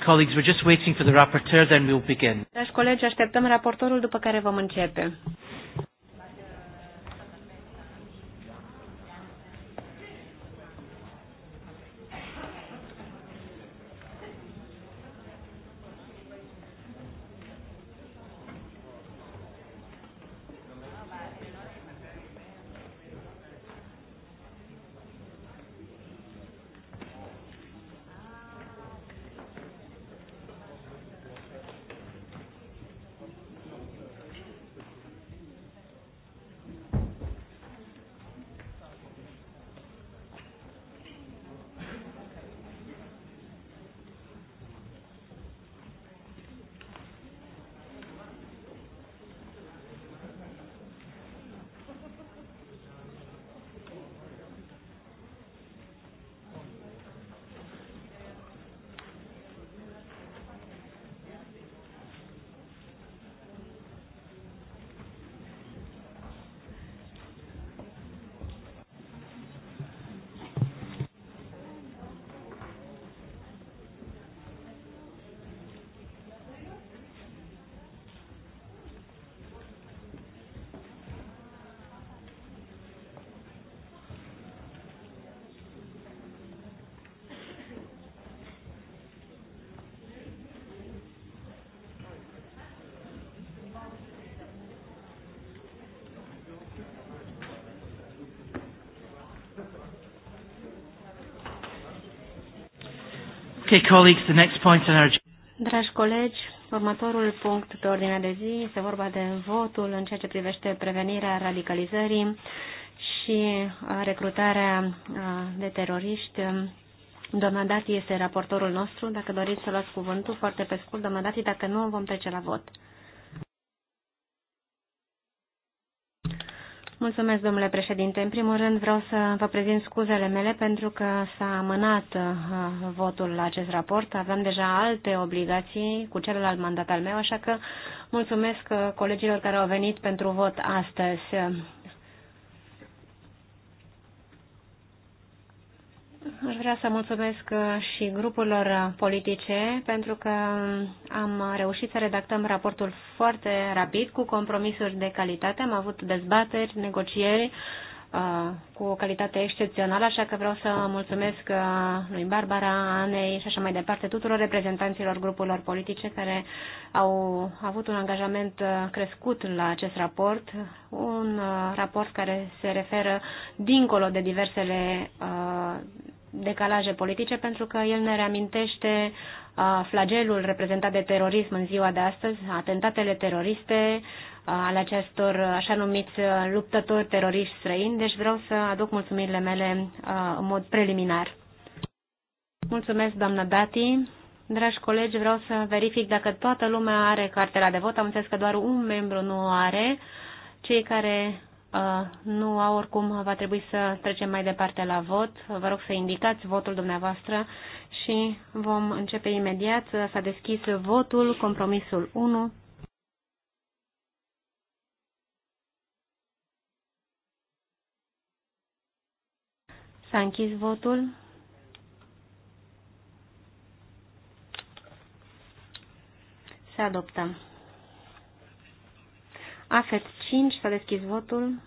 Colleagues, we're just waiting for the rapporteur, then we'll begin. Dragi colegi, așteptăm raportorul, după care vom începe. Okay, colleagues, the next point on our... Dragi colegi, următorul punct pe ordinea de zi este vorba de votul în ceea ce privește prevenirea radicalizării și uh, recrutarea uh, de teroriști. Doamna Dati este raportorul nostru. Dacă doriți să luați cuvântul, foarte pe scurt, doamna Dati, dacă nu, vom trece la vot. Mulțumesc, domnule președinte. În primul rând vreau să vă prezint scuzele mele pentru că s-a amânat uh, votul la acest raport. Aveam deja alte obligații cu celălalt mandat al meu, așa că mulțumesc uh, colegilor care au venit pentru vot astăzi. Aș vrea să mulțumesc uh, și grupurilor uh, politice pentru că um, am reușit să redactăm raportul foarte rapid, cu compromisuri de calitate. Am avut dezbateri, negocieri uh, cu o calitate excepțională, așa că vreau să mulțumesc lui Barbara, Anei și așa mai departe, tuturor reprezentanților grupurilor politice care au avut un angajament crescut la acest raport, un raport care se referă dincolo de diversele decalaje politice pentru că el ne reamintește flagelul reprezentat de terorism în ziua de astăzi, atentatele teroriste ale acestor așa numiți luptători teroriști străini, deci vreau să aduc mulțumirile mele în mod preliminar. Mulțumesc, doamna Dati. Dragi colegi, vreau să verific dacă toată lumea are cartela de vot. Am înțeles că doar un membru nu o are. Cei care nu au, oricum va trebui să trecem mai departe la vot. Vă rog să indicați votul dumneavoastră și vom începe imediat. S-a deschis votul, compromisul 1. S-a închis votul. Se adoptă. AFET 5. S-a deschis votul.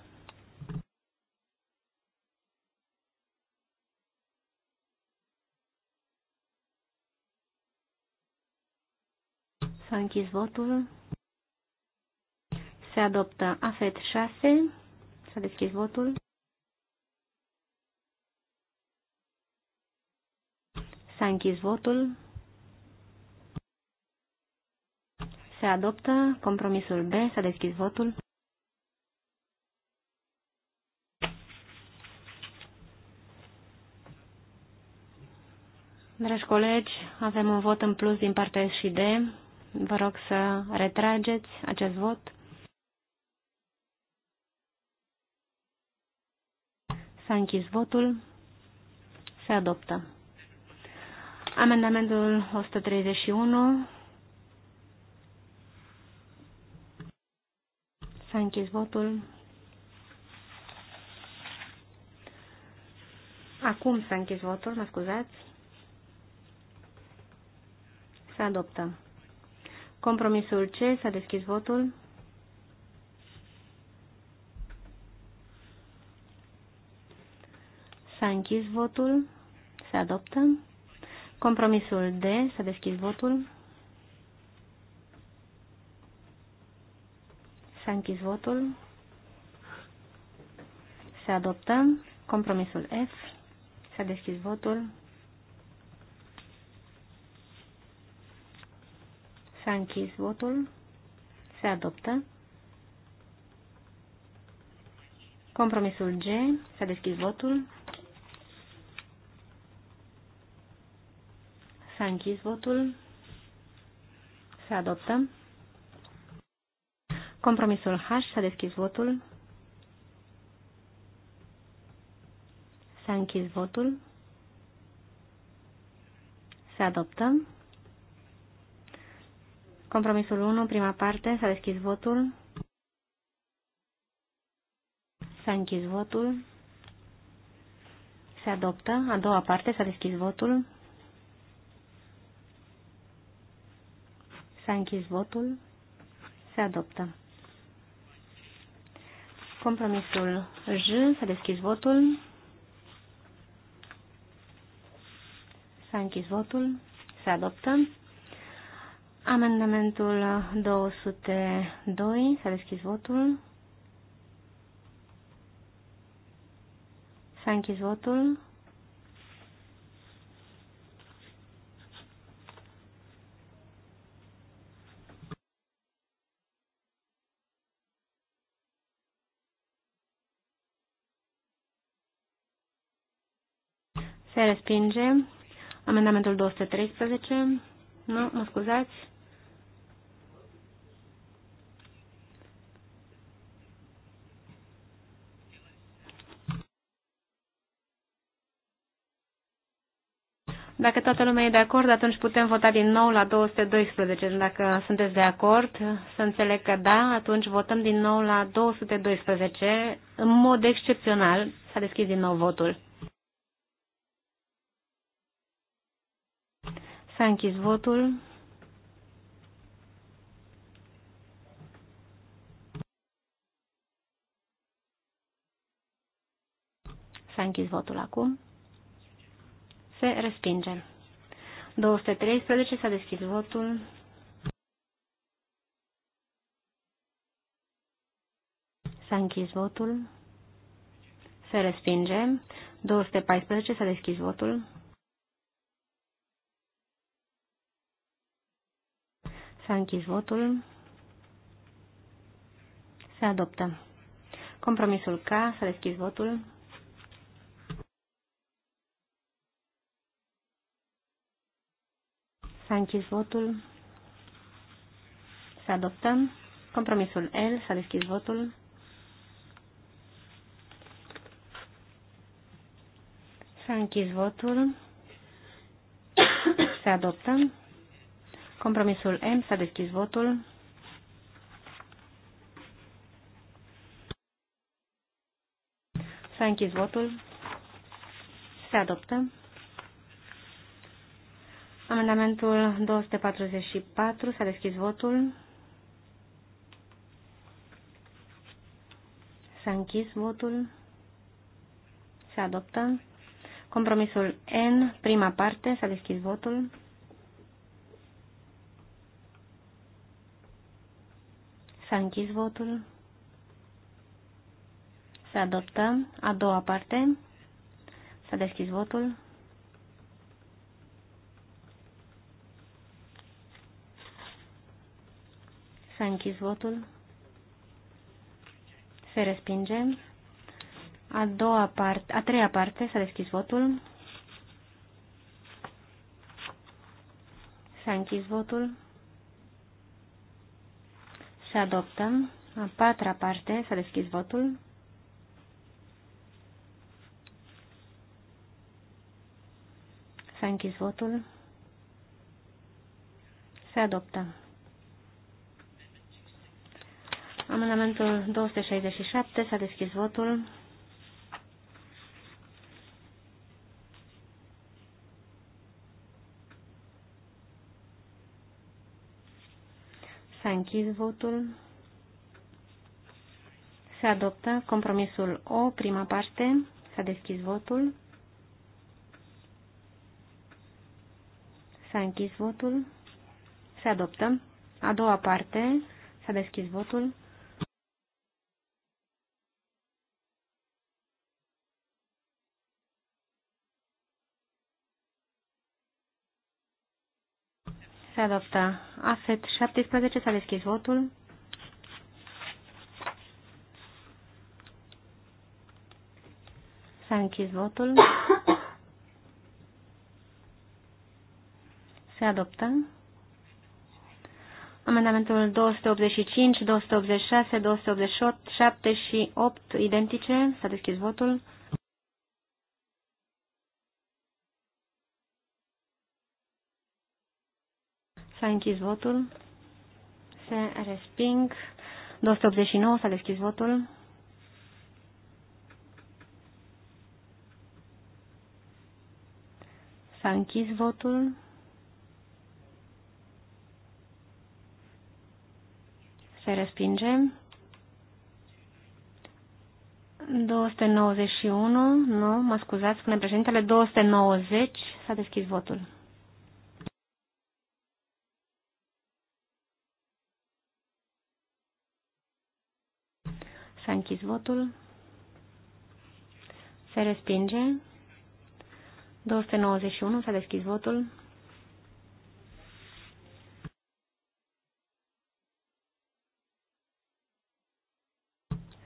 S-a închis votul. Se adoptă AFET 6. S-a deschis votul. S-a închis votul. Se adoptă compromisul B. S-a deschis votul. Dragi colegi, avem un vot în plus din partea SID. Vă rog să retrageți acest vot. S-a închis votul. Se adoptă. Amendamentul 131. S-a închis votul. Acum s-a închis votul, mă scuzați. Se adoptă. Compromisul C. S-a deschis votul. S-a închis votul. Se adoptă. Compromisul D. S-a deschis votul. S-a închis votul. Se adoptă. Compromisul F. S-a deschis votul. S-a închis votul. Se adoptă. Compromisul G. S-a deschis votul. S-a închis votul. Se adoptă. Compromisul H. S-a deschis votul. S-a închis votul. Se adoptă. Compromisul 1, prima parte, s-a deschis votul. S-a închis votul. Se adoptă. A doua parte, s-a deschis votul. S-a închis votul. Se adoptă. Compromisul J, s-a deschis votul. S-a închis votul. Se adoptă. Amendamentul 202. S-a deschis votul. S-a închis votul. Se respinge. Amendamentul 213. Nu, mă scuzați. Dacă toată lumea e de acord, atunci putem vota din nou la 212. Dacă sunteți de acord, să înțeleg că da, atunci votăm din nou la 212. În mod excepțional s-a deschis din nou votul. S-a închis votul. S-a închis votul acum se respinge. 213 s-a deschis votul. S-a închis votul. Se respinge. 214 s-a deschis votul. S-a închis votul. Se adoptă. Compromisul K s-a deschis votul. S-a închis votul. Să adoptăm. Compromisul L. S-a deschis votul. S-a închis votul. Se adoptă. Compromisul M. S-a deschis votul. S-a închis votul. Se adoptă. Amendamentul 244. S-a deschis votul. S-a închis votul. Se adoptă. Compromisul N, prima parte, s-a deschis votul. S-a închis votul. Se adoptă. A doua parte. S-a deschis votul. S-a închis votul. Se respinge. A, doua parte, a treia parte s-a deschis votul. S-a închis votul. Se adoptă. A patra parte s-a deschis votul. S-a închis votul. Se adoptă. Amendamentul 267 s-a deschis votul. S-a închis votul. Se adoptă compromisul O, prima parte. S-a deschis votul. S-a închis votul. Se adoptă. A doua parte. S-a deschis votul. adoptă. Aset 17 s-a deschis votul. S-a închis votul. Se adoptă. Amendamentul 285, 286, 287 și 8 identice. S-a deschis votul. S-a închis votul. Se resping. 289 s-a deschis votul. S-a închis votul. Se respinge. 291, nu, mă scuzați, spune președintele, 290 s-a deschis votul. S-a închis votul. Se respinge. 291. S-a deschis votul.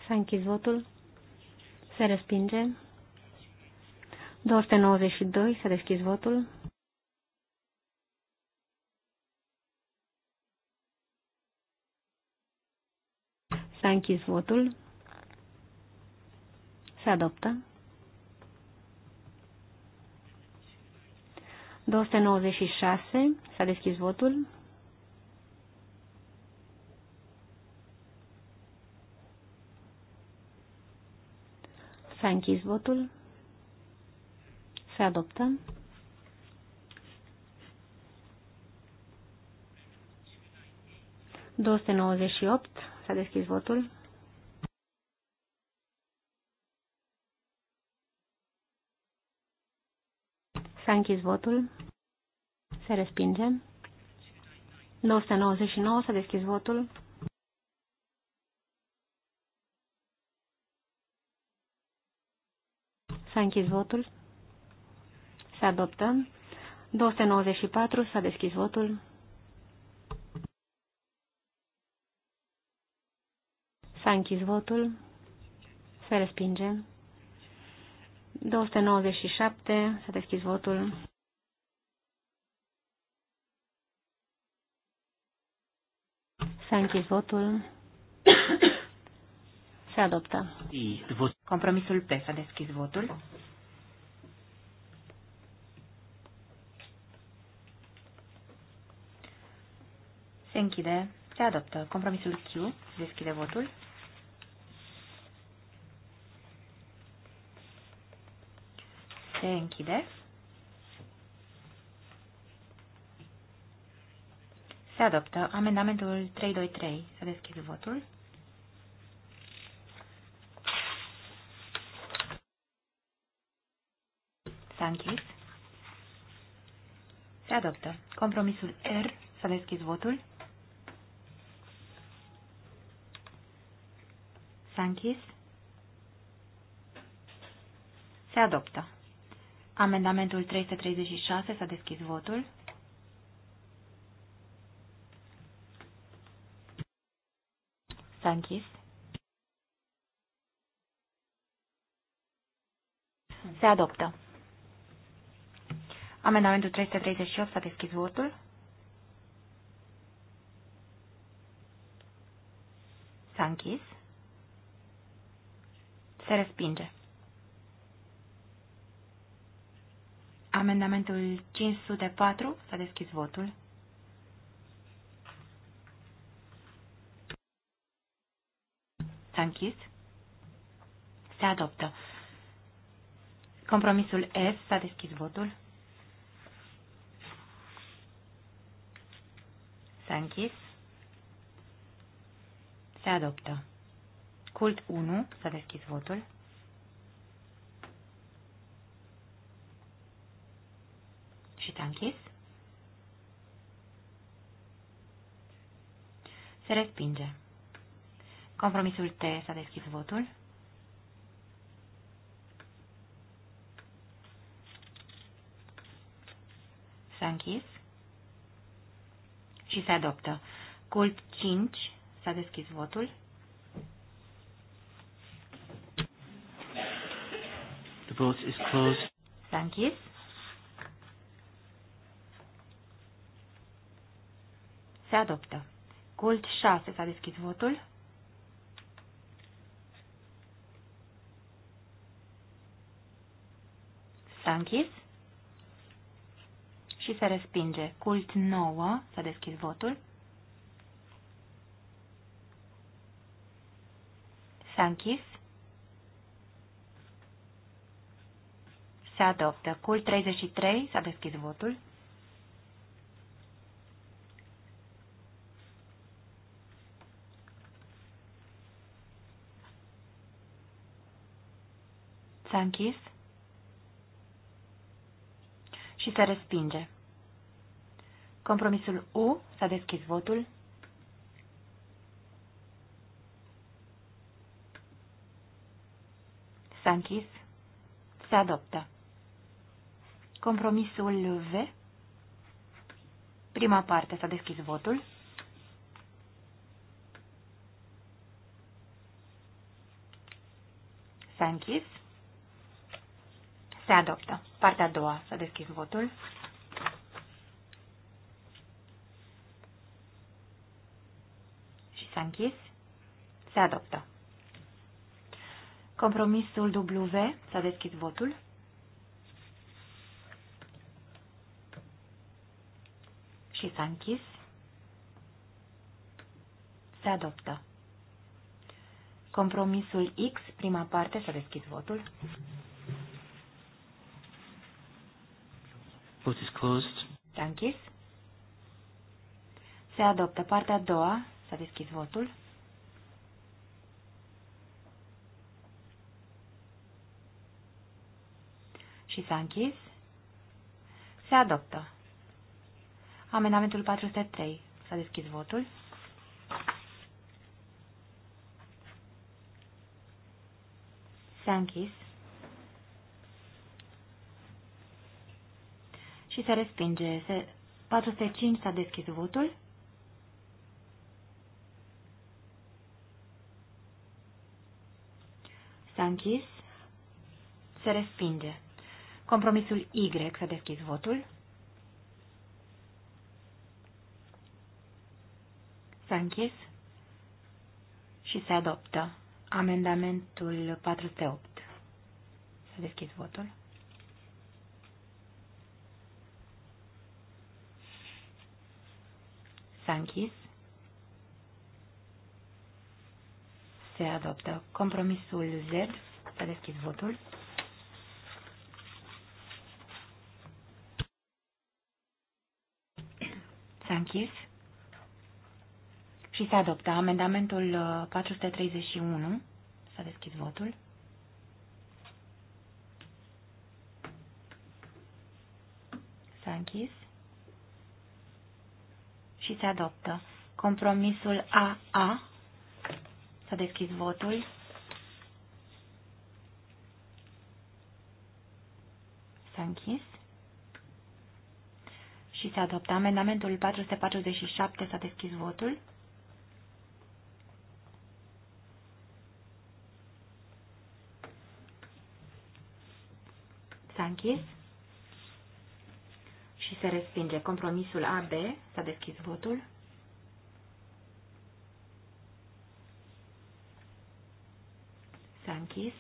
S-a închis votul. Se respinge. 292. S-a deschis votul. S-a închis votul. Se adoptă. 296. S-a deschis votul. S-a închis votul. Se adoptă. 298, S-a deschis votul. S-a închis votul. Se respinge. 299. S-a deschis votul. S-a închis votul. Se adoptă. 294. S-a deschis votul. S-a închis votul. Se respinge. 297. S-a deschis votul. S-a închis votul. Se adoptă. Compromisul P. S-a deschis votul. Se închide. Se adoptă. Compromisul Q. Se deschide votul. Se închide. Se adoptă amendamentul 323. Să deschid votul. S-a închis. Se adoptă. Compromisul R. S-a deschis votul. S-a închis. Se adoptă. Amendamentul 336 s-a deschis votul. S-a închis. Se adoptă. Amendamentul 338 s-a deschis votul. S-a închis. Se respinge. Amendamentul 504. S-a deschis votul. S-a închis. Se adoptă. Compromisul S. S-a deschis votul. S-a închis. Se adoptă. Cult 1. S-a deschis votul. și te a închis. Se respinge. Compromisul T s-a deschis votul. S-a închis. Și se adoptă. Cult 5 s-a deschis votul. The vote is closed. S-a închis. Se adoptă. Cult 6. S-a deschis votul. S-a închis. Și se respinge. Cult 9. S-a deschis votul. S-a închis. Se adoptă. Cult 33. S-a deschis votul. S-a închis și se respinge. Compromisul U s-a deschis votul. S-a închis. Se adoptă. Compromisul V. Prima parte s-a deschis votul. S-a închis. Se adoptă. Partea a doua. Să deschid votul. Și s-a închis. Se adoptă. Compromisul W. S-a deschis votul. Și s-a închis. Se adoptă. Compromisul X, prima parte, s-a deschis votul. Vote is closed. s Se adoptă partea a doua. S-a deschis votul. Și s-a închis. Se adoptă. Amendamentul 403. S-a deschis votul. S-a închis. și se respinge. Se 405 s-a deschis votul. S-a închis. Se respinge. Compromisul Y s-a deschis votul. S-a închis și se adoptă amendamentul 408. S-a deschis votul. S-a închis. Se adoptă. Compromisul Z. S-a deschis votul. S-a închis. Și se adoptă amendamentul 431. Uh, S-a deschis votul. S-a închis și se adoptă. Compromisul AA. S-a deschis votul. S-a închis. Și se adoptă amendamentul 447. S-a deschis votul. S-a închis și se respinge. Compromisul AB, s-a deschis votul. S-a închis.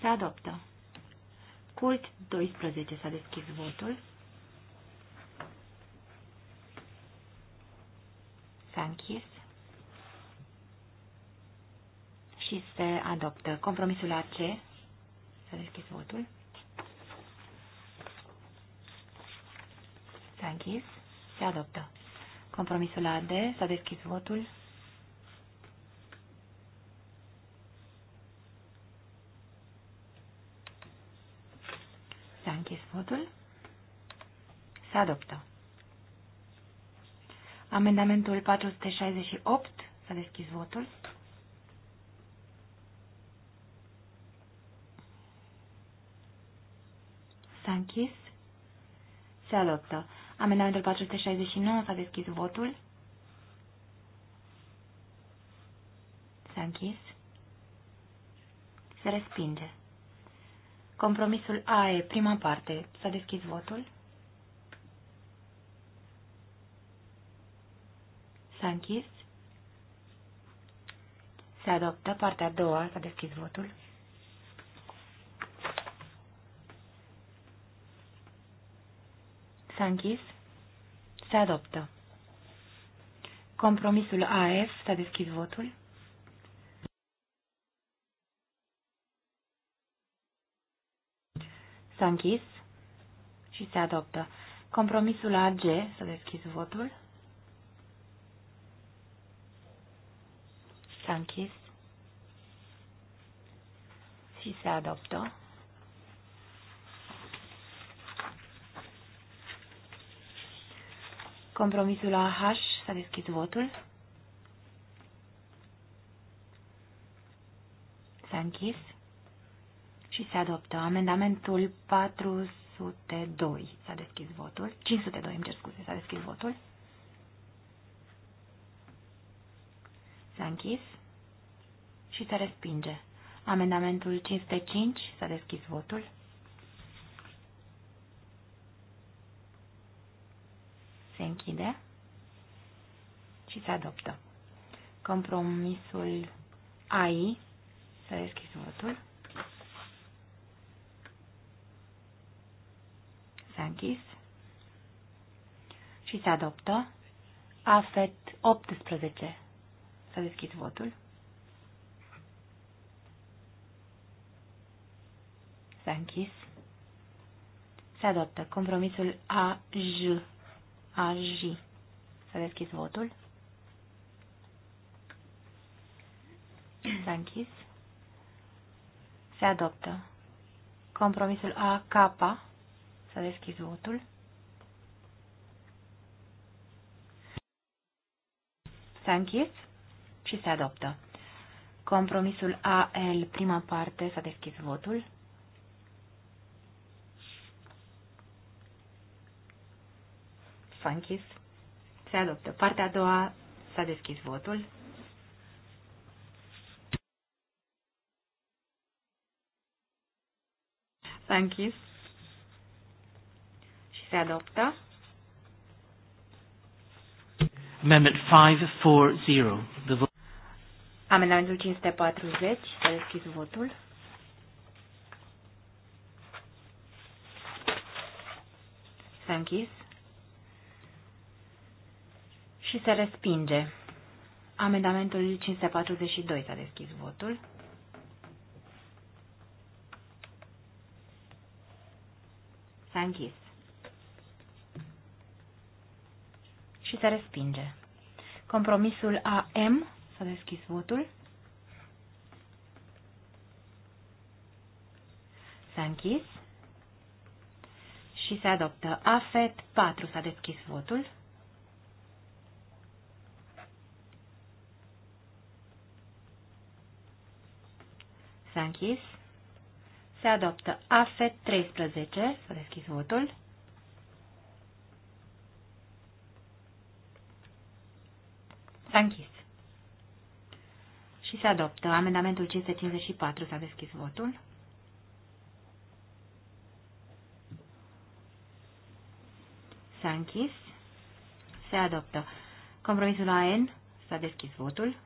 Se adoptă. Cult 12 s-a deschis votul. S-a închis. Și se adoptă. Compromisul AC s-a deschis votul. S-a închis. Se adoptă. Compromisul AD. S-a deschis votul. S-a închis votul. Se adoptă. Amendamentul 468. S-a deschis votul. S-a închis. Se adoptă. Amendamentul 469 s-a deschis votul. S-a închis. Se respinge. Compromisul a e prima parte, s-a deschis votul. S-a închis. Se adoptă. Partea a doua, s-a deschis votul. S-a închis. Se adoptă. Compromisul AF s-a deschis votul. S-a închis și se adoptă. Compromisul AG s-a deschis votul. S-a închis și se adoptă. Compromisul AH s-a deschis votul. S-a închis și se adoptă. Amendamentul 402 s-a deschis votul. 502, îmi cer scuze, s-a deschis votul. S-a închis și se respinge. Amendamentul 505 s-a deschis votul. se închide și se adoptă. Compromisul AI, să deschis votul, s-a închis și se adoptă. AFET 18, să deschis votul. S-a închis. Se adoptă compromisul AJ. AJ. S-a deschis votul. S-a închis. Se adoptă. Compromisul AK. S-a deschis votul. S-a închis și se adoptă. Compromisul AL, prima parte, s-a deschis votul. S-a închis. Se adoptă. Partea a doua s-a deschis votul. S-a închis și se adoptă. Amendment 540. Amendamentul 540. S-a deschis votul. S-a închis și se respinge. Amendamentul 542 s-a deschis votul. S-a închis. Și se respinge. Compromisul AM s-a deschis votul. S-a închis. Și se adoptă. AFET 4 s-a deschis votul. S-a închis. Se adoptă AFET 13. S-a deschis votul. S-a închis. Și se adoptă amendamentul 554. S-a deschis votul. S-a închis. Se adoptă. Compromisul AN. S-a deschis votul.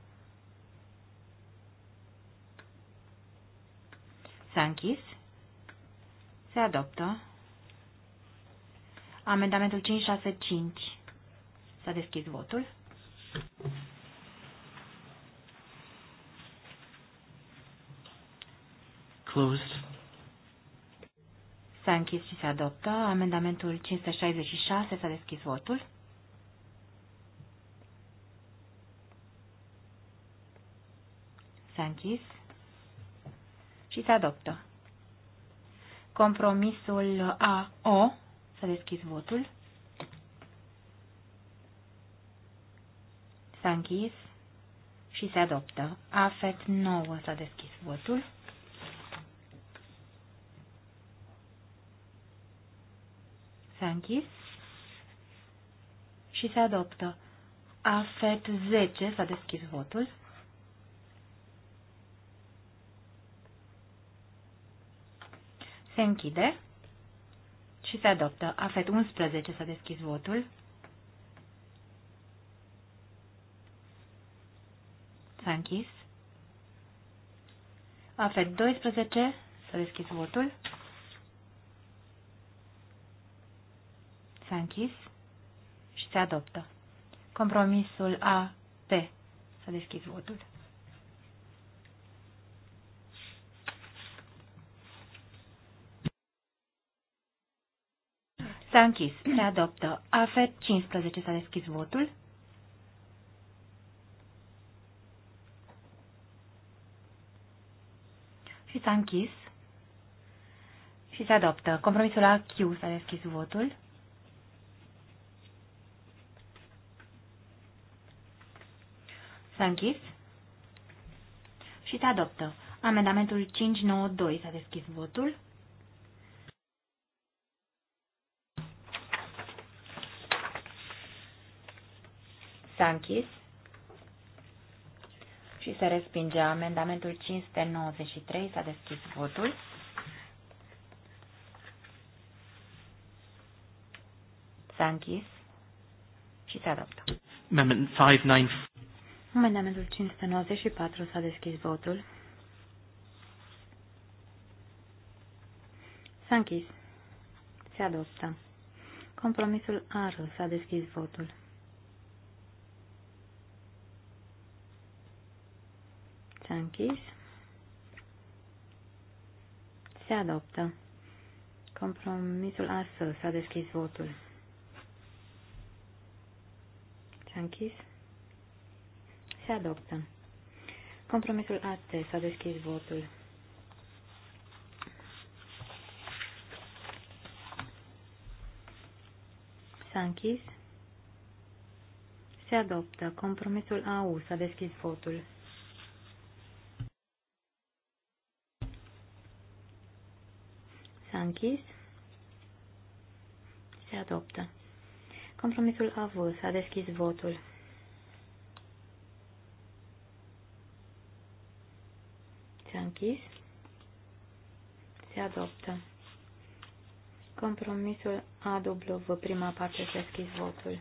S-a închis. Se adoptă. Amendamentul 565. S-a deschis votul. Closed. S-a închis și se adoptă. Amendamentul 566. S-a deschis votul. S-a închis și se adoptă. Compromisul AO, să deschid votul, s-a închis și se adoptă. AFET 9 s-a deschis votul. S-a închis și se adoptă. AFET 10 s-a deschis votul. Se închide și se adoptă. Afet 11 s-a deschis votul. S-a închis. Afet 12 s-a deschis votul. S-a închis și se adoptă. Compromisul A, P. S-a deschis votul. S-a închis. Se adoptă. AFET 15. S-a deschis votul. Și s-a închis. Și se adoptă. Compromisul AQ s-a deschis votul. S-a închis. Și se adoptă. Amendamentul 592 s-a deschis votul. S-a închis și se respinge amendamentul 593. S-a deschis votul. S-a închis și se adoptă. Amendamentul 594 s-a deschis votul. S-a închis. Se adoptă. Compromisul AR s-a deschis votul. închis. Se adoptă. Compromisul asă s-a deschis votul. S-a închis. Se adoptă. Compromisul AT s-a deschis votul. S-a închis. Se adoptă. Compromisul AU s-a deschis votul. închis. Se adoptă. Compromisul AV. S-a deschis votul. S-a închis. Se adoptă. Compromisul AW. Prima parte. S-a deschis votul.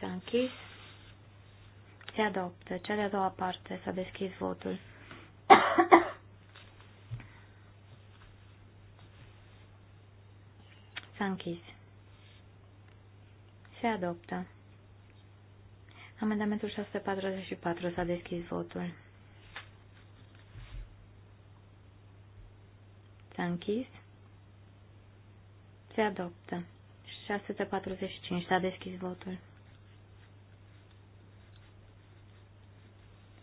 S-a închis. Se adoptă. Cea de-a doua parte. S-a deschis votul. închis. Se adoptă. Amendamentul 644 s-a deschis votul. S-a închis. Se adoptă. 645 s-a deschis votul.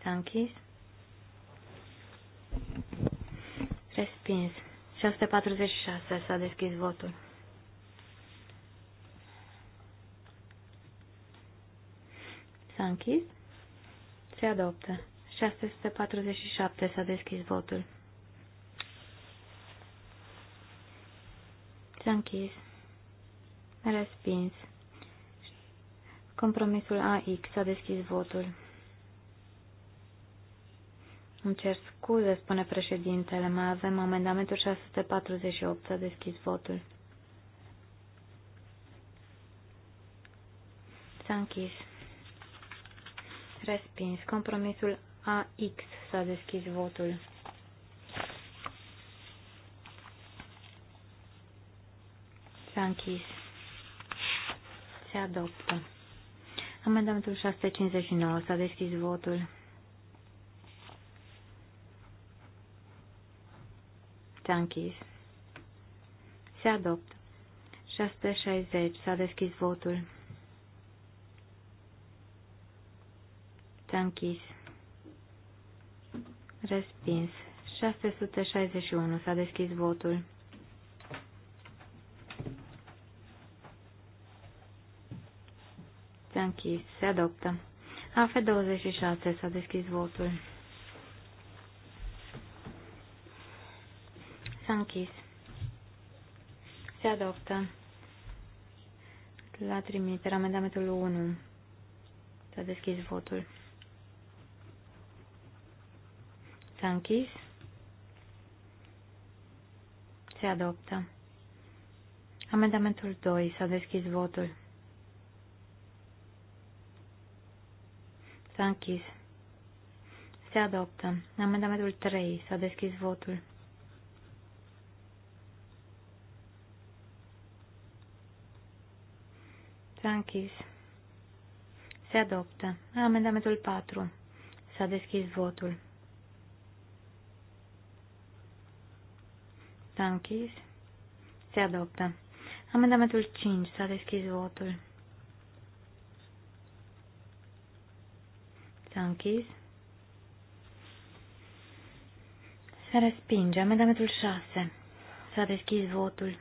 S-a închis. Respins. 646 s-a deschis votul. S-a închis. Se adoptă. 647. S-a deschis votul. S-a închis. Respins. Compromisul AX. S-a deschis votul. Îmi cer scuze, spune președintele. Mai avem amendamentul 648. S-a deschis votul. S-a închis. Respins. Compromisul AX s-a deschis votul. S-a închis. Se adoptă. Amendamentul 659 s-a deschis votul. S-a închis. Se adoptă. 660 s-a deschis votul. ți a închis. Respins. 661. S-a deschis votul. ți a închis. Se adoptă. AF26. S-a deschis votul. S-a închis. Se adoptă. La trimitere amendamentul 1. S-a deschis votul. S-a închis. Se adoptă. Amendamentul 2. S-a deschis votul. S-a închis. Se adoptă. Amendamentul 3. S-a deschis votul. S-a închis. Se adoptă. Amendamentul 4. S-a deschis votul. S-a închis. Se adoptă. Amendamentul 5. S-a deschis votul. S-a închis. Se respinge. Amendamentul 6. S-a deschis votul.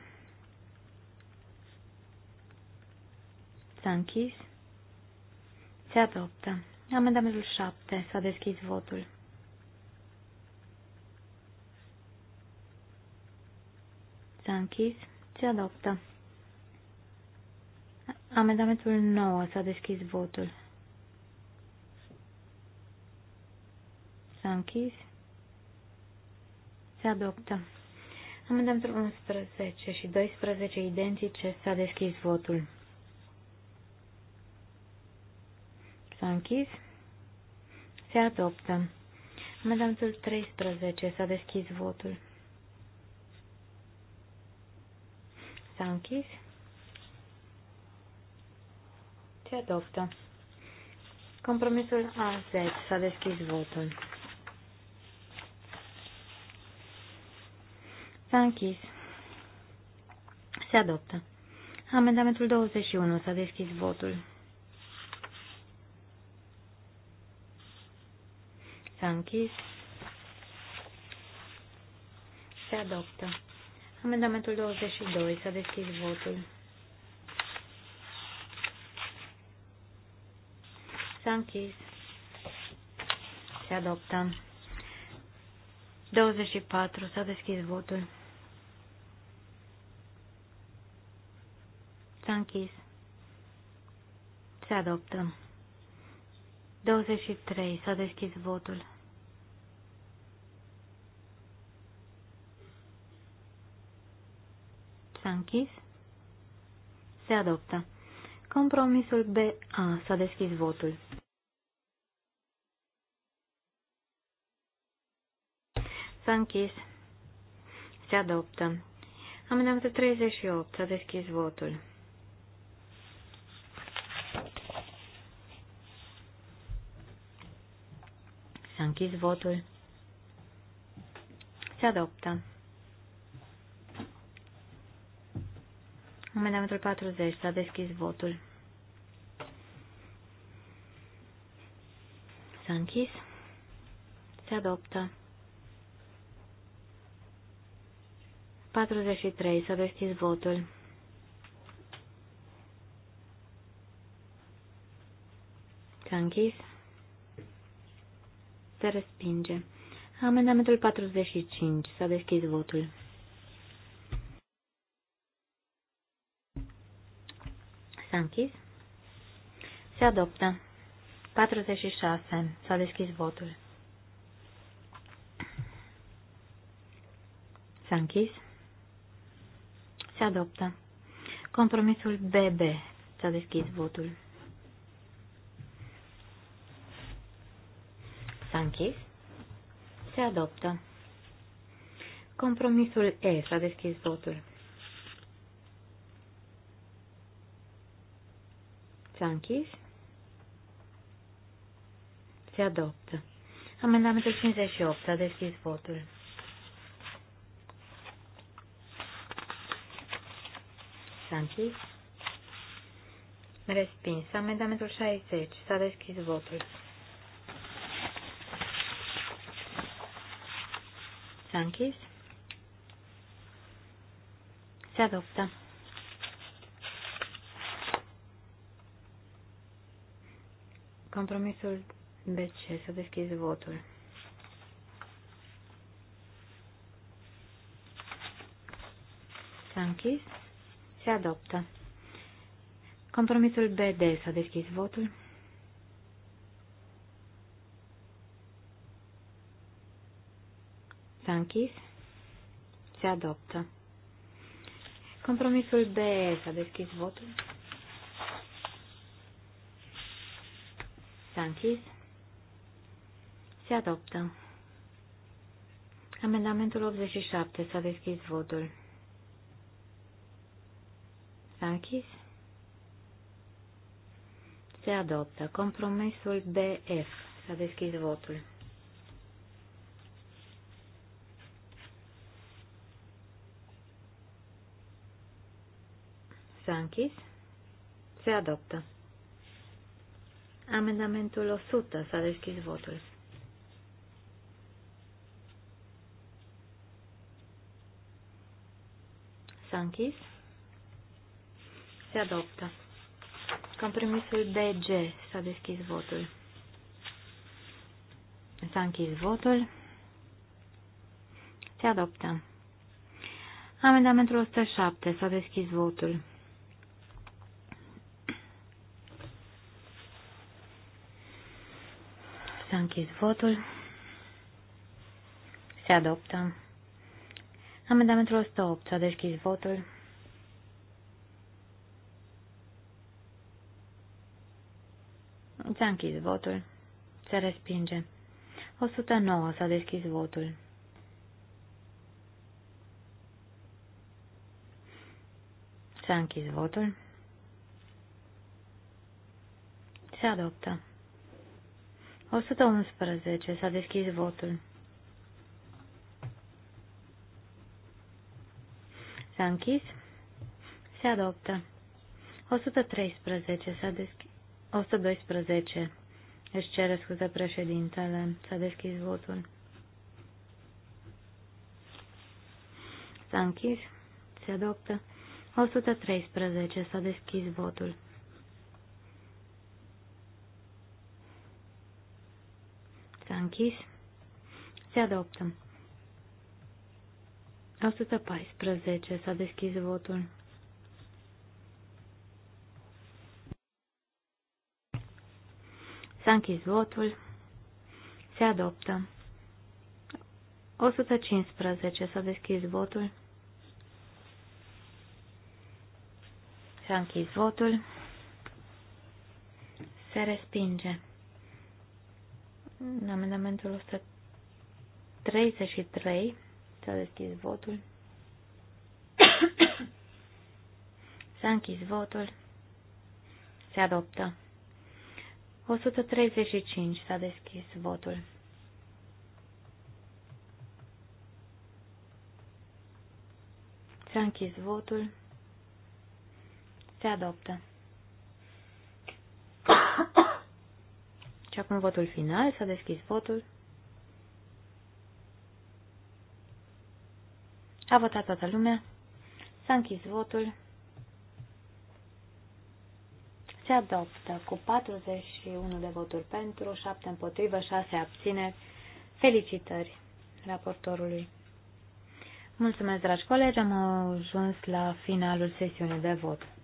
S-a închis. Se adoptă. Amendamentul 7. S-a deschis votul. S-a închis. Se adoptă. Amendamentul 9. S-a deschis votul. S-a închis. Se adoptă. Amendamentul 11 și 12 identice. S-a deschis votul. S-a închis. Se adoptă. Amendamentul 13. S-a deschis votul. S-a închis. Se adoptă. Compromisul A10 S-a deschis votul. S-a închis. Se adoptă. Amendamentul 21. S-a deschis votul. S-a închis. Se adoptă. Amendamentul 22. Să deschid votul. S-a închis. Se adoptă. 24. S-a deschis votul. S-a închis. Se adoptă. 23. S-a deschis votul. S-a închis. Se adoptă. Compromisul BA. S-a deschis votul. S-a închis. Se adoptă. Amendamentul 38. S-a deschis votul. S-a închis votul. Se adoptă. Amendamentul 40. S-a deschis votul. S-a închis. Se adoptă. 43. S-a deschis votul. S-a închis. Se respinge. Amendamentul 45. S-a deschis votul. S-a închis. Se adoptă. 46. S-a deschis votul. S-a închis. Se adoptă. Compromisul BB. S-a deschis votul. S-a închis. Se adoptă. Compromisul E. S-a deschis votul. ți a închis. Se adoptă. Amendamentul 58. S-a deschis votul. S-a închis. Respins. Amendamentul 60. S-a deschis votul. S-a închis. Se adoptă. Compromisul BC. Să deschizi votul. S-a închis. Se adoptă. Compromisul BD. S-a deschis votul. S-a închis. Se adoptă. Compromisul BE. S-a deschis votul. S-a închis. Se adoptă. Amendamentul 87. S-a deschis votul. S-a închis. Se adoptă. Compromisul BF. S-a deschis votul. S-a închis. Se adoptă. Amendamentul 100. S-a deschis votul. S-a închis. Se adoptă. Compromisul DG. S-a deschis votul. S-a închis votul. Se adoptă. Amendamentul 107. S-a deschis votul. închis votul. Se adoptă. Amendamentul 108. S-a deschis votul. S-a închis votul. Se respinge. 109. S-a deschis votul. S-a închis votul. Se adoptă. 111. S-a deschis votul. S-a închis. Se adoptă. 113. S-a deschis. 112. Își cere scuze președintele. S-a deschis votul. S-a închis. Se adoptă. 113. S-a deschis votul. închis, se adoptă. 114. S-a deschis votul. S-a închis votul. Se adoptă. 115. S-a deschis votul. S-a închis votul. Se respinge. În amendamentul 133 s-a deschis votul. S-a închis votul. Se adoptă. 135 s-a deschis votul. S-a închis votul. Se adoptă. Și deci, acum votul final. S-a deschis votul. A votat toată lumea. S-a închis votul. Se adoptă cu 41 de voturi pentru, 7 împotrivă, 6 abține. Felicitări raportorului. Mulțumesc, dragi colegi, am ajuns la finalul sesiunii de vot.